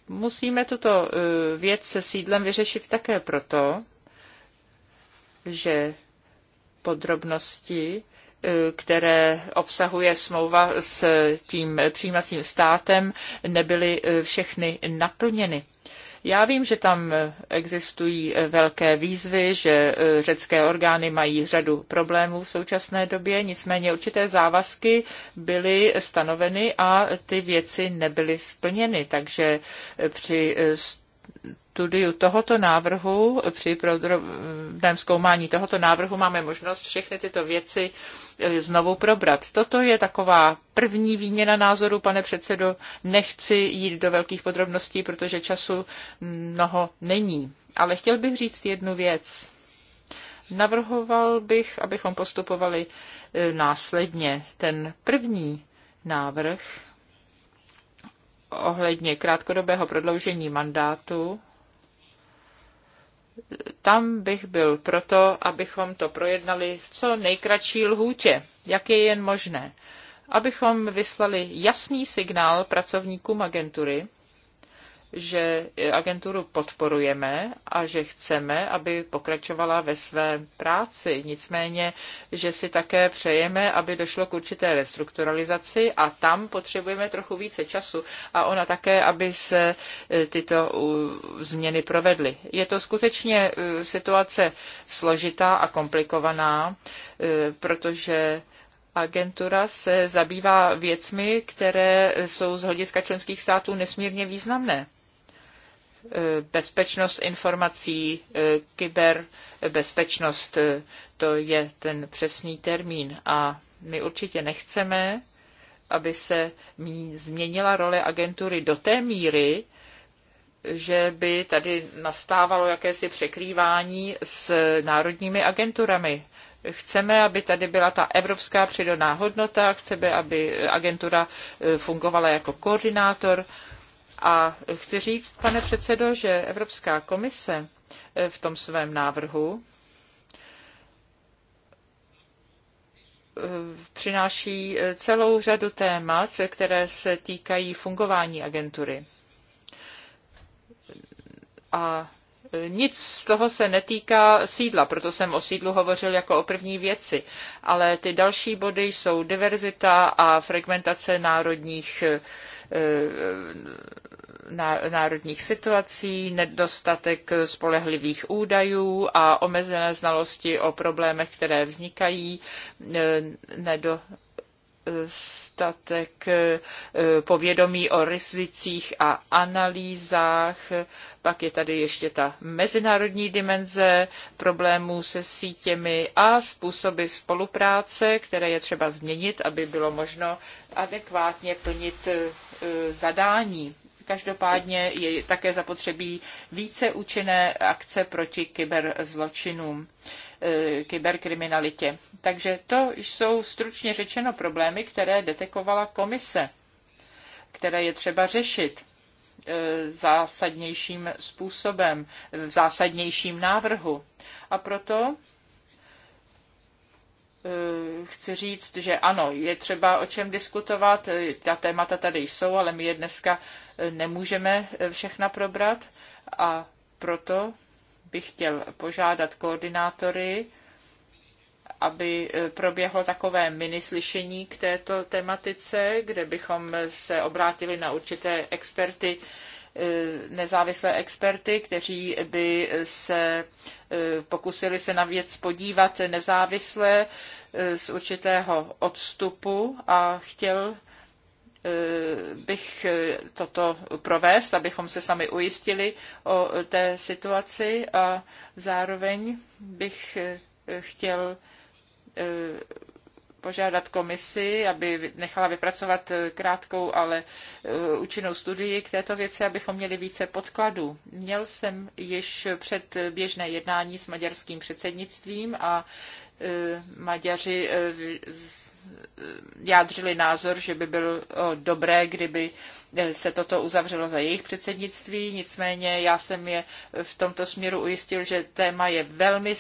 Musíme tuto věc se sídlem vyřešit také proto, že podrobnosti které obsahuje smlouva s tím přijímacím státem, nebyly eh, všechny naplněny. Já vím, že tam existují eh, velké výzvy, že eh, řecké orgány mají řadu problémů v současné době, nicméně určité závazky byly stanoveny a ty věci nebyly splněny. Takže při studiu tohoto návrhu, při prodrobném zkoumání tohoto návrhu máme možnost všechny tyto věci eh, znovu probrat. Toto je taková první výměna názoru, pane předsedo. Nechci jít do velkých podrobností, protože času mnoho není. Ale chtěl bych říct jednu věc. Navrhoval bych, abychom postupovali eh, následně. Ten první návrh ohledně krátkodobého prodloužení mandátu tam bych byl proto, abychom to projednali v co nejkratší lhůtě, jak je jen možné. Abychom vyslali jasný signál pracovníkům agentury, že agenturu podporujeme a že chceme, aby pokračovala ve své práci. Nicméně, že si také přejeme, aby došlo k určité restrukturalizaci a tam potřebujeme trochu více času a ona také, aby se e, tyto změny provedly. Je to skutečně e, situace složitá a komplikovaná, e, protože agentura se zabývá věcmi, které jsou z hlediska členských států nesmírně významné. Eh, bezpečnost informací, eh, kyberbezpečnost, eh, to je ten přesný termín. A my určitě nechceme, aby se změnila role agentury do té míry, že by tady nastávalo jakési překrývání s národními agenturami. Chceme, aby tady byla ta evropská přidaná hodnota, chceme, aby agentura fungovala jako koordinátor a chci říct, pane předsedo, že Evropská komise eh, v tom svém návrhu eh, přináší eh, celou řadu témat, které se týkají fungování agentury. A nic z toho se netýká sídla, proto jsem o sídlu hovořil jako o první věci. Ale ty další body jsou diverzita a fragmentace národních eh, Eh, národních situací, nedostatek spolehlivých údajů a omezené znalosti o problémech, které vznikají, eh, nedostatek eh, povědomí o rizicích a analýzách. Pak je tady ještě ta mezinárodní dimenze problémů se sítěmi a způsoby spolupráce, které je třeba změnit, aby bylo možno adekvátně plnit E, zadání. Každopádně je také zapotřebí více účinné akce proti kyberzločinům, e, kyberkriminalitě. Takže to jsou stručně řečeno problémy, které detekovala komise, které je třeba řešit e, zásadnějším způsobem, v zásadnějším návrhu. A proto Eh, chci říct, že ano, je třeba o čem diskutovat, ta témata tady jsou, ale my je dneska eh, nemůžeme eh, všechna probrat a proto bych chtěl požádat koordinátory, aby proběhlo takové minislyšení k této tematice, kde bychom se obrátili na určité experty E, nezávislé experty, kteří by se e, pokusili se na věc podívat nezávisle e, z určitého odstupu a chtěl bych toto provést, abychom se sami ujistili o té situaci a zároveň bych chtěl požádat komisi, aby nechala vypracovat eh, krátkou, ale eh, účinnou studii k této věci, abychom měli více podkladů. Měl jsem již před běžné jednání s maďarským předsednictvím a E, Maďaři e, e, jádřili názor, že by bylo dobré, kdyby se toto uzavřelo za jejich předsednictví. Nicméně já jsem je v tomto směru ujistil, že téma je velmi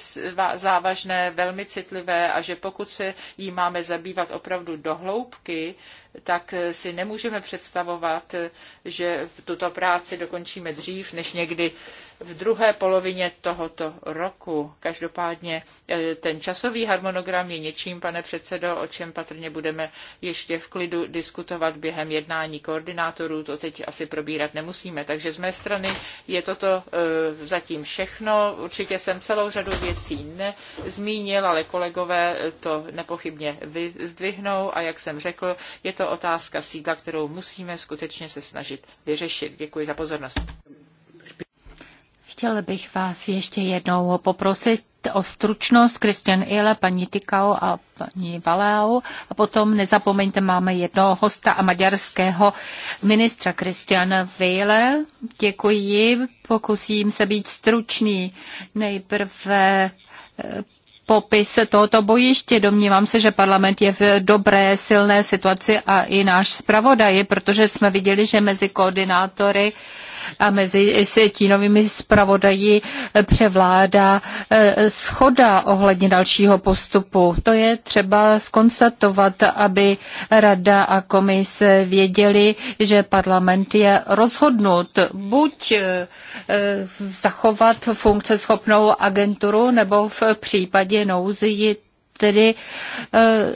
závažné, velmi citlivé a že pokud se jí máme zabývat opravdu do hloubky, tak si nemůžeme představovat, že tuto práci dokončíme dřív, než někdy v druhé polovině tohoto roku. Každopádně eh, ten časový harmonogram je něčím, pane předsedo, o čem patrně budeme ještě v klidu diskutovat během jednání koordinátorů. To teď asi probírat nemusíme. Takže z mé strany je toto eh, zatím všechno. Určitě jsem celou řadu věcí nezmínil, ale kolegové to nepochybně vyzdvihnou a jak jsem řekl, je to otázka sídla, kterou musíme skutečně se snažit vyřešit. Děkuji za pozornost. Chtěl bych vás ještě jednou poprosit o stručnost Kristian Ile, paní Tikao a paní Valeau. A potom nezapomeňte, máme jednoho hosta a maďarského ministra Christiana Weiler. Děkuji, pokusím se být stručný. Nejprve eh, popis tohoto bojiště. Domnívám se, že parlament je v dobré, silné situaci a i náš zpravodaj, protože jsme viděli, že mezi koordinátory uh, a mezi stínovými zpravodaji převládá eh, schoda ohledně dalšího postupu. To je třeba skonstatovat, aby rada a komise věděli, že parlament je rozhodnut buď eh, eh, zachovat funkce schopnou agenturu, nebo v případě nouzy ji tedy eh,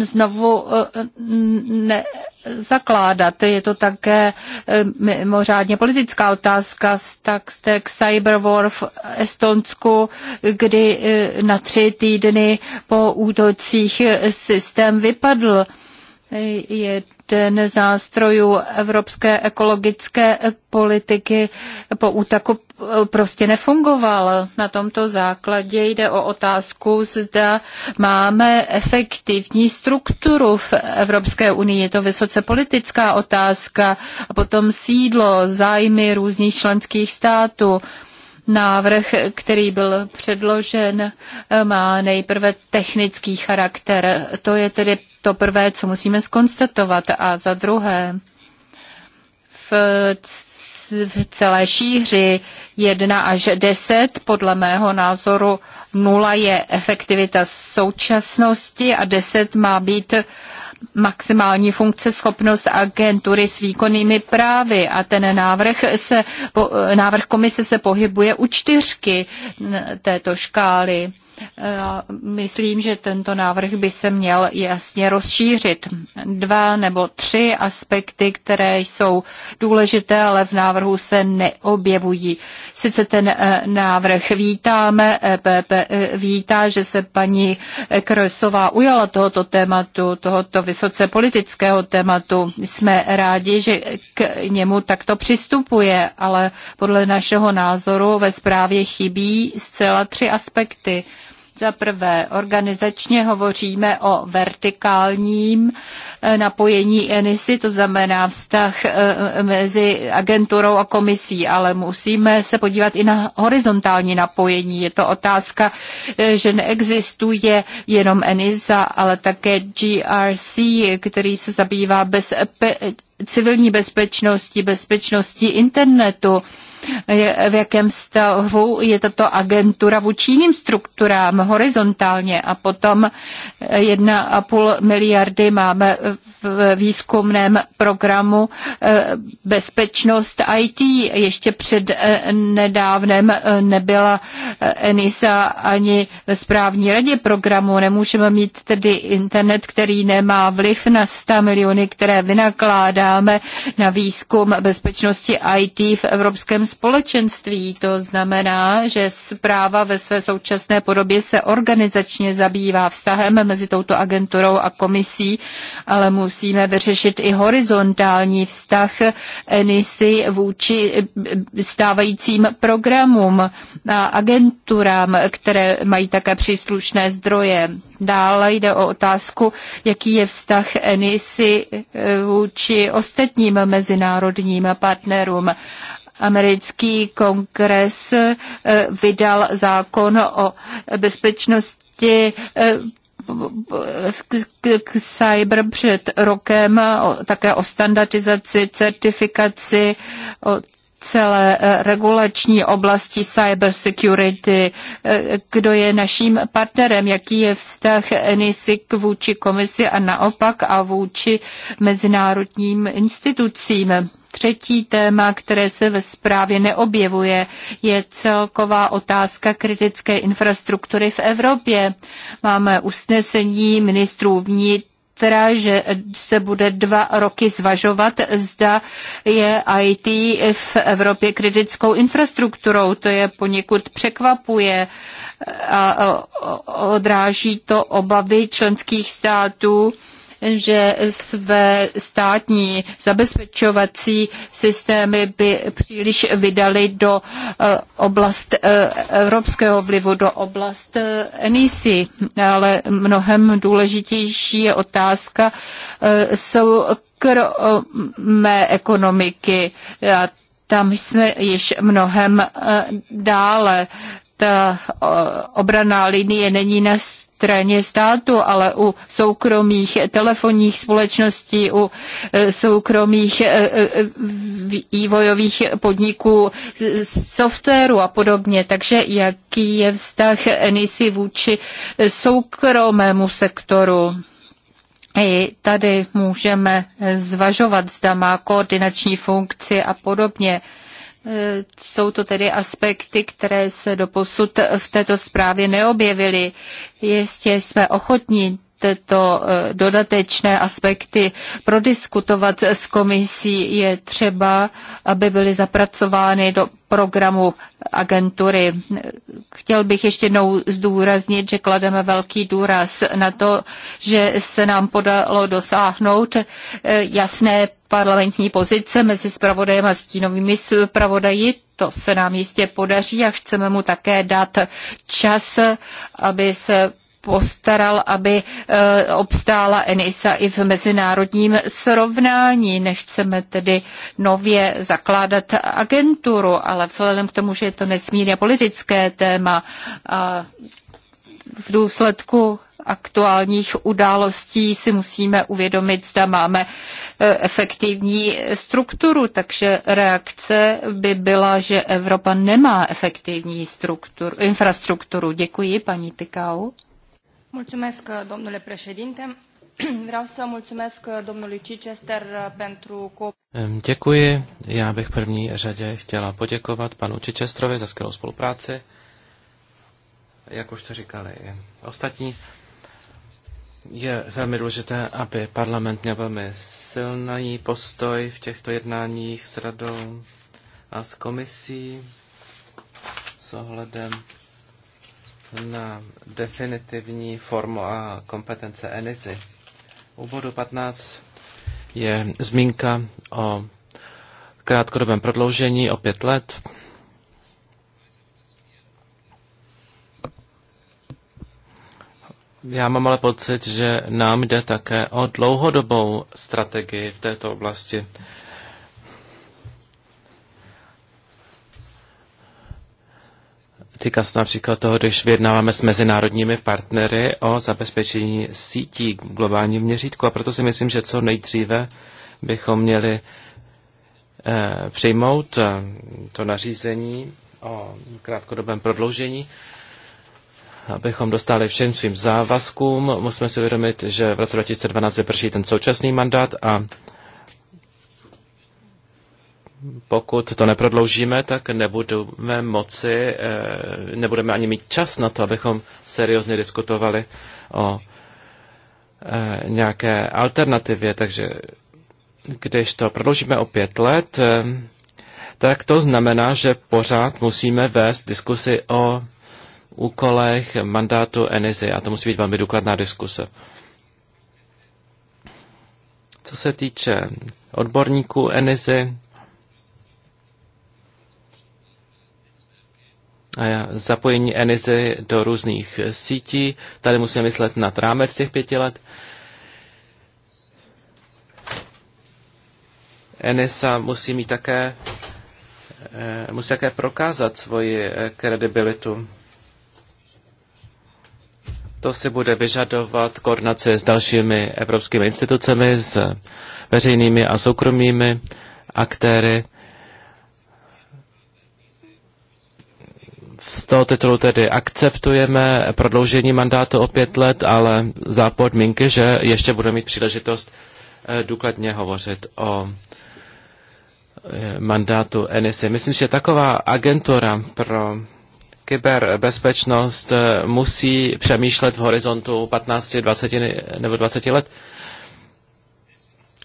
znovu eh, nezakládat. Je to také eh, mimořádně politická otázka, tak jste cyberwar v Estonsku, kdy na tři týdny po útocích systém vypadl. Je jeden z nástrojů evropské ekologické politiky po útaku eh, prostě nefungoval. Na tomto základě jde o otázku, zda máme efektivní strukturu v Evropské unii. Je to vysoce politická otázka a potom sídlo, zájmy různých členských států. Návrh, který byl předložen, eh, má nejprve technický charakter. To je tedy to prvé, co musíme skonstatovat. A za druhé, v v celé šíři 1 až 10. Podle mého názoru 0 je efektivita současnosti a 10 má být maximální funkce schopnost agentury s výkonnými právy a ten návrh, se, návrh komise se pohybuje u čtyřky této škály. Myslím, že tento návrh by se měl jasně rozšířit. Dva nebo tři aspekty, které jsou důležité, ale v návrhu se neobjevují. Sice ten eh, návrh vítáme, EPP eh, vítá, že se paní Krosová ujala tohoto tématu, tohoto vysoce politického tématu. Jsme rádi, že k němu takto přistupuje, ale podle našeho názoru ve zprávě chybí zcela tři aspekty. Za prvé, organizačně hovoříme o vertikálním eh, napojení ENISy, to znamená vztah eh, eh, mezi agenturou a komisí, ale musíme se podívat i na horizontální napojení. Je to otázka, že neexistuje jenom ENISA, ale také GRC, který se zabývá bez civilní bezpečnosti, bezpečnosti internetu, v jakém stavu je tato agentura vůči jiným strukturám horizontálně a potom 1,5 miliardy máme v výzkumném programu eh, Bezpečnost IT. Ještě před eh, nedávnem eh, nebyla ENISA ani ve správní radě programu. Nemůžeme mít tedy internet, který nemá vliv na 100 miliony, které vynakládá podíváme na výzkum bezpečnosti IT v Evropském společenství. To znamená, že zpráva ve své současné podobě se organizačně zabývá vztahem mezi touto agenturou a komisí, ale musíme vyřešit i horizontální vztah ENISY vůči stávajícím programům a agenturám, které mají také příslušné zdroje. Dále jde o otázku, jaký je vztah ENISY vůči ostatním mezinárodním partnerům. Americký kongres eh, vydal zákon o bezpečnosti eh, k cyber před rokem, také o standardizaci, certifikaci, o celé eh, regulační oblasti cyber security, eh, kdo je naším partnerem, jaký je vztah NISIC vůči komisi a naopak a vůči mezinárodním institucím. Třetí téma, které se ve zprávě neobjevuje, je celková otázka kritické infrastruktury v Evropě. Máme usnesení ministrů vnitř zítra, že se bude dva roky zvažovat, zda je IT v Evropě kritickou infrastrukturou. To je poněkud překvapuje a odráží to obavy členských států že své státní zabezpečovací systémy by příliš vydali do eh, oblast eh, evropského vlivu, do oblast Enisy. Eh, Ale mnohem důležitější je otázka jsou kromé ekonomiky. A tam jsme již mnohem dále ta obraná linie není na straně státu, ale u soukromých telefonních společností, u e, soukromých e, e, vývojových podniků, softwaru a podobně. Takže jaký je vztah NISI vůči soukromému sektoru? I tady můžeme zvažovat, zda má koordinační funkci a podobně. E, jsou to tedy aspekty, které se doposud v této zprávě neobjevily. Jistě jsme ochotní tyto eh, dodatečné aspekty prodiskutovat s komisí. Je třeba, aby byly zapracovány do programu agentury. Chtěl bych ještě jednou zdůraznit, že klademe velký důraz na to, že se nám podalo dosáhnout eh, jasné parlamentní pozice mezi spravodajem a stínovými spravodaji. To se nám jistě podaří a chceme mu také dát čas, aby se postaral, aby eh, obstála Enisa i v mezinárodním srovnání. Nechceme tedy nově zakládat agenturu, ale vzhledem k tomu, že je to nesmírně politické téma, a v důsledku aktuálních událostí si musíme uvědomit, zda máme eh, efektivní strukturu, takže reakce by byla, že Evropa nemá efektivní strukturu, infrastrukturu. Děkuji, paní Tykau. Mulțumesc, domnule președinte. Vreau să mulțumesc domnului Chichester uh, pentru Děkuji. Já bych v první řadě chtěla poděkovat panu Chichesterovi za skvělou spolupráci. Jak už to říkali ostatní, je velmi důležité, aby parlament měl velmi silný postoj v těchto jednáních s radou a s komisí s ohledem na definitivní formu a kompetence ENISY. U bodu 15 je zmínka o krátkodobém prodloužení o pět let. Já mám ale pocit, že nám jde také o dlouhodobou strategii v této oblasti. Týká se například toho, když vyjednáváme s mezinárodními partnery o zabezpečení sítí v globálním měřítku a proto si myslím, že co nejdříve bychom měli eh, přijmout eh, to nařízení o krátkodobém prodloužení, abychom dostali všem svým závazkům. Musíme si uvědomit, že v roce 2012 vyprší ten současný mandát a pokud to neprodloužíme, tak nebudeme moci, eh, nebudeme ani mít čas na to, abychom seriózně diskutovali o eh, nějaké alternativě. Takže když to prodloužíme o pět let, eh, tak to znamená, že pořád musíme vést diskusy o úkolech mandátu Enizy a to musí být velmi důkladná diskuse. Co se týče odborníků Enizy, zapojení Enizy do různých sítí. Tady musíme myslet na rámec těch pěti let. Enisa musí mít také, eh, musí také prokázat svoji eh, kredibilitu. To si bude vyžadovat koordinace s dalšími evropskými institucemi, s veřejnými a soukromými aktéry toho titulu tedy akceptujeme prodloužení mandátu o pět let, ale za podmínky, že ještě budeme mít příležitost eh, důkladně hovořit o eh, mandátu ENISY. Myslím, že taková agentura pro kyberbezpečnost eh, musí přemýšlet v horizontu 15, 20 nebo 20 let,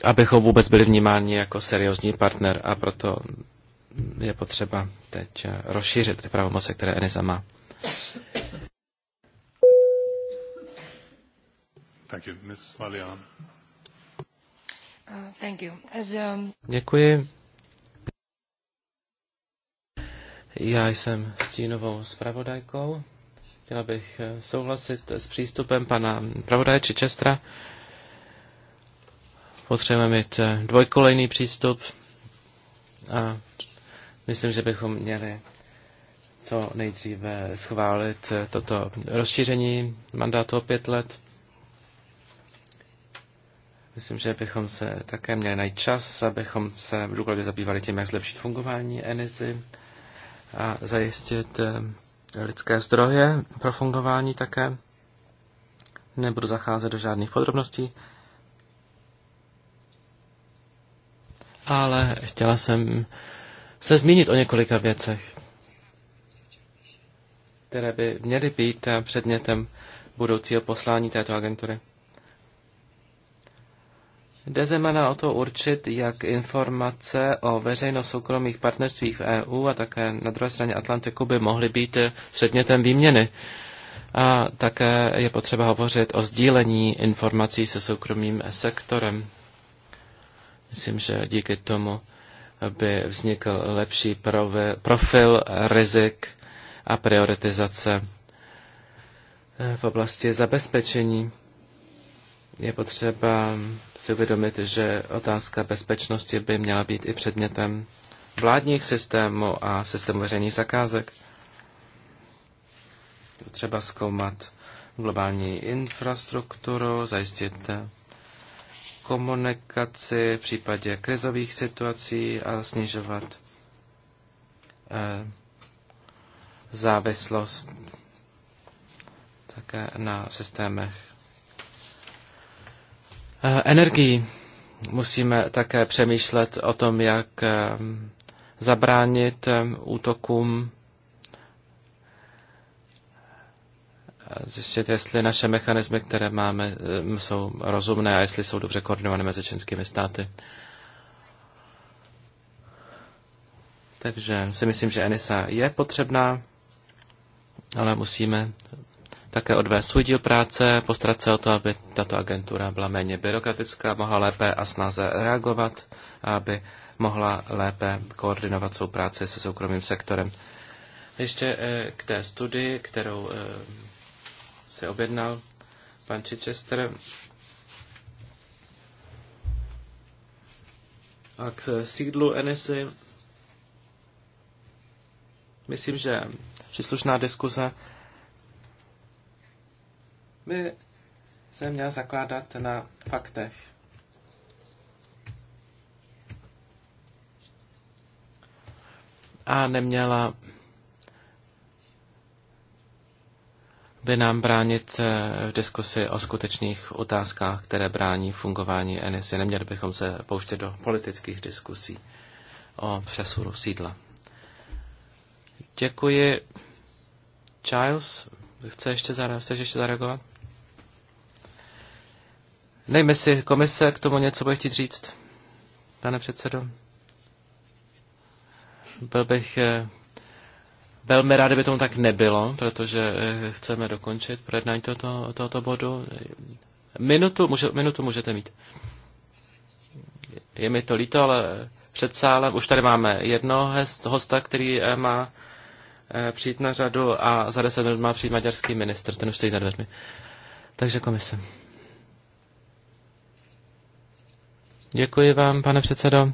abychom vůbec byli vnímáni jako seriózní partner a proto je potřeba teď eh, rozšířit ty pravomoce, které NSA má. Thank you, Ms. Malian. Uh, thank you. As, um... Děkuji. Já jsem stínovou zpravodajkou. Chtěla bych eh, souhlasit s přístupem pana pravodaje Čestra. Potřebujeme mít eh, dvojkolejný přístup a Myslím, že bychom měli co nejdříve schválit toto rozšíření mandátu o pět let. Myslím, že bychom se také měli najít čas, abychom se v důkladě zabývali tím, jak zlepšit fungování ENISY a zajistit eh, lidské zdroje pro fungování také. Nebudu zacházet do žádných podrobností, ale chtěla jsem se zmínit o několika věcech, které by měly být předmětem budoucího poslání této agentury. Jde zejména o to určit, jak informace o veřejno-soukromých partnerstvích v EU a také na druhé straně Atlantiku by mohly být předmětem výměny. A také je potřeba hovořit o sdílení informací se soukromým sektorem. Myslím, že díky tomu aby vznikl lepší profil rizik a prioritizace eh, v oblasti zabezpečení. Je potřeba si uvědomit, že otázka bezpečnosti by měla být i předmětem vládních systémů a systému veřejných zakázek. třeba zkoumat globální infrastrukturu, zajistit eh, komunikaci v případě krizových situací a snižovat eh, závislost také na systémech eh, energií. Musíme také přemýšlet o tom, jak eh, zabránit útokům zjistit, jestli naše mechanismy, které máme, eh, jsou rozumné a jestli jsou dobře koordinované mezi členskými státy. Takže si myslím, že Enisa je potřebná, ale musíme také odvést svůj díl práce, postarat se o to, aby tato agentura byla méně byrokratická, mohla lépe a snáze reagovat, aby mohla lépe koordinovat svou práci se soukromým sektorem. Ještě eh, k té studii, kterou eh, se objednal pan Chichester. A k sídlu Enisy myslím, že příslušná diskuze by se měla zakládat na faktech. A neměla by nám bránit eh, v diskusi o skutečných otázkách, které brání fungování NSA. Neměli bychom se pouštět do politických diskusí o přesunu sídla. Děkuji. Giles, chce ještě chceš ještě zareagovat? Nejme si komise k tomu něco bude chtít říct, pane předsedo. Byl bych eh, Velmi rádi by tomu tak nebylo, protože eh, chceme dokončit projednání tohoto, tohoto bodu. Minutu, může, minutu můžete mít. Je mi to líto, ale před sálem už tady máme jedno hosta, který eh, má eh, přijít na řadu a za deset minut má přijít maďarský minister, ten už stojí za dveřmi. Takže komise. Děkuji vám, pane předsedo.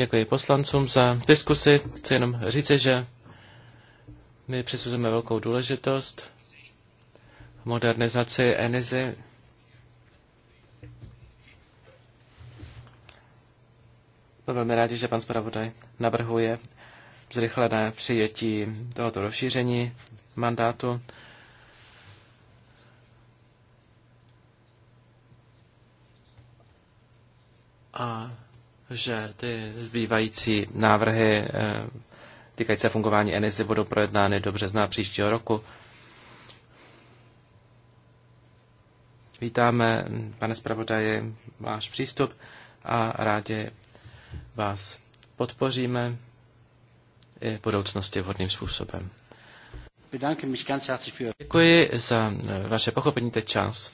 Děkuji poslancům za diskusi. Chci jenom říci, že my přisuzujeme velkou důležitost modernizaci ENIZY. Byl velmi rádi, že pan zpravodaj navrhuje zrychlené přijetí tohoto rozšíření mandátu. A že ty zbývající návrhy eh, týkající se fungování Enisy budou projednány do března příštího roku. Vítáme, pane zpravodaji, váš přístup a rádi vás podpoříme i v budoucnosti vhodným způsobem. Děkuji za eh, vaše pochopení, teď čas.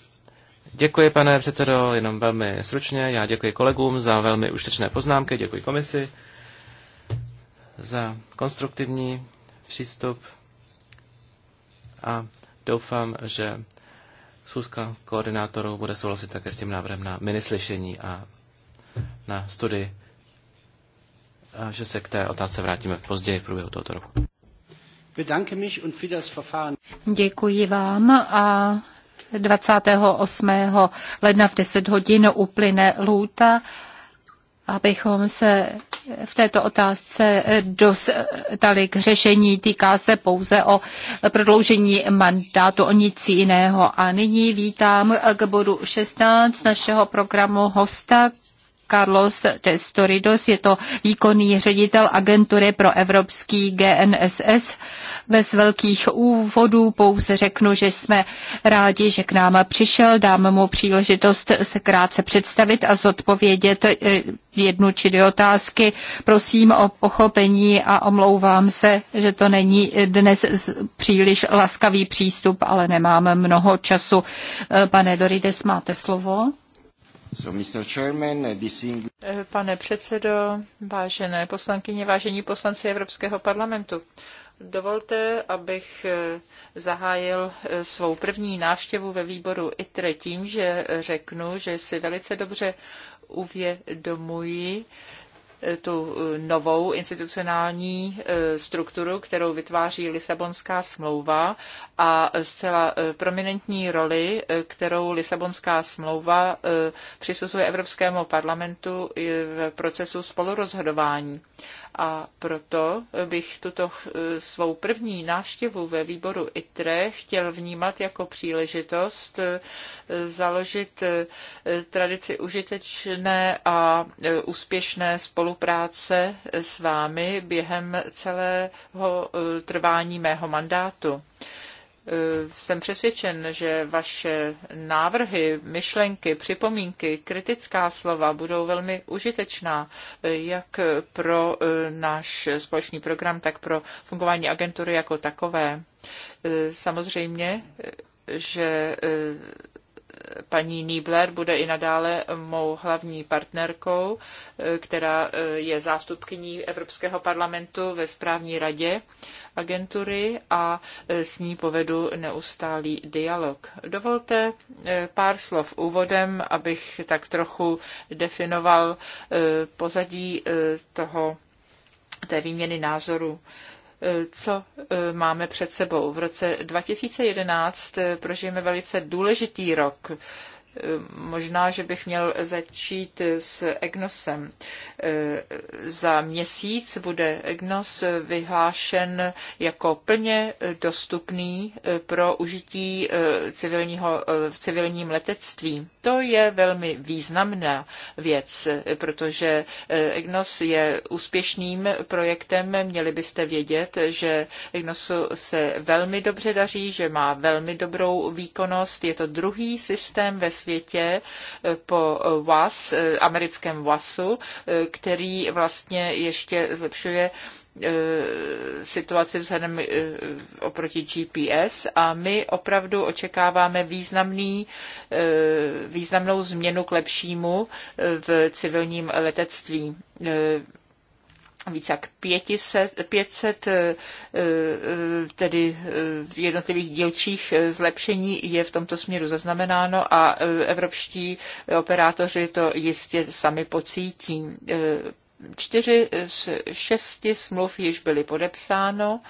Děkuji, pane předsedo, jenom velmi stručně. Já děkuji kolegům za velmi užitečné poznámky, děkuji komisi za konstruktivní přístup a doufám, že schůzka koordinátorů bude souhlasit také s tím návrhem na minislyšení a na studii a že se k té otázce vrátíme později v průběhu tohoto roku. Děkuji vám a 28. ledna v 10 hodin uplyne lůta, abychom se v této otázce dostali k řešení. Týká se pouze o prodloužení mandátu, o nic jiného. A nyní vítám k bodu 16 našeho programu hosta, Carlos Testoridos, je to výkonný ředitel agentury pro evropský GNSS. Bez velkých úvodů pouze řeknu, že jsme rádi, že k nám přišel. Dám mu příležitost se krátce představit a zodpovědět eh, jednu či dvě otázky. Prosím o pochopení a omlouvám se, že to není dnes příliš laskavý přístup, ale nemáme mnoho času. Eh, pane Dorides, máte slovo. Uh, eh, pane předsedo, vážené poslankyně, vážení poslanci Evropského parlamentu, dovolte, abych eh, zahájil eh, svou první návštěvu ve výboru ITRE tím, že řeknu, že si velice dobře uvědomuji, tu eh, novou institucionální eh, strukturu, kterou vytváří Lisabonská smlouva a zcela eh, prominentní roli, kterou Lisabonská smlouva přisuzuje Evropskému parlamentu v procesu spolurozhodování. A proto bych tuto svou první návštěvu ve výboru ITRE chtěl vnímat jako příležitost eh, založit eh, tradici užitečné a eh, úspěšné spolupráce s vámi během celého trvání mého mandátu. Eh, jsem přesvědčen, že vaše návrhy, myšlenky, připomínky, kritická slova budou velmi užitečná eh, jak pro eh, náš společný program, tak pro fungování agentury jako takové. Samozřejmě, že paní Niebler bude i nadále mou hlavní partnerkou, která je zástupkyní Evropského parlamentu ve správní radě agentury a e, s ní povedu neustálý dialog. Dovolte e, pár slov úvodem, abych tak trochu definoval e, pozadí toho, té výměny názoru co máme před sebou. V roce 2011 prožijeme velice důležitý rok. Eh, možná, že bych měl začít s EGNOSem. Eh, za měsíc bude EGNOS vyhlášen jako plně dostupný eh, pro užití civilního, v civilním letectví. To je velmi významná věc, protože EGNOS je úspěšným projektem. Měli byste vědět, že EGNOSu se velmi dobře daří, že má velmi dobrou výkonnost. Je to druhý systém ve světě eh, po eh, WAS, eh, americkém WASu, který vlastně ještě zlepšuje situaci vzhledem oproti GPS a my opravdu očekáváme významný, významnou změnu k lepšímu v civilním letectví více jak 500, 500 eh, eh, tedy eh, jednotlivých dílčích zlepšení je v tomto směru zaznamenáno a evropští operátoři to jistě sami pocítí. Čtyři z šesti smluv již byly podepsáno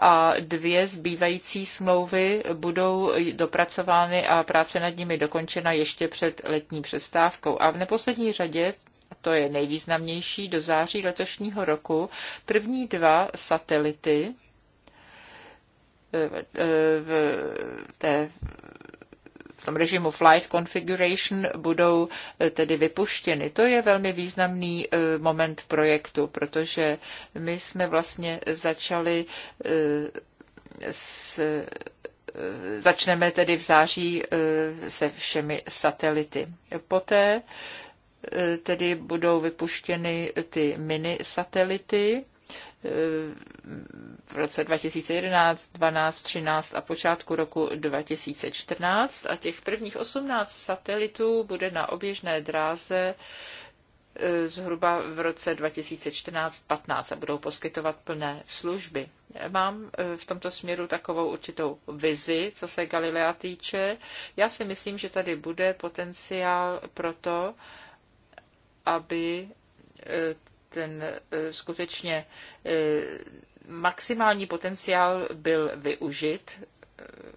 a dvě zbývající smlouvy budou dopracovány a práce nad nimi dokončena ještě před letní přestávkou. A v neposlední řadě a to je nejvýznamnější, do září letošního roku první dva satelity eh, eh, v, té, v tom režimu flight configuration budou eh, tedy vypuštěny. To je velmi významný moment projektu, protože my jsme vlastně začali s začneme tedy v září se všemi satelity. Poté E, tedy budou vypuštěny ty mini satelity e, v roce 2011, 12, 13 a počátku roku 2014 a těch prvních 18 satelitů bude na oběžné dráze e, zhruba v roce 2014-15 a budou poskytovat plné služby. Mám v tomto směru takovou určitou vizi, co se Galilea týče. Já si myslím, že tady bude potenciál pro to, aby eh, ten eh, skutečně eh, maximální potenciál byl využit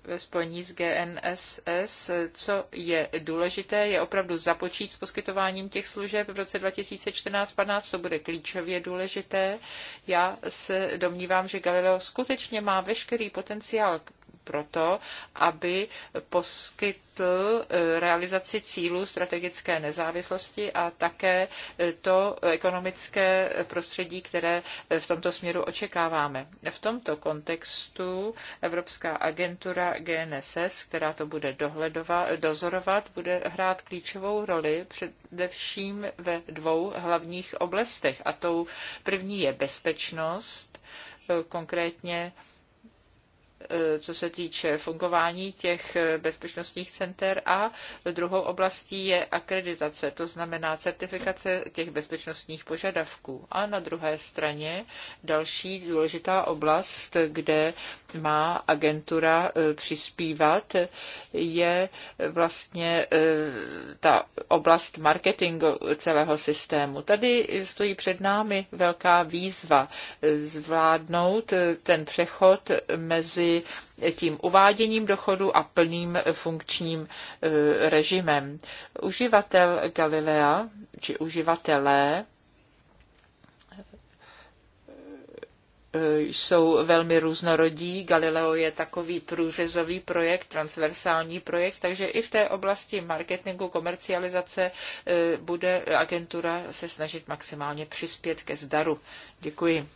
ve spojení s GNSS. Co je důležité, je opravdu započít s poskytováním těch služeb v roce 2014 2015 co bude klíčově důležité. Já se domnívám, že Galileo skutečně má veškerý potenciál k proto, aby poskytl eh, realizaci cílů strategické nezávislosti a také eh, to ekonomické prostředí, které eh, v tomto směru očekáváme. V tomto kontextu Evropská agentura GNSS, která to bude dohledovat, dozorovat, bude hrát klíčovou roli především ve dvou hlavních oblastech. A tou první je bezpečnost, konkrétně Eh, co se týče fungování těch eh, bezpečnostních center a druhou oblastí je akreditace, to znamená certifikace těch bezpečnostních požadavků. A na druhé straně další důležitá oblast, kde má agentura eh, přispívat, je vlastně ta oblast marketingu celého systému. Tady stojí před námi velká výzva zvládnout ten přechod mezi tím uváděním dochodu a plným funkčním eh, režimem. Uživatel Galilea, či uživatelé, eh, jsou velmi různorodí. Galileo je takový průřezový projekt, transversální projekt, takže i v té oblasti marketingu, komercializace eh, bude agentura se snažit maximálně přispět ke zdaru. Děkuji.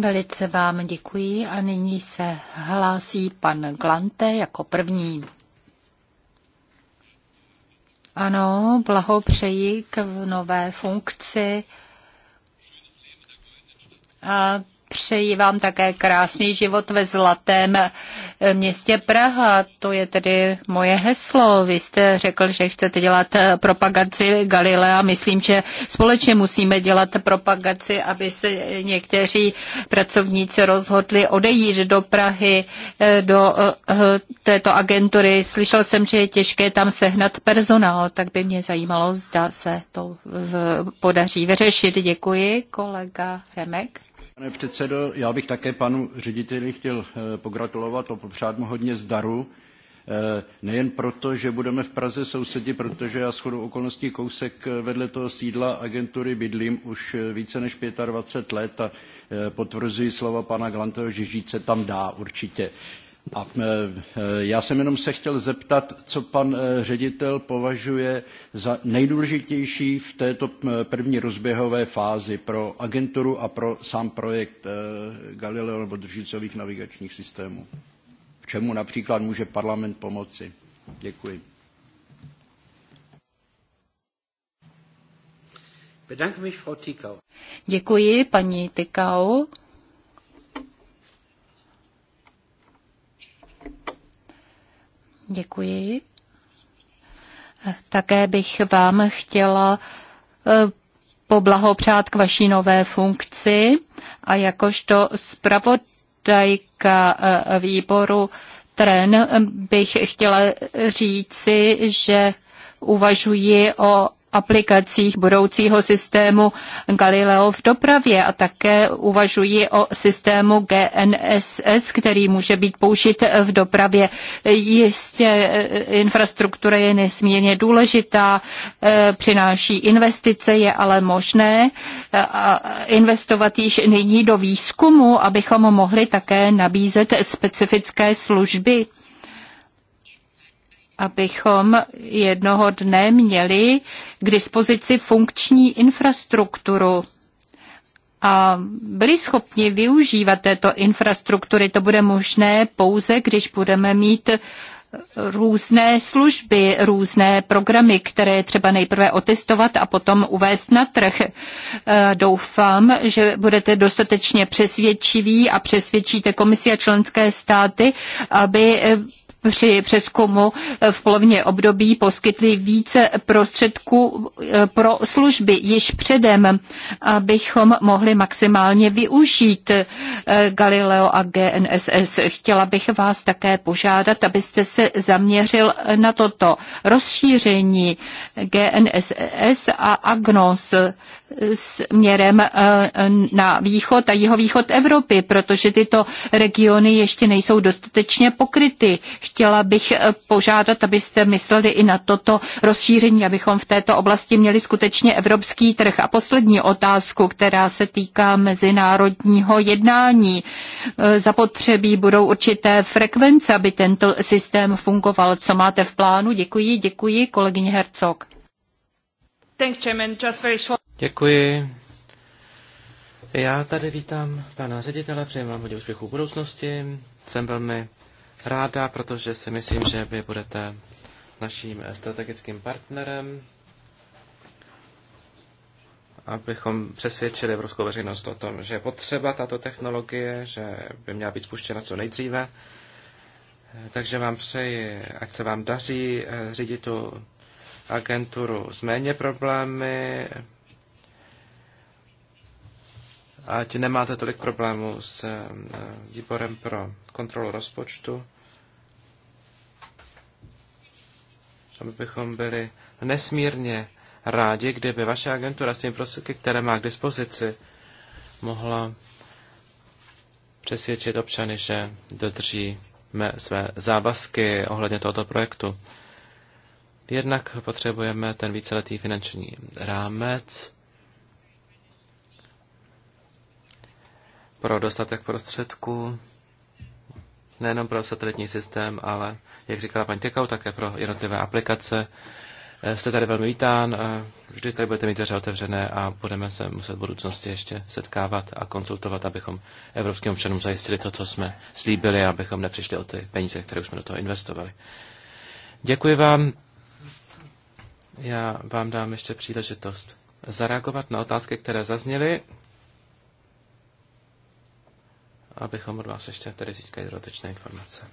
Velice vám děkuji a nyní se hlásí pan Glante jako první. Ano, blahopřeji k nové funkci. A Přeji vám také krásný život ve zlatém eh, městě Praha. To je tedy moje heslo. Vy jste řekl, že chcete dělat eh, propagaci Galilea. Myslím, že společně musíme dělat propagaci, aby se někteří pracovníci rozhodli odejít do Prahy, eh, do této agentury. Slyšel jsem, že je těžké tam sehnat personál, tak by mě zajímalo, zda se to podaří vyřešit. Děkuji, kolega Remek. Pane předsedo, já bych také panu řediteli chtěl eh, pogratulovat a popřát mu hodně zdaru. Eh, nejen proto, že budeme v Praze sousedi, protože já shodou okolností kousek eh, vedle toho sídla agentury bydlím už více než 25 let a potvrzuji slova pana Glanteho, že žít se tam dá určitě. A e, e, já jsem jenom se chtěl zeptat, co pan e, ředitel považuje za nejdůležitější v této první rozběhové fázi pro agenturu a pro sám projekt Galileo nebo držicových navigačních systémů. V čemu například může parlament pomoci? Děkuji. Děkuji, paní Tykau. Děkuji. Také bych vám chtěla eh, poblahopřát k vaší nové funkci a jakožto zpravodajka eh, výboru Tren bych chtěla říci, že uvažuji o aplikacích budoucího systému Galileo v dopravě a také uvažuji o systému GNSS, který může být použit v dopravě. Jistě e, infrastruktura je nesmírně důležitá, e, přináší investice, je ale možné e, investovat již nyní do výzkumu, abychom mohli také nabízet specifické služby abychom jednoho dne měli k dispozici funkční infrastrukturu a byli schopni využívat této infrastruktury. To bude možné pouze, když budeme mít různé služby, různé programy, které je třeba nejprve otestovat a potom uvést na trh. E, doufám, že budete dostatečně přesvědčiví a přesvědčíte komisi a členské státy, aby e, při přeskumu eh, v polovině období poskytli více prostředků eh, pro služby již předem, abychom mohli maximálně využít eh, Galileo a GNSS. Chtěla bych vás také požádat, abyste se zaměřil na toto rozšíření GNSS a AGNOS směrem eh, eh, na východ a jihovýchod Evropy, protože tyto regiony ještě nejsou dostatečně pokryty. Chtěla bych eh, požádat, abyste mysleli i na toto rozšíření, abychom v této oblasti měli skutečně evropský trh. A poslední otázku, která se týká mezinárodního jednání. Zapotřebí budou určité frekvence, aby tento systém fungoval. Co máte v plánu? Děkuji, děkuji, kolegyně Hercog. Thanks, Chairman. Just very short. Děkuji. Já tady vítám pana ředitele, přeji vám hodně úspěchů v budoucnosti. Jsem velmi ráda, protože si myslím, že vy budete naším strategickým partnerem, abychom přesvědčili evropskou veřejnost o tom, že je potřeba tato technologie, že by měla být spuštěna co nejdříve. Takže vám přeji, ať se vám daří eh, řídit tu agenturu s méně problémy, ať nemáte tolik problémů s eh, výborem pro kontrolu rozpočtu, abychom byli nesmírně rádi, kdyby vaše agentura s těmi prostředky, které má k dispozici, mohla přesvědčit občany, že dodrží své závazky ohledně tohoto projektu. Jednak potřebujeme ten víceletý finanční rámec, pro dostatek prostředků, nejenom pro satelitní systém, ale, jak říkala paní Tykau, také pro jednotlivé aplikace. Eh, jste tady velmi vítán, eh, vždy tady budete mít dveře otevřené a budeme se muset v budoucnosti ještě setkávat a konsultovat, abychom evropským občanům zajistili to, co jsme slíbili, abychom nepřišli o ty peníze, které už jsme do toho investovali. Děkuji vám. Já vám dám ještě příležitost zareagovat na otázky, které zazněly abychom od vás ještě tedy získali dodatečné informace.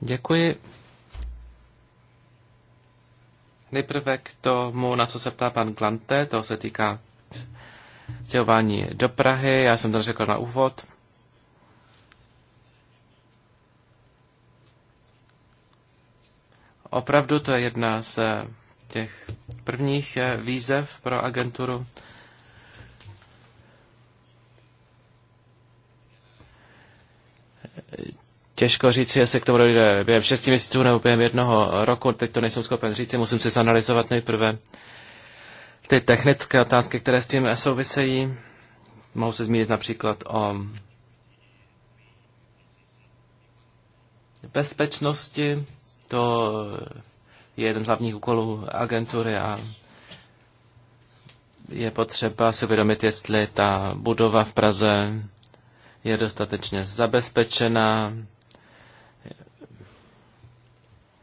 Děkuji. Nejprve k tomu, na co se ptá pan Glante, to se týká stěhování do Prahy, já jsem to řekl na úvod. Opravdu to je jedna z těch prvních eh, výzev pro agenturu. Těžko říct, jestli k tomu dojde během šesti měsíců nebo během jednoho roku. Teď to nejsem schopen říct, musím si zanalizovat nejprve ty technické otázky, které s tím souvisejí. Mohu se zmínit například o bezpečnosti. To je jeden z hlavních úkolů agentury a je potřeba si uvědomit, jestli ta budova v Praze je dostatečně zabezpečená,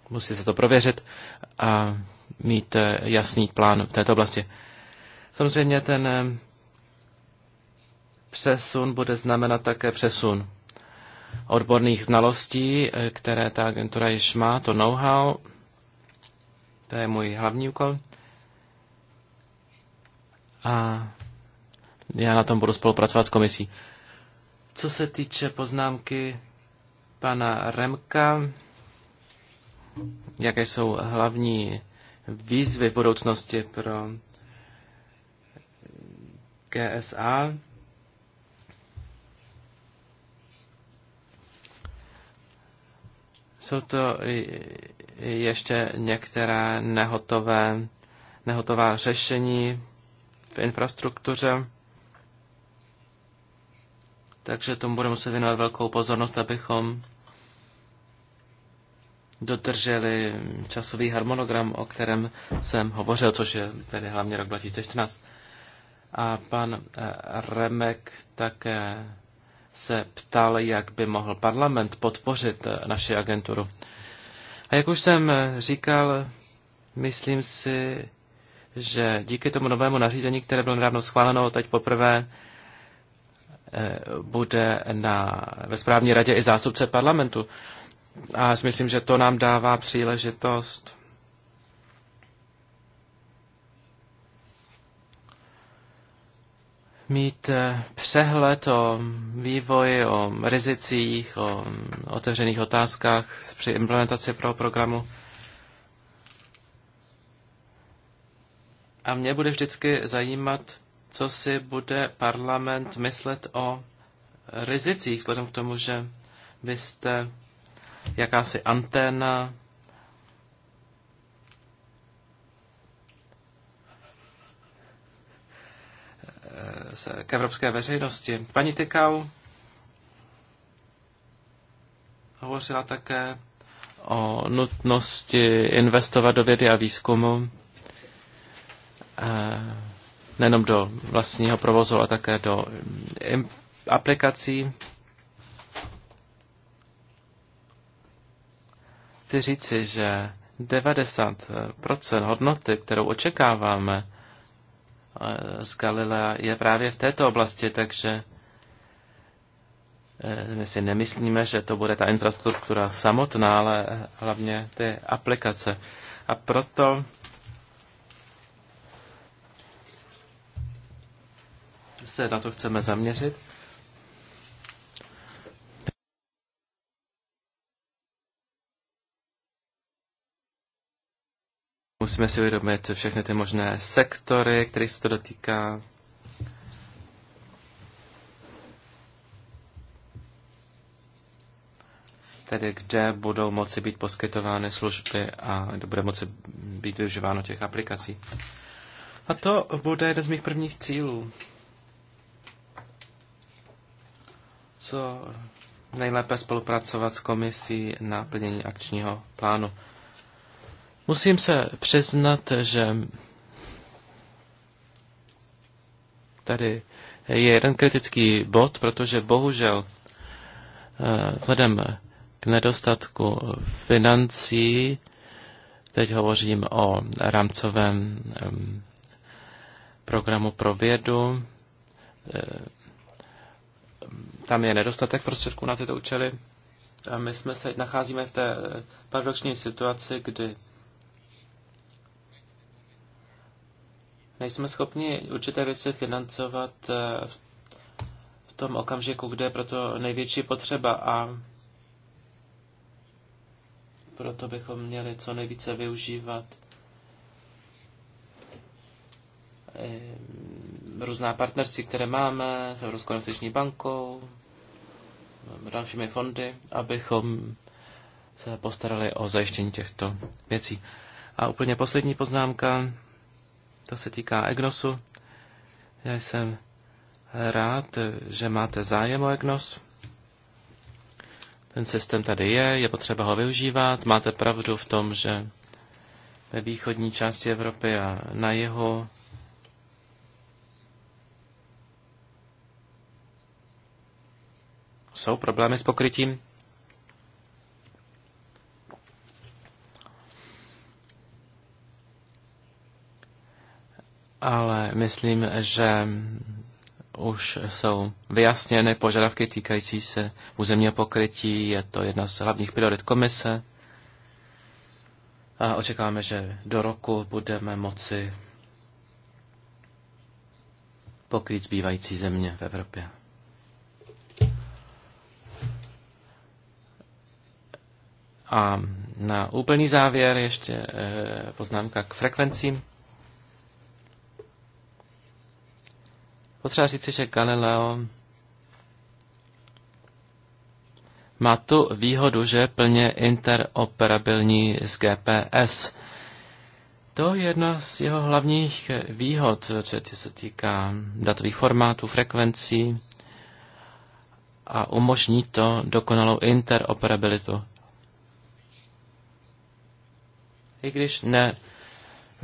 musí se to prověřit a mít eh, jasný plán v této oblasti. Samozřejmě ten eh, přesun bude znamenat také přesun odborných znalostí, eh, které ta agentura již má, to know-how, to je můj hlavní úkol. A já na tom budu spolupracovat s komisí. Co se týče poznámky pana Remka, jaké jsou hlavní výzvy v budoucnosti pro GSA? Jsou to ještě některé nehotové, nehotová řešení v infrastruktuře. Takže tomu budeme muset věnovat velkou pozornost, abychom dodrželi časový harmonogram, o kterém jsem hovořil, což je tedy hlavně rok 2014. A pan eh, Remek také se ptal, jak by mohl parlament podpořit eh, naši agenturu. A jak už jsem eh, říkal, myslím si, že díky tomu novému nařízení, které bylo nedávno schváleno, teď poprvé eh, bude na, ve správní radě i zástupce parlamentu. A já si myslím, že to nám dává příležitost mít eh, přehled o vývoji, o rizicích, o mm, otevřených otázkách při implementaci pro programu. A mě bude vždycky zajímat, co si bude parlament myslet o rizicích, vzhledem k tomu, že vy jste jakási anténa se k evropské veřejnosti. Paní Tykau hovořila také o nutnosti investovat do vědy a výzkumu eh, nejenom do vlastního provozu, ale také do aplikací. Chci říci, že 90% hodnoty, kterou očekáváme z Galilea je právě v této oblasti, takže eh, my si nemyslíme, že to bude ta infrastruktura samotná, ale eh, hlavně ty aplikace. A proto se na to chceme zaměřit. Musíme si uvědomit všechny ty možné sektory, kterých se to dotýká. Tedy kde budou moci být poskytovány služby a kde bude moci být využíváno těch aplikací. A to bude jeden z mých prvních cílů. Co nejlépe spolupracovat s komisí na plnění akčního plánu. Musím se přiznat, že tady je jeden kritický bod, protože bohužel eh, vzhledem k nedostatku financí, teď hovořím o rámcovém programu pro vědu, eh, tam je nedostatek prostředků na tyto účely. A my jsme se nacházíme v té eh, paradoxní situaci, kdy nejsme schopni určité věci financovat eh, v tom okamžiku, kde je proto největší potřeba a proto bychom měli co nejvíce využívat eh, různá partnerství, které máme s Evropskou investiční bankou, dalšími fondy, abychom se postarali o zajištění těchto věcí. A úplně poslední poznámka. To se týká EGNOSu. Já jsem rád, že máte zájem o EGNOS. Ten systém tady je, je potřeba ho využívat. Máte pravdu v tom, že ve východní části Evropy a na jeho jsou problémy s pokrytím. ale myslím, že už jsou vyjasněny požadavky týkající se územního pokrytí. Je to jedna z hlavních priorit komise. A očekáváme, že do roku budeme moci pokrýt zbývající země v Evropě. A na úplný závěr ještě eh, poznámka k frekvencím. Potřeba říci, že Galileo má tu výhodu, že je plně interoperabilní s GPS. To je jedna z jeho hlavních výhod, co se týká datových formátů, frekvencí a umožní to dokonalou interoperabilitu. I když ne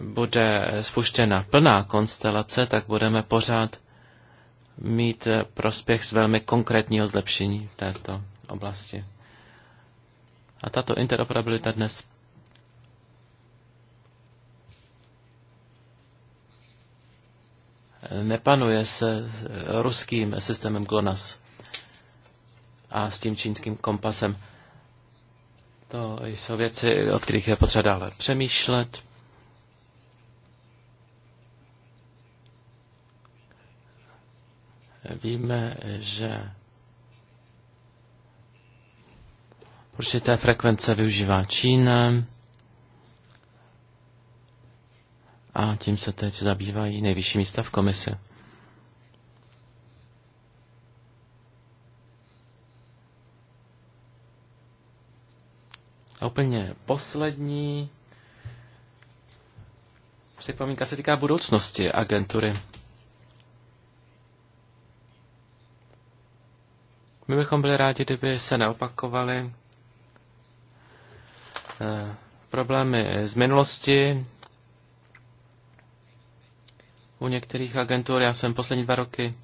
bude spuštěna plná konstelace, tak budeme pořád mít eh, prospěch z velmi konkrétního zlepšení v této oblasti. A tato interoperabilita dnes nepanuje se eh, ruským systémem GLONASS a s tím čínským kompasem. To jsou věci, o kterých je potřeba dále přemýšlet. víme, že určité frekvence využívá Čína a tím se teď zabývají nejvyšší místa v komisi. A úplně poslední připomínka se týká budoucnosti agentury. My bychom byli rádi, kdyby se neopakovaly eh, problémy z minulosti u některých agentur. Já jsem poslední dva roky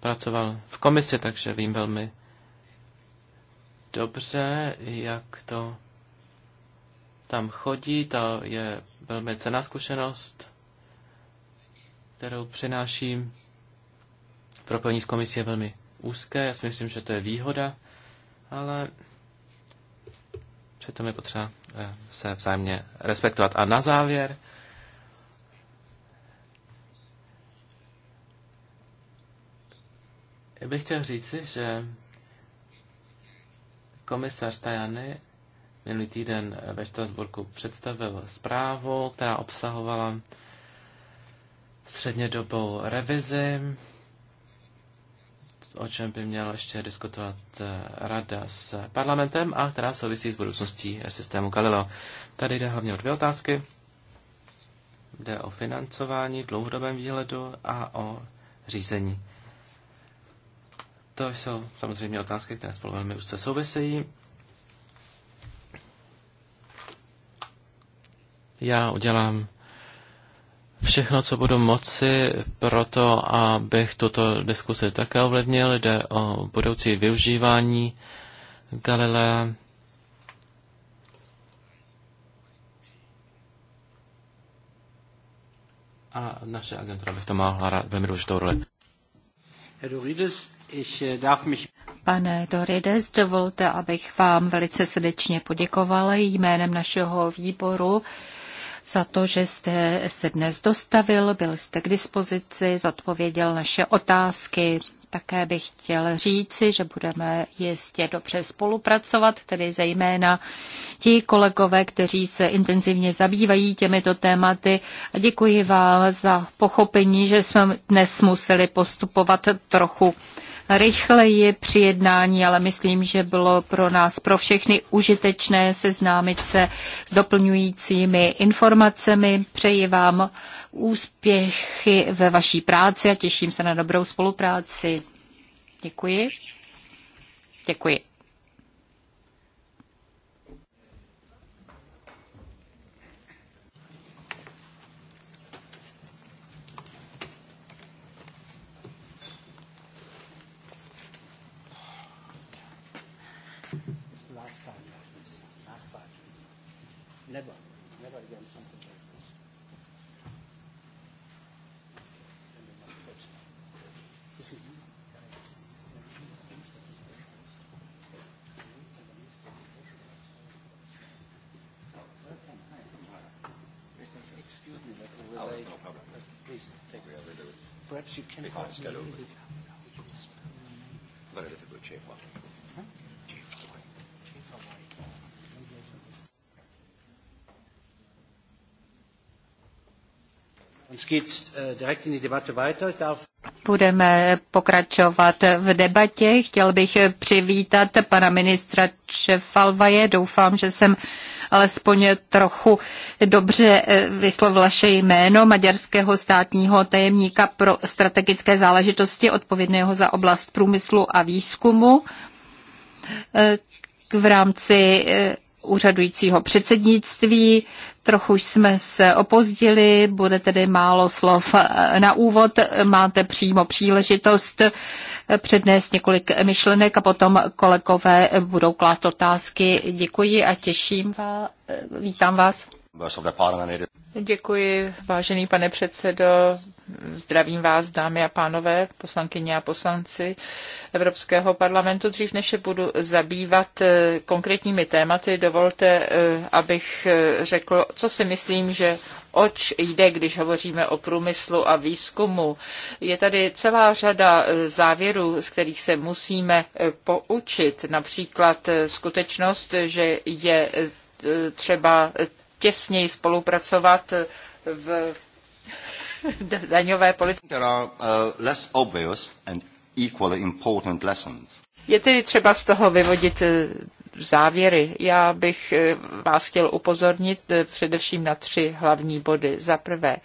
pracoval v komisi, takže vím velmi dobře, jak to tam chodí. To je velmi cená zkušenost, kterou přináším. Propojení s komisí je velmi úzké. Já si myslím, že to je výhoda, ale to je potřeba eh, se vzájemně respektovat. A na závěr bych chtěl říci, že komisař Tajany minulý týden ve Štrasburku představil zprávu, která obsahovala střednědobou revizi o čem by měla ještě diskutovat eh, rada s parlamentem a která souvisí s budoucností systému Galileo. Tady jde hlavně o dvě otázky. Jde o financování v dlouhodobém výhledu a o řízení. To jsou samozřejmě otázky, které spolu velmi úzce souvisejí. Já udělám všechno, co budu moci pro to, abych tuto diskusi také ovlivnil. Jde o budoucí využívání Galilea. A naše agentura by v tom mohla hrát velmi důležitou roli. Eh, Pane Dorides, dovolte, abych vám velice srdečně poděkoval jménem našeho výboru za to, že jste se dnes dostavil, byl jste k dispozici, zodpověděl naše otázky. Také bych chtěl říci, že budeme jistě dobře spolupracovat, tedy zejména ti kolegové, kteří se intenzivně zabývají těmito tématy. A děkuji vám za pochopení, že jsme dnes museli postupovat trochu rychleji při jednání, ale myslím, že bylo pro nás, pro všechny užitečné seznámit se s doplňujícími informacemi. Přeji vám úspěchy ve vaší práci a těším se na dobrou spolupráci. Děkuji. Děkuji. perhaps you can help me. Äh, Budeme pokračovat v debatě. Chtěl bych přivítat pana ministra Čefalvaje. Doufám, že jsem alespoň trochu dobře eh, vyslovila vaše jméno maďarského státního tajemníka pro strategické záležitosti odpovědného za oblast průmyslu a výzkumu eh, v rámci eh, úřadujícího předsednictví. Trochu jsme se opozdili, bude tedy málo slov na úvod. Máte přímo příležitost přednést několik myšlenek a potom kolegové budou klát otázky. Děkuji a těším vás. Vítám vás. Děkuji, vážený pane předsedo, Zdravím vás, dámy a pánové, poslankyně a poslanci Evropského parlamentu. Dřív než se budu zabývat eh, konkrétními tématy, dovolte, eh, abych eh, řekl, co si myslím, že oč jde, když hovoříme o průmyslu a výzkumu. Je tady celá řada závěrů, z kterých se musíme poučit. Například skutečnost, že je třeba těsněji spolupracovat v daňové politiky. Uh, Je tedy třeba z toho vyvodit uh, závěry. Já bych uh, vás chtěl upozornit především na tři hlavní body. Za prvé,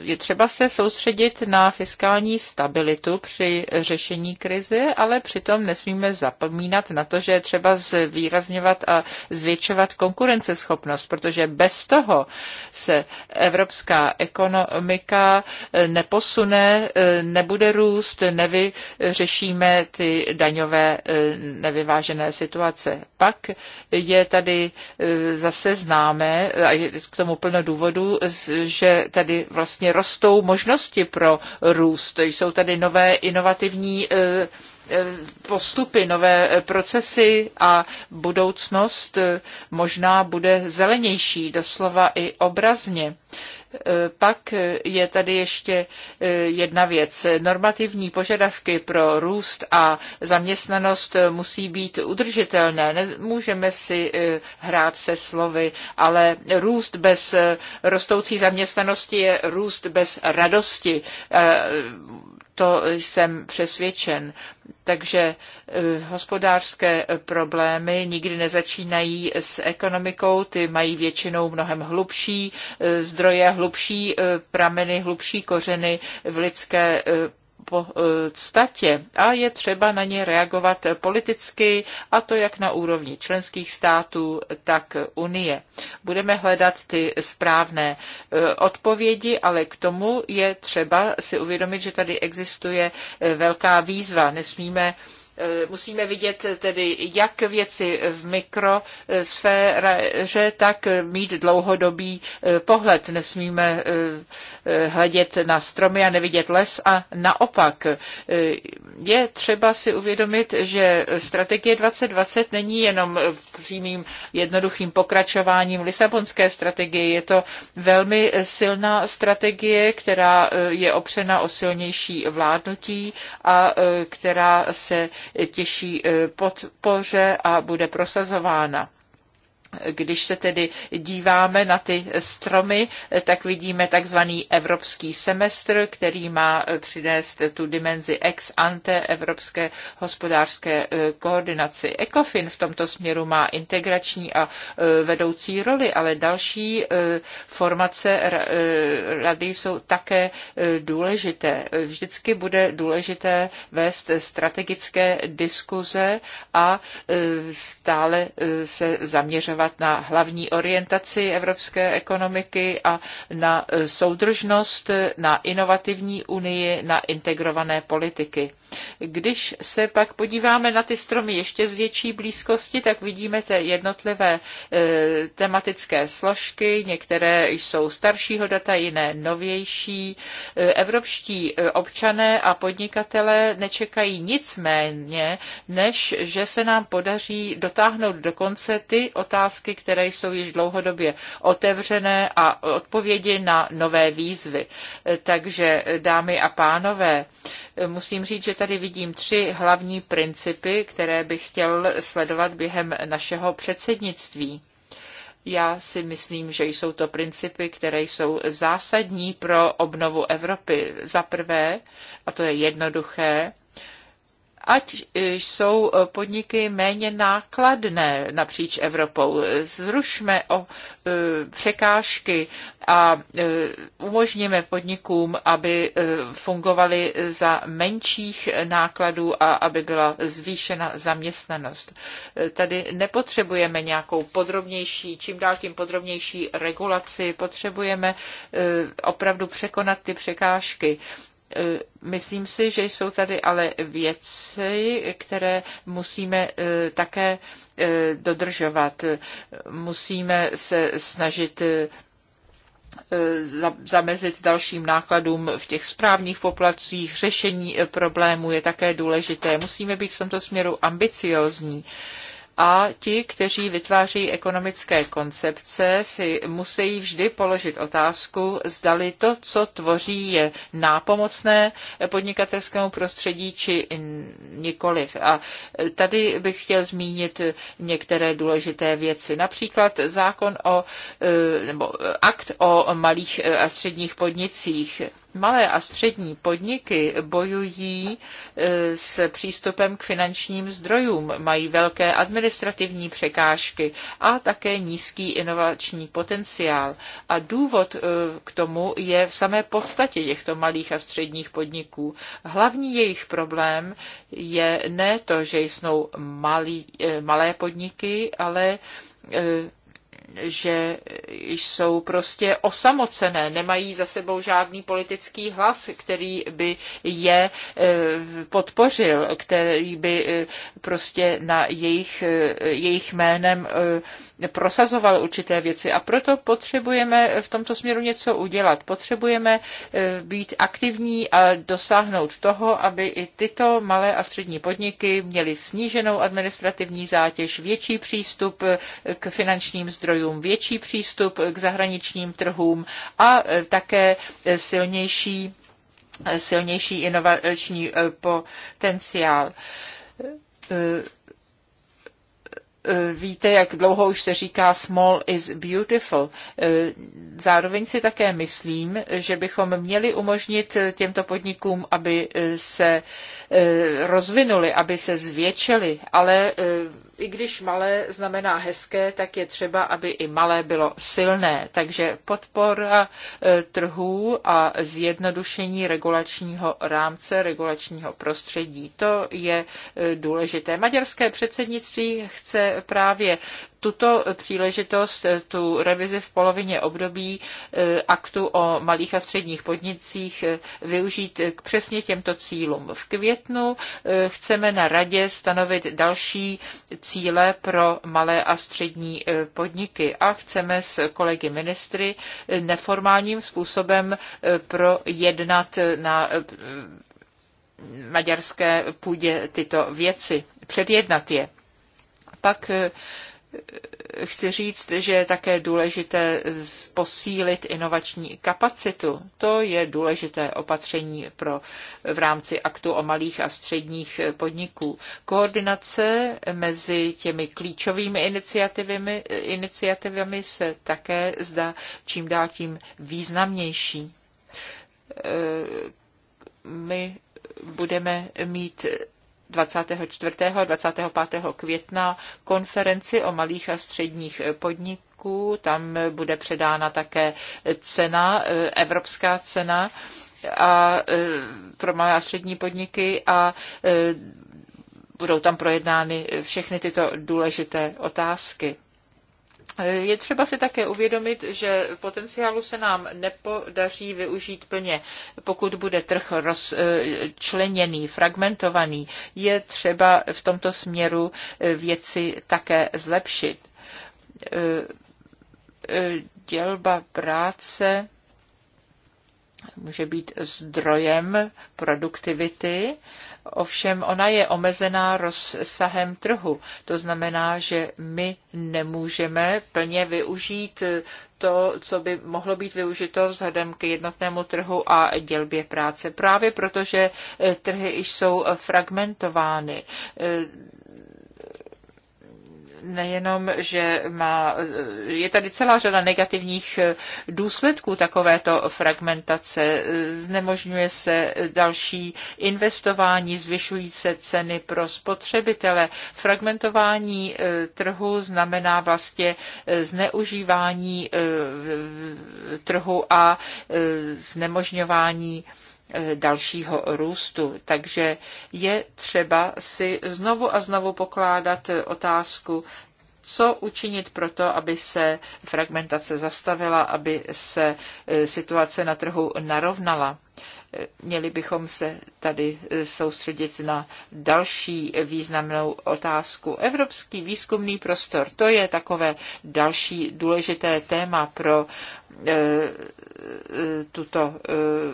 je třeba se soustředit na fiskální stabilitu při řešení krize, ale přitom nesmíme zapomínat na to, že je třeba zvýrazňovat a zvětšovat konkurenceschopnost, protože bez toho se evropská ekonomika neposune, nebude růst, nevyřešíme ty daňové eh, nevyvážené situace. Pak je tady eh, zase známé, a je k tomu plno důvodů, že tady vlastně rostou možnosti pro růst. Jsou tady nové inovativní eh, eh, postupy, nové procesy a budoucnost eh, možná bude zelenější, doslova i obrazně. Eh, pak je tady ještě eh, jedna věc. Normativní požadavky pro růst a zaměstnanost musí být udržitelné. Nemůžeme si eh, hrát se slovy, ale růst bez rostoucí zaměstnanosti je růst bez radosti to jsem přesvědčen. Takže eh, hospodářské problémy nikdy nezačínají s ekonomikou, ty mají většinou mnohem hlubší eh, zdroje, hlubší eh, prameny, hlubší kořeny v lidské podstatě a je třeba na ně reagovat politicky, a to jak na úrovni členských států, tak Unie. Budeme hledat ty správné e, odpovědi, ale k tomu je třeba si uvědomit, že tady existuje e, velká výzva. Nesmíme Eh, musíme vidět tedy jak věci v mikrosféře, tak mít dlouhodobý eh, pohled. Nesmíme eh, hledět na stromy a nevidět les a naopak. Je třeba si uvědomit, že strategie 2020 není jenom přímým jednoduchým pokračováním Lisabonské strategie. Je to velmi silná strategie, která je opřena o silnější vládnutí a která se těší eh, podpoře a bude prosazována. Když se tedy díváme na ty stromy, tak vidíme takzvaný evropský semestr, který má eh, přinést tu dimenzi ex ante evropské hospodářské eh, koordinaci. ECOFIN v tomto směru má integrační a eh, vedoucí roli, ale další formace rady jsou také důležité. Vždycky bude důležité vést strategické diskuze a stále se zaměřovat podívat na hlavní orientaci evropské ekonomiky a na eh, soudržnost, na inovativní unii, na integrované politiky. Když se pak podíváme na ty stromy ještě z větší blízkosti, tak vidíme ty jednotlivé e, tematické složky. Některé jsou staršího data, jiné novější. E, evropští e, občané a podnikatelé nečekají nic méně, než že se nám podaří dotáhnout do konce ty otázky, které jsou již dlouhodobě otevřené a odpovědi na nové výzvy. Takže, dámy a pánové, musím říct, že ta tady vidím tři hlavní principy, které bych chtěl sledovat během našeho předsednictví. Já si myslím, že jsou to principy, které jsou zásadní pro obnovu Evropy. Za prvé, a to je jednoduché, ať jsou podniky méně nákladné napříč Evropou. Zrušme o e, překážky a e, umožníme podnikům, aby e, fungovaly za menších nákladů a aby byla zvýšena zaměstnanost. Tady nepotřebujeme nějakou podrobnější, čím dál tím podrobnější regulaci, potřebujeme opravdu překonat ty překážky. Eh, myslím si, že jsou tady ale věci, které musíme eh, také eh, dodržovat. Musíme se snažit zamezit dalším nákladům v těch správných poplacích, řešení problémů je také důležité. Musíme být v tomto směru ambiciozní a ti, kteří vytváří ekonomické koncepce, si musí vždy položit otázku, zdali to, co tvoří, je nápomocné podnikatelskému prostředí či nikoliv. A tady bych chtěl zmínit některé důležité věci. Například zákon o, e, nebo akt o malých a středních podnicích malé a střední podniky bojují e, s přístupem k finančním zdrojům, mají velké administrativní překážky a také nízký inovační potenciál. A důvod e, k tomu je v samé podstatě těchto malých a středních podniků. Hlavní jejich problém je ne to, že jsou malí, e, malé podniky, ale že jsou prostě osamocené, nemají za sebou žádný politický hlas, který by je eh, podpořil, který by eh, prostě na jejich, eh, jejich jménem prosazoval určité věci. A proto potřebujeme v tomto směru něco udělat. Potřebujeme být aktivní a dosáhnout toho, aby i tyto malé a střední podniky měly sníženou administrativní zátěž, větší přístup k finančním zdrojům, zdrojům, větší přístup k zahraničním trhům a e, také silnější, e, silnější inovační e, potenciál víte, jak dlouho už se říká small is beautiful. Zároveň si také myslím, že bychom měli umožnit těmto podnikům, aby se rozvinuli, aby se zvětšili, ale i když malé znamená hezké, tak je třeba, aby i malé bylo silné. Takže podpora e, trhů a zjednodušení regulačního rámce, regulačního prostředí, to je e, důležité. Maďarské předsednictví chce právě tuto příležitost, eh, tu revizi v polovině období eh, aktu o malých a středních podnicích eh, využít k přesně těmto cílům. V květnu chceme na radě stanovit další cíle pro malé a střední podniky a chceme s kolegy ministry neformálním způsobem projednat na maďarské půdě tyto věci, předjednat je. Pak chci říct, že je také důležité posílit inovační kapacitu. To je důležité opatření pro, v rámci aktu o malých a středních podniků. Koordinace mezi těmi klíčovými iniciativami, iniciativami se také zdá čím dál tím významnější. E, my budeme mít 24. a 25. května konferenci o malých a středních podniků. Tam bude předána také cena, eh, evropská cena a, eh, pro malé a střední podniky a eh, budou tam projednány všechny tyto důležité otázky. Je třeba si také uvědomit, že potenciálu se nám nepodaří využít plně, pokud bude trh rozčleněný, fragmentovaný. Je třeba v tomto směru věci také zlepšit. Dělba práce může být zdrojem produktivity, ovšem ona je omezená rozsahem trhu. To znamená, že my nemůžeme plně využít to, co by mohlo být využito vzhledem k jednotnému trhu a dělbě práce. Právě protože trhy již jsou fragmentovány nejenom, že má, je tady celá řada negativních důsledků takovéto fragmentace. Znemožňuje se další investování, zvyšují se ceny pro spotřebitele. Fragmentování eh, trhu znamená vlastně eh, zneužívání eh, trhu a znemožňování Eh, dalšího růstu. Takže je třeba si znovu a znovu pokládat eh, otázku, co učinit pro to, aby se fragmentace zastavila, aby se eh, situace na trhu narovnala. Měli bychom se tady soustředit na další významnou otázku. Evropský výzkumný prostor, to je takové další důležité téma pro e, e, tuto e,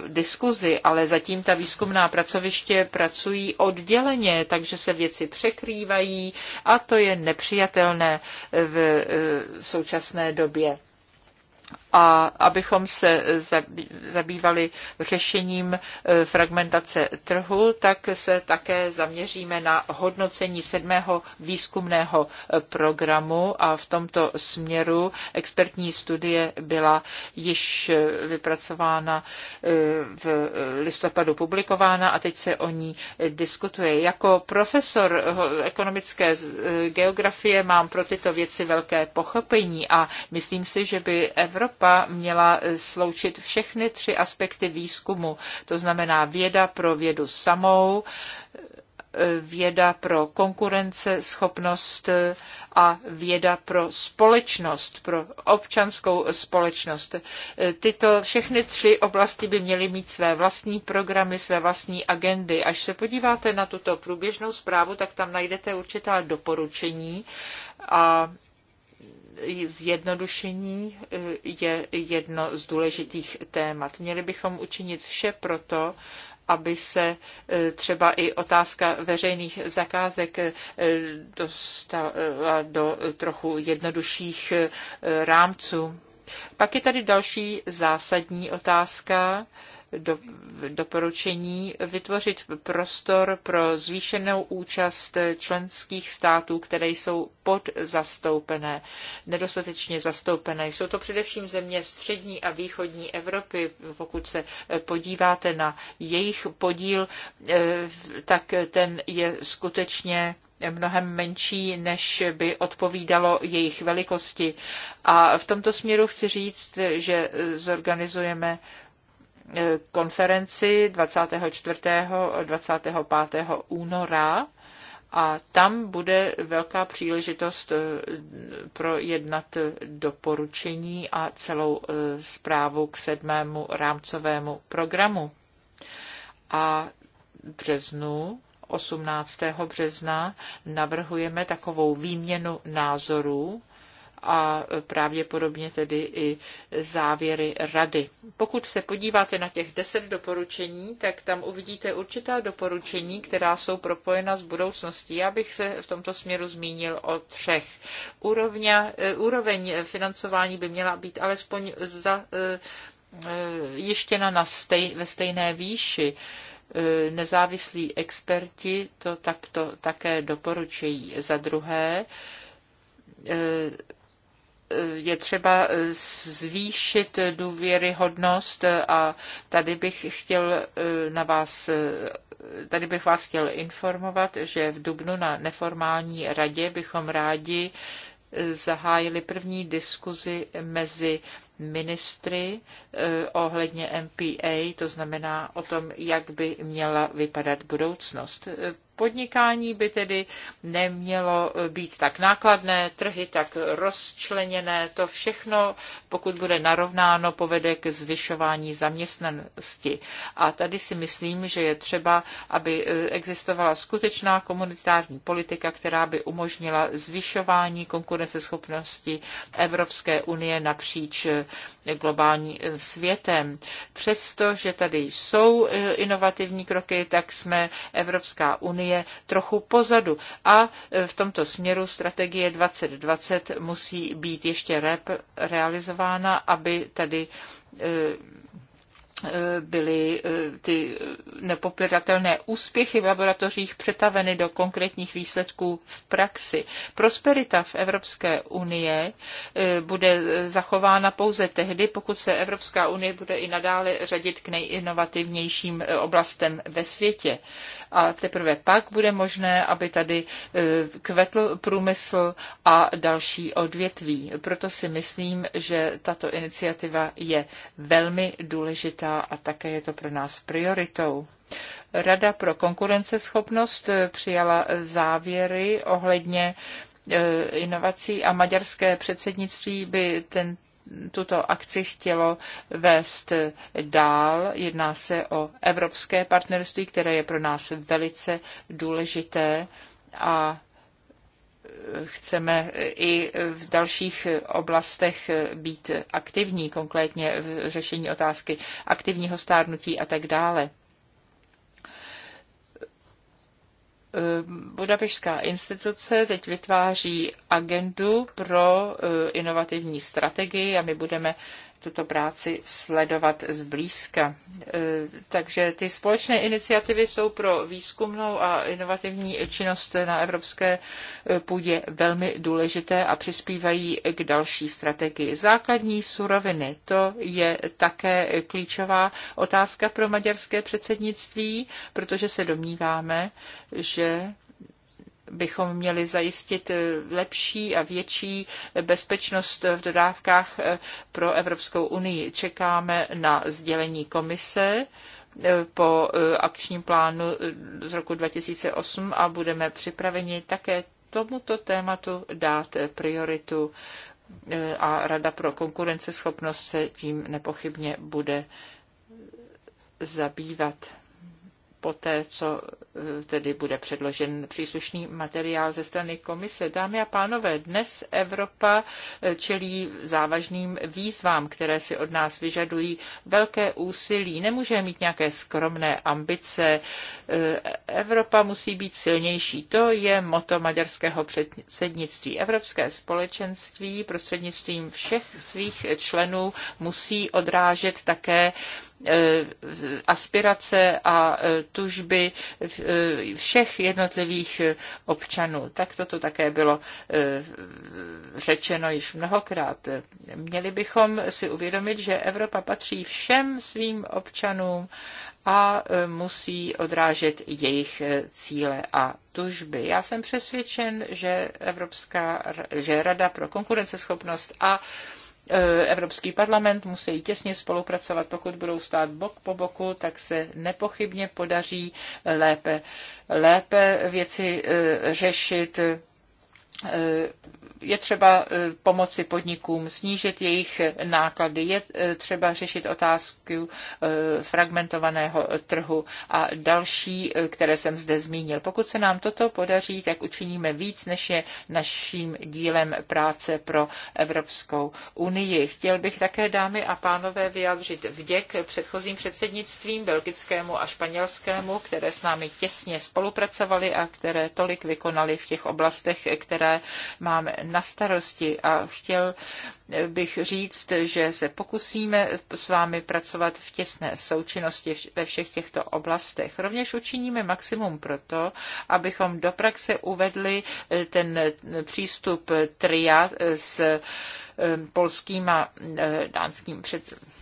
diskuzi, ale zatím ta výzkumná pracoviště pracují odděleně, takže se věci překrývají a to je nepřijatelné v současné době a abychom se zabývali řešením e, fragmentace trhu, tak se také zaměříme na hodnocení sedmého výzkumného e, programu a v tomto směru expertní studie byla již e, vypracována v listopadu publikována a teď se o ní diskutuje. Jako profesor ekonomické geografie mám pro tyto věci velké pochopení a myslím si, že by Evropa Evropa měla eh, sloučit všechny tři aspekty výzkumu, to znamená věda pro vědu samou, eh, věda pro konkurence, schopnost eh, a věda pro společnost, pro občanskou společnost. Tyto všechny tři oblasti by měly mít své vlastní programy, své vlastní agendy. Až se podíváte na tuto průběžnou zprávu, tak tam najdete určitá doporučení a zjednodušení eh, je jedno z důležitých témat. Měli bychom učinit vše proto, aby se eh, třeba i otázka veřejných zakázek eh, dostala do trochu jednodušších rámců. Pak je tady další zásadní otázka, do, doporučení vytvořit prostor pro zvýšenou účast členských států, které jsou podzastoupené, nedostatečně zastoupené. Jsou to především země střední a východní Evropy. Pokud se podíváte na jejich podíl, eh, tak ten je skutečně mnohem menší, než by odpovídalo jejich velikosti. A v tomto směru chci říct, že zorganizujeme Eh, konferenci 24. a 25. února a tam bude velká příležitost eh, projednat doporučení a celou eh, zprávu k sedmému rámcovému programu. A březnu 18. března navrhujeme takovou výměnu názorů a pravděpodobně tedy i závěry rady. Pokud se podíváte na těch deset doporučení, tak tam uvidíte určitá doporučení, která jsou propojena s budoucností. Já bych se v tomto směru zmínil o třech. Úrovně, eh, úroveň financování by měla být alespoň za, eh, jištěna na stej, ve stejné výši eh, nezávislí experti to takto také doporučují. Za druhé, je třeba eh, zvýšit důvěryhodnost a tady bych chtěl eh, na vás eh, tady bych vás chtěl informovat, že v Dubnu na neformální radě bychom rádi zahájili první diskuzi mezi ministry ohledně MPA, to znamená o tom, jak by měla vypadat budoucnost podnikání by tedy nemělo být tak nákladné, trhy tak rozčleněné. To všechno, pokud bude narovnáno, povede k zvyšování zaměstnanosti. A tady si myslím, že je třeba, aby eh, existovala skutečná komunitární politika, která by umožnila zvyšování konkurenceschopnosti Evropské unie napříč eh, globální eh, světem. Přestože tady jsou inovativní kroky, tak jsme Evropská unie je trochu pozadu a e, v tomto směru strategie 2020 musí být ještě realizována, aby tady e, byly eh, ty nepopiratelné úspěchy v laboratořích přetaveny do konkrétních výsledků v praxi. Prosperita v Evropské unie eh, bude zachována pouze tehdy, pokud se Evropská unie bude i nadále řadit k nejinovativnějším eh, oblastem ve světě. A teprve pak bude možné, aby tady kvetl průmysl a další odvětví. Proto si myslím, že tato iniciativa je velmi důležitá důležitá a také je to pro nás prioritou. Rada pro konkurenceschopnost eh, přijala eh, závěry ohledně eh, inovací a maďarské předsednictví by ten tuto akci chtělo vést dál. Jedná se o evropské partnerství, které je pro nás velice důležité a chceme i v dalších oblastech být aktivní, konkrétně v řešení otázky aktivního stárnutí a tak dále. Budapešská instituce teď vytváří agendu pro eh, inovativní strategii a my budeme tuto práci sledovat zblízka. E, takže ty společné iniciativy jsou pro výzkumnou a inovativní činnost na evropské e, půdě velmi důležité a přispívají k další strategii. Základní suroviny, to je také klíčová otázka pro maďarské předsednictví, protože se domníváme, že bychom měli zajistit lepší a větší bezpečnost v dodávkách pro Evropskou unii. Čekáme na sdělení komise eh, po eh, akčním plánu eh, z roku 2008 a budeme připraveni také tomuto tématu dát prioritu a Rada pro konkurenceschopnost se tím nepochybně bude zabývat poté, co eh, tedy bude předložen příslušný materiál ze strany komise. Dámy a pánové, dnes Evropa eh, čelí závažným výzvám, které si od nás vyžadují velké úsilí. Nemůže mít nějaké skromné ambice. Eh, Evropa musí být silnější. To je moto maďarského předsednictví. Evropské společenství prostřednictvím všech svých členů musí odrážet také E, aspirace a e, tužby e, všech jednotlivých občanů. Tak toto také bylo řečeno již mnohokrát. Měli bychom si uvědomit, že Evropa patří všem svým občanům a musí odrážet jejich cíle a tužby. Já jsem přesvědčen, že Evropská, že Rada pro konkurenceschopnost a Eh, Evropský parlament musí těsně spolupracovat. Pokud budou stát bok po boku, tak se nepochybně podaří lépe, lépe věci eh, řešit je třeba eh, pomoci podnikům snížit jejich náklady, je eh, třeba řešit otázku eh, fragmentovaného trhu a další, které jsem zde zmínil. Pokud se nám toto podaří, tak učiníme víc, než je naším dílem práce pro Evropskou unii. Chtěl bych také, dámy a pánové, vyjádřit vděk předchozím předsednictvím belgickému a španělskému, které s námi těsně spolupracovali a které tolik vykonali v těch oblastech, které které mám na starosti. A chtěl bych říct, že se pokusíme s vámi pracovat v těsné součinnosti ve všech těchto oblastech. Rovněž učiníme maximum proto, abychom do praxe uvedli eh, ten eh, přístup tria eh, s polským a dánským předsednictvím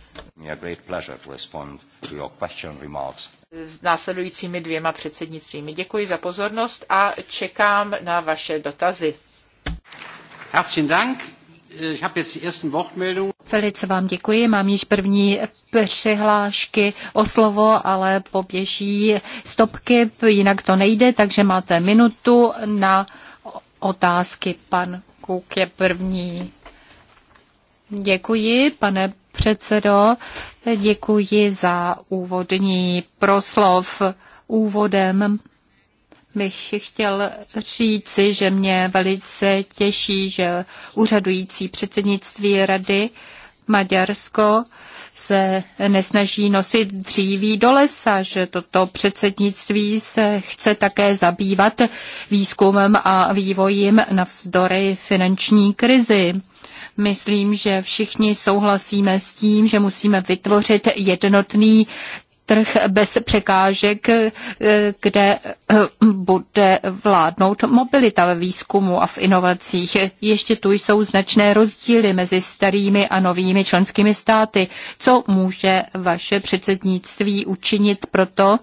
s následujícími dvěma předsednictvími. Děkuji za pozornost a čekám na vaše dotazy. Herzlichen Dank. Velice vám děkuji. Mám již první přihlášky o slovo, ale poběží stopky, jinak to nejde, takže máte minutu na otázky. Pan Kuk je první. Děkuji, pane předsedo. Děkuji za úvodní proslov. Úvodem bych chtěl říci, že mě velice těší, že úřadující předsednictví rady Maďarsko se nesnaží nosit dříví do lesa, že toto předsednictví se chce také zabývat výzkumem a vývojem navzdory finanční krizi. Myslím, že všichni souhlasíme s tím, že musíme vytvořit jednotný trh bez překážek, eh, kde eh, bude vládnout mobilita ve výzkumu a v inovacích. Ještě tu jsou značné rozdíly mezi starými a novými členskými státy. Co může vaše předsednictví učinit proto,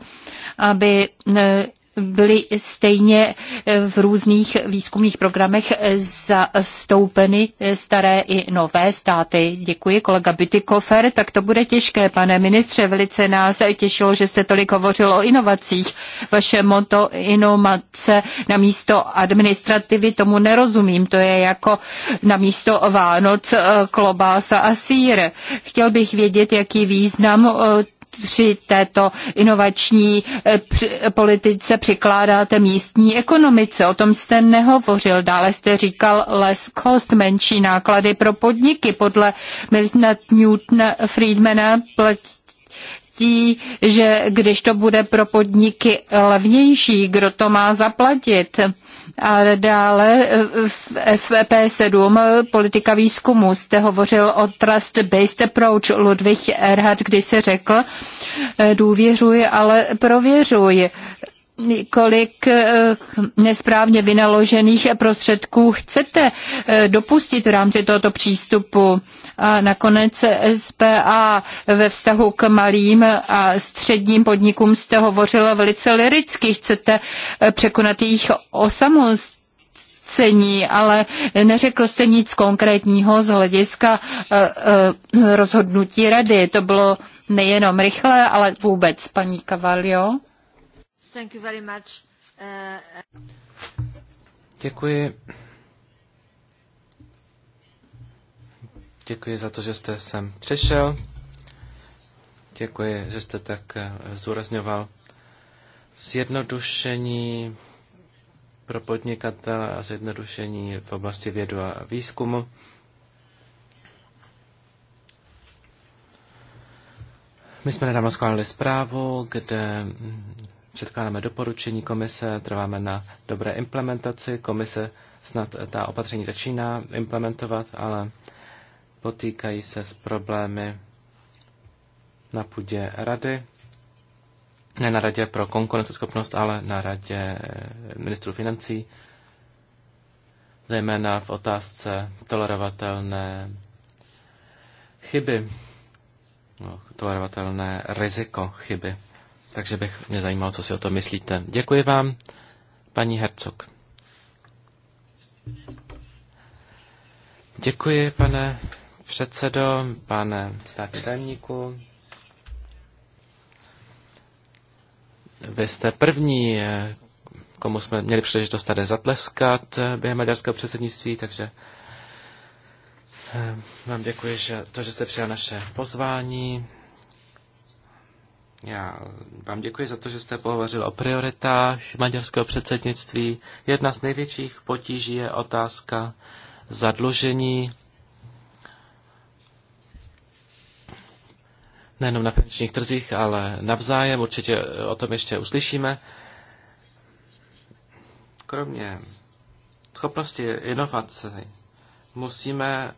aby eh, byly stejně eh, v různých výzkumných programech eh, zastoupeny eh, staré i nové státy. Děkuji, kolega Bytykofer. Tak to bude těžké, pane ministře. Velice nás těšilo, že jste tolik hovořil o inovacích. Vaše moto inovace na místo administrativy tomu nerozumím. To je jako na místo Vánoc klobása a sír. Chtěl bych vědět, jaký význam při této inovační eh, eh, politice přikládáte místní ekonomice. O tom jste nehovořil. Dále jste říkal less cost, menší náklady pro podniky. Podle Miltona Newtona Friedmana platí platí, že když to bude pro podniky levnější, kdo to má zaplatit. A dále eh, v FP7 politika výzkumu. Jste hovořil o trust-based approach Ludwig Erhard, kdy se řekl, eh, důvěřuji, ale prověřuji kolik eh, nesprávně vynaložených prostředků chcete eh, dopustit v rámci tohoto přístupu. A nakonec SPA ve vztahu k malým a středním podnikům jste hovořila velice liricky. Chcete eh, překonat jejich osamost cení, ale neřekl jste nic konkrétního z hlediska rozhodnutí rady. To bylo nejenom rychlé, ale vůbec, paní Cavalio. Thank you very much. Uh, Děkuji. Děkuji za to, že jste sem přišel. Děkuji, že jste tak eh, zúrazňoval zjednodušení pro podnikatele a zjednodušení v oblasti vědu a výzkumu. My jsme nedávno schválili zprávu, kde Předkládáme doporučení komise, trváme na dobré implementaci. Komise snad ta opatření začíná implementovat, ale potýkají se s problémy na půdě rady. Ne na radě pro konkurenceschopnost, ale na radě ministrů financí, zejména v otázce tolerovatelné chyby, no, tolerovatelné riziko chyby takže bych mě zajímal, co si o to myslíte. Děkuji vám, paní Hercog. Děkuji, pane předsedo, pane státní tajemníku. Vy jste první, komu jsme měli příležitost tady zatleskat během maďarského předsednictví, takže eh, vám děkuji, že to, že jste přijal naše pozvání. Já vám děkuji za to, že jste pohovořil o prioritách maďarského předsednictví. Jedna z největších potíží je otázka zadlužení nejenom na finančních trzích, ale navzájem. Určitě o tom ještě uslyšíme. Kromě schopnosti inovací musíme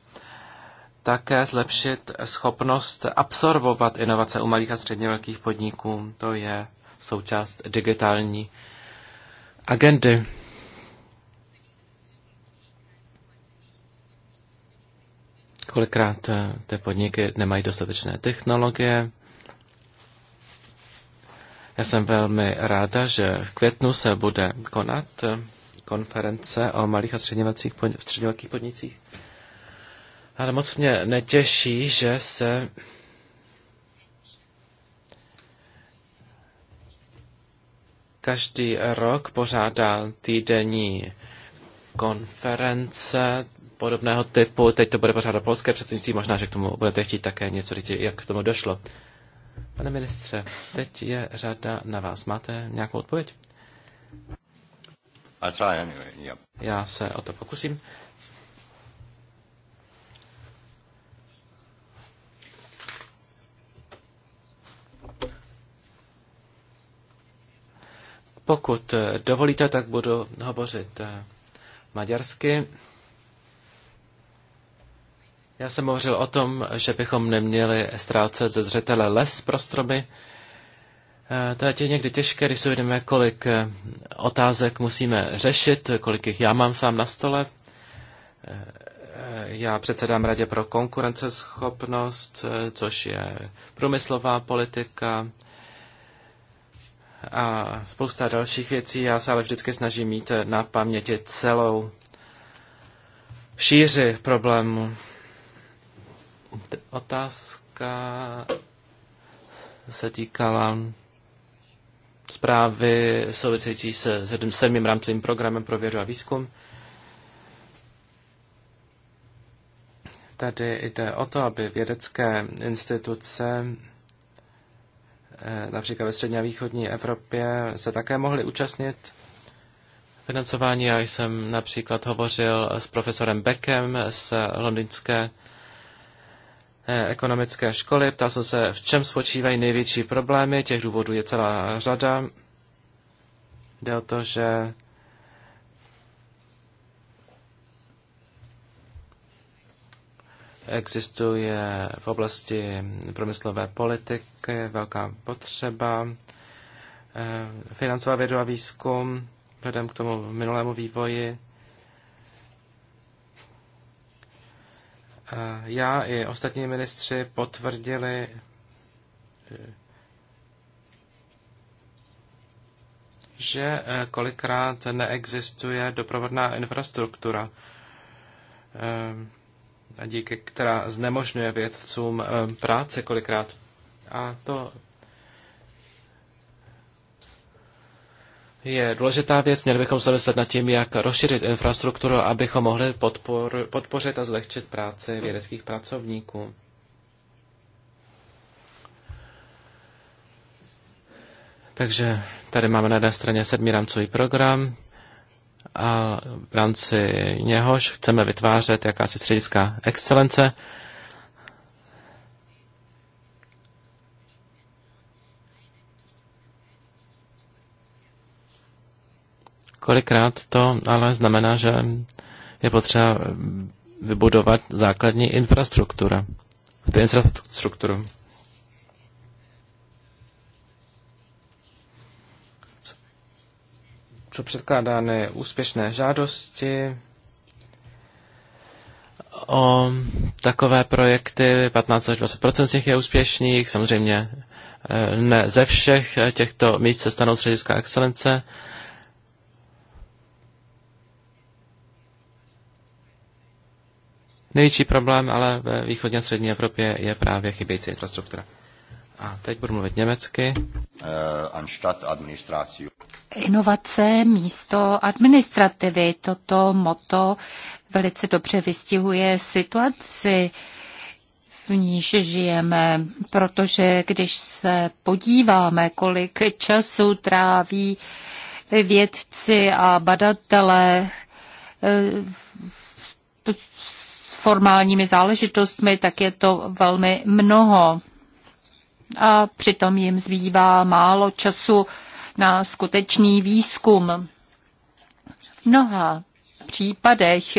také zlepšit schopnost absorbovat inovace u malých a středně velkých podniků. To je součást digitální agendy. Kolikrát eh, ty podniky nemají dostatečné technologie. Já jsem velmi ráda, že v květnu se bude konat eh, konference o malých a středně velkých podnicích ale moc mě netěší, že se každý rok pořádá týdenní konference podobného typu. Teď to bude pořádat polské předsednictví, možná, že k tomu budete chtít také něco říct, jak k tomu došlo. Pane ministře, teď je řada na vás. Máte nějakou odpověď? Já se o to pokusím. Pokud eh, dovolíte, tak budu hovořit eh, maďarsky. Já jsem hovořil o tom, že bychom neměli ztrácet ze zřetele les pro stromy. Eh, to je někdy těžké, když se vidíme, kolik otázek musíme řešit, kolik jich já mám sám na stole. Já předsedám Radě pro konkurenceschopnost, což je průmyslová politika, a spousta dalších věcí. Já se ale vždycky snažím mít na paměti celou šíři problému. Otázka se týkala zprávy související se sedmým rámcovým programem pro vědu a výzkum. Tady jde o to, aby vědecké instituce Eh, například ve střední a východní Evropě se také mohli účastnit financování. Já jsem například hovořil s profesorem Beckem z londýnské eh, ekonomické školy. Ptal jsem se, v čem spočívají největší problémy. Těch důvodů je celá řada. Jde o to, že Existuje v oblasti průmyslové politiky velká potřeba eh, financová vědu a výzkum vzhledem k tomu minulému vývoji. Eh, já i ostatní ministři potvrdili, že eh, kolikrát neexistuje doprovodná infrastruktura díky která znemožňuje vědcům eh, práce kolikrát. A to je důležitá věc. Měli bychom se myslet nad tím, jak rozšířit infrastrukturu, abychom mohli podpor, podpořit a zlehčit práci vědeckých pracovníků. Takže tady máme na jedné straně sedmý rámcový program, a v rámci něhož chceme vytvářet jakási střediska excelence. Kolikrát to ale znamená, že je potřeba vybudovat základní infrastruktura. Infrastrukturu. jsou předkládány úspěšné žádosti o takové projekty, 15 až 20 z nich je úspěšných, samozřejmě eh, ne ze všech eh, těchto míst se stanou střediska excelence. Největší problém ale ve východně a střední Evropě je právě chybějící infrastruktura. A teď budu mluvit německy. Eh, Inovace místo administrativy. Toto moto velice dobře vystihuje situaci, v níž žijeme, protože když se podíváme, kolik času tráví vědci a badatelé eh, s formálními záležitostmi, tak je to velmi mnoho a přitom jim zbývá málo času na skutečný výzkum. V mnoha případech,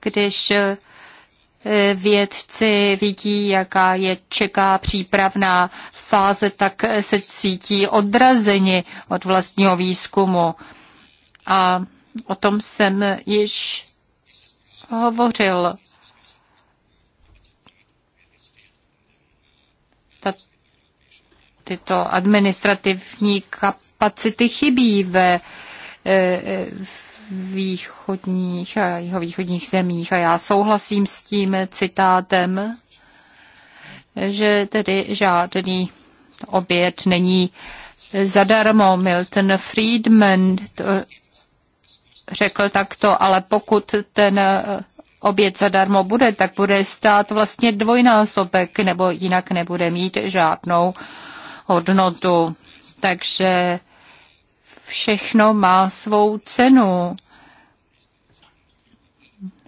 když eh, vědci vidí, jaká je čeká přípravná fáze, tak se cítí odrazeni od vlastního výzkumu. A o tom jsem již hovořil. tyto administrativní kapacity chybí ve e, e, východních a jihovýchodních zemích. A já souhlasím s tím citátem, že tedy žádný oběd není zadarmo. Milton Friedman to řekl takto, ale pokud ten oběd zadarmo bude, tak bude stát vlastně dvojnásobek, nebo jinak nebude mít žádnou uh, hodnotu. Takže všechno má svou cenu.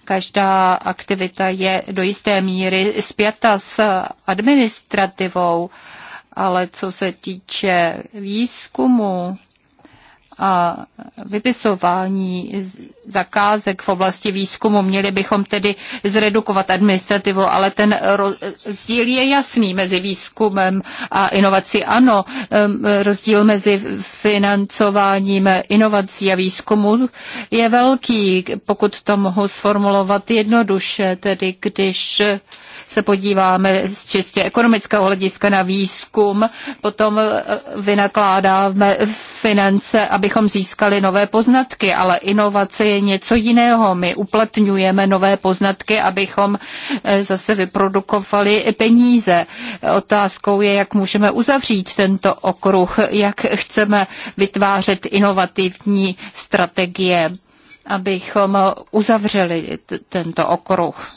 Každá aktivita je do jisté míry spjata s administrativou, ale co se týče výzkumu, a vypisování zakázek v oblasti výzkumu. Měli bychom tedy zredukovat administrativu, ale ten rozdíl je jasný mezi výzkumem a inovací. Ano, rozdíl mezi financováním inovací a výzkumu je velký, pokud to mohu sformulovat jednoduše, tedy když se podíváme z čistě ekonomického hlediska na výzkum, potom eh, vynakládáme finance, aby abychom získali nové poznatky, ale inovace je něco jiného. My uplatňujeme nové poznatky, abychom eh, zase vyprodukovali peníze. Otázkou je, jak můžeme uzavřít tento okruh, jak chceme vytvářet inovativní strategie, abychom uzavřeli tento okruh.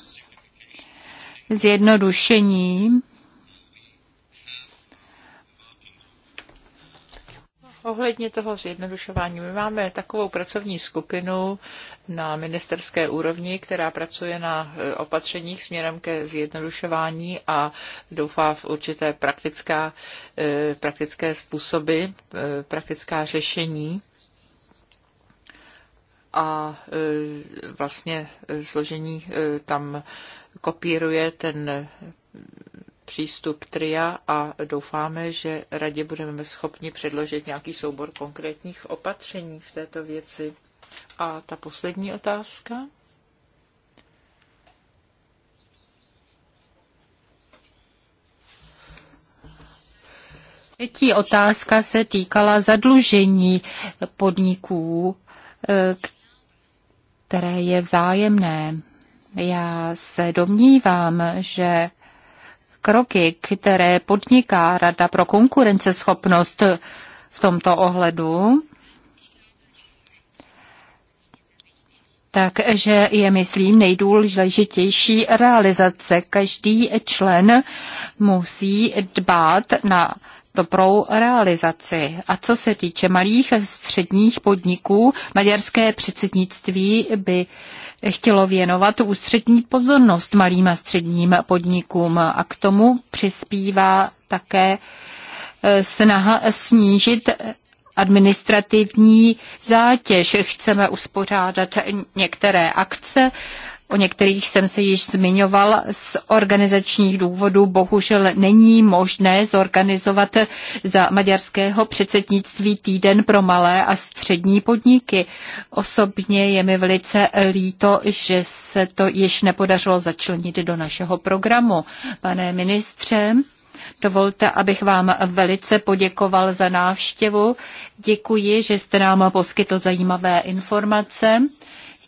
Zjednodušení Ohledně toho zjednodušování, my máme takovou pracovní skupinu na ministerské úrovni, která pracuje na e, opatřeních směrem ke zjednodušování a doufá v určité praktická, e, praktické způsoby, e, praktická řešení a vlastně složení tam kopíruje ten přístup TRIA a doufáme, že radě budeme schopni předložit nějaký soubor konkrétních opatření v této věci. A ta poslední otázka? Třetí otázka se týkala zadlužení podniků, eh, které je vzájemné. Já se domnívám, že kroky, které podniká Rada pro konkurenceschopnost v tomto ohledu, Takže je, myslím, nejdůležitější realizace. Každý člen musí dbát na pro realizaci. A co se týče malých a středních podniků, maďarské předsednictví by chtělo věnovat ústřední pozornost malým a středním podnikům a k tomu přispívá také e, snaha snížit administrativní zátěž. Chceme uspořádat některé akce O některých jsem se již zmiňoval. Z organizačních důvodů bohužel není možné zorganizovat za maďarského předsednictví týden pro malé a střední podniky. Osobně je mi velice líto, že se to již nepodařilo začlenit do našeho programu. Pane ministře, Dovolte, abych vám velice poděkoval za návštěvu. Děkuji, že jste nám poskytl zajímavé informace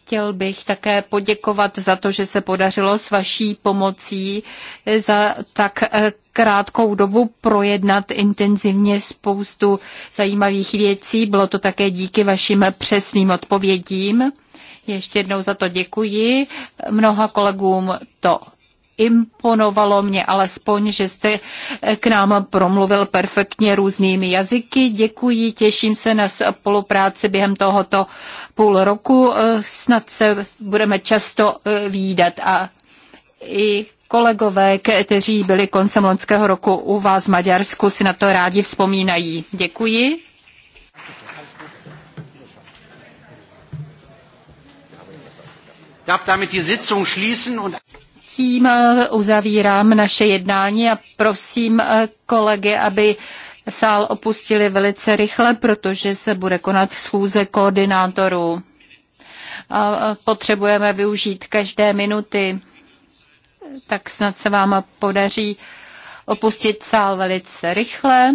chtěl bych také poděkovat za to, že se podařilo s vaší pomocí eh, za tak eh, krátkou dobu projednat intenzivně spoustu zajímavých věcí. Bylo to také díky vašim přesným odpovědím. Ještě jednou za to děkuji. Mnoha kolegům to imponovalo mě alespoň, že jste k nám promluvil perfektně různými jazyky. Děkuji, těším se na spolupráci během tohoto půl roku. Snad se budeme často eh, výdat a i kolegové, kteří byli koncem loňského roku u vás v Maďarsku, si na to rádi vzpomínají. Děkuji. Darf damit die Sitzung schließen und tím eh, uzavírám naše jednání a prosím eh, kolegy, aby sál opustili velice rychle, protože se bude konat schůze koordinátorů. A eh, potřebujeme využít každé minuty, tak snad se vám podaří opustit sál velice rychle.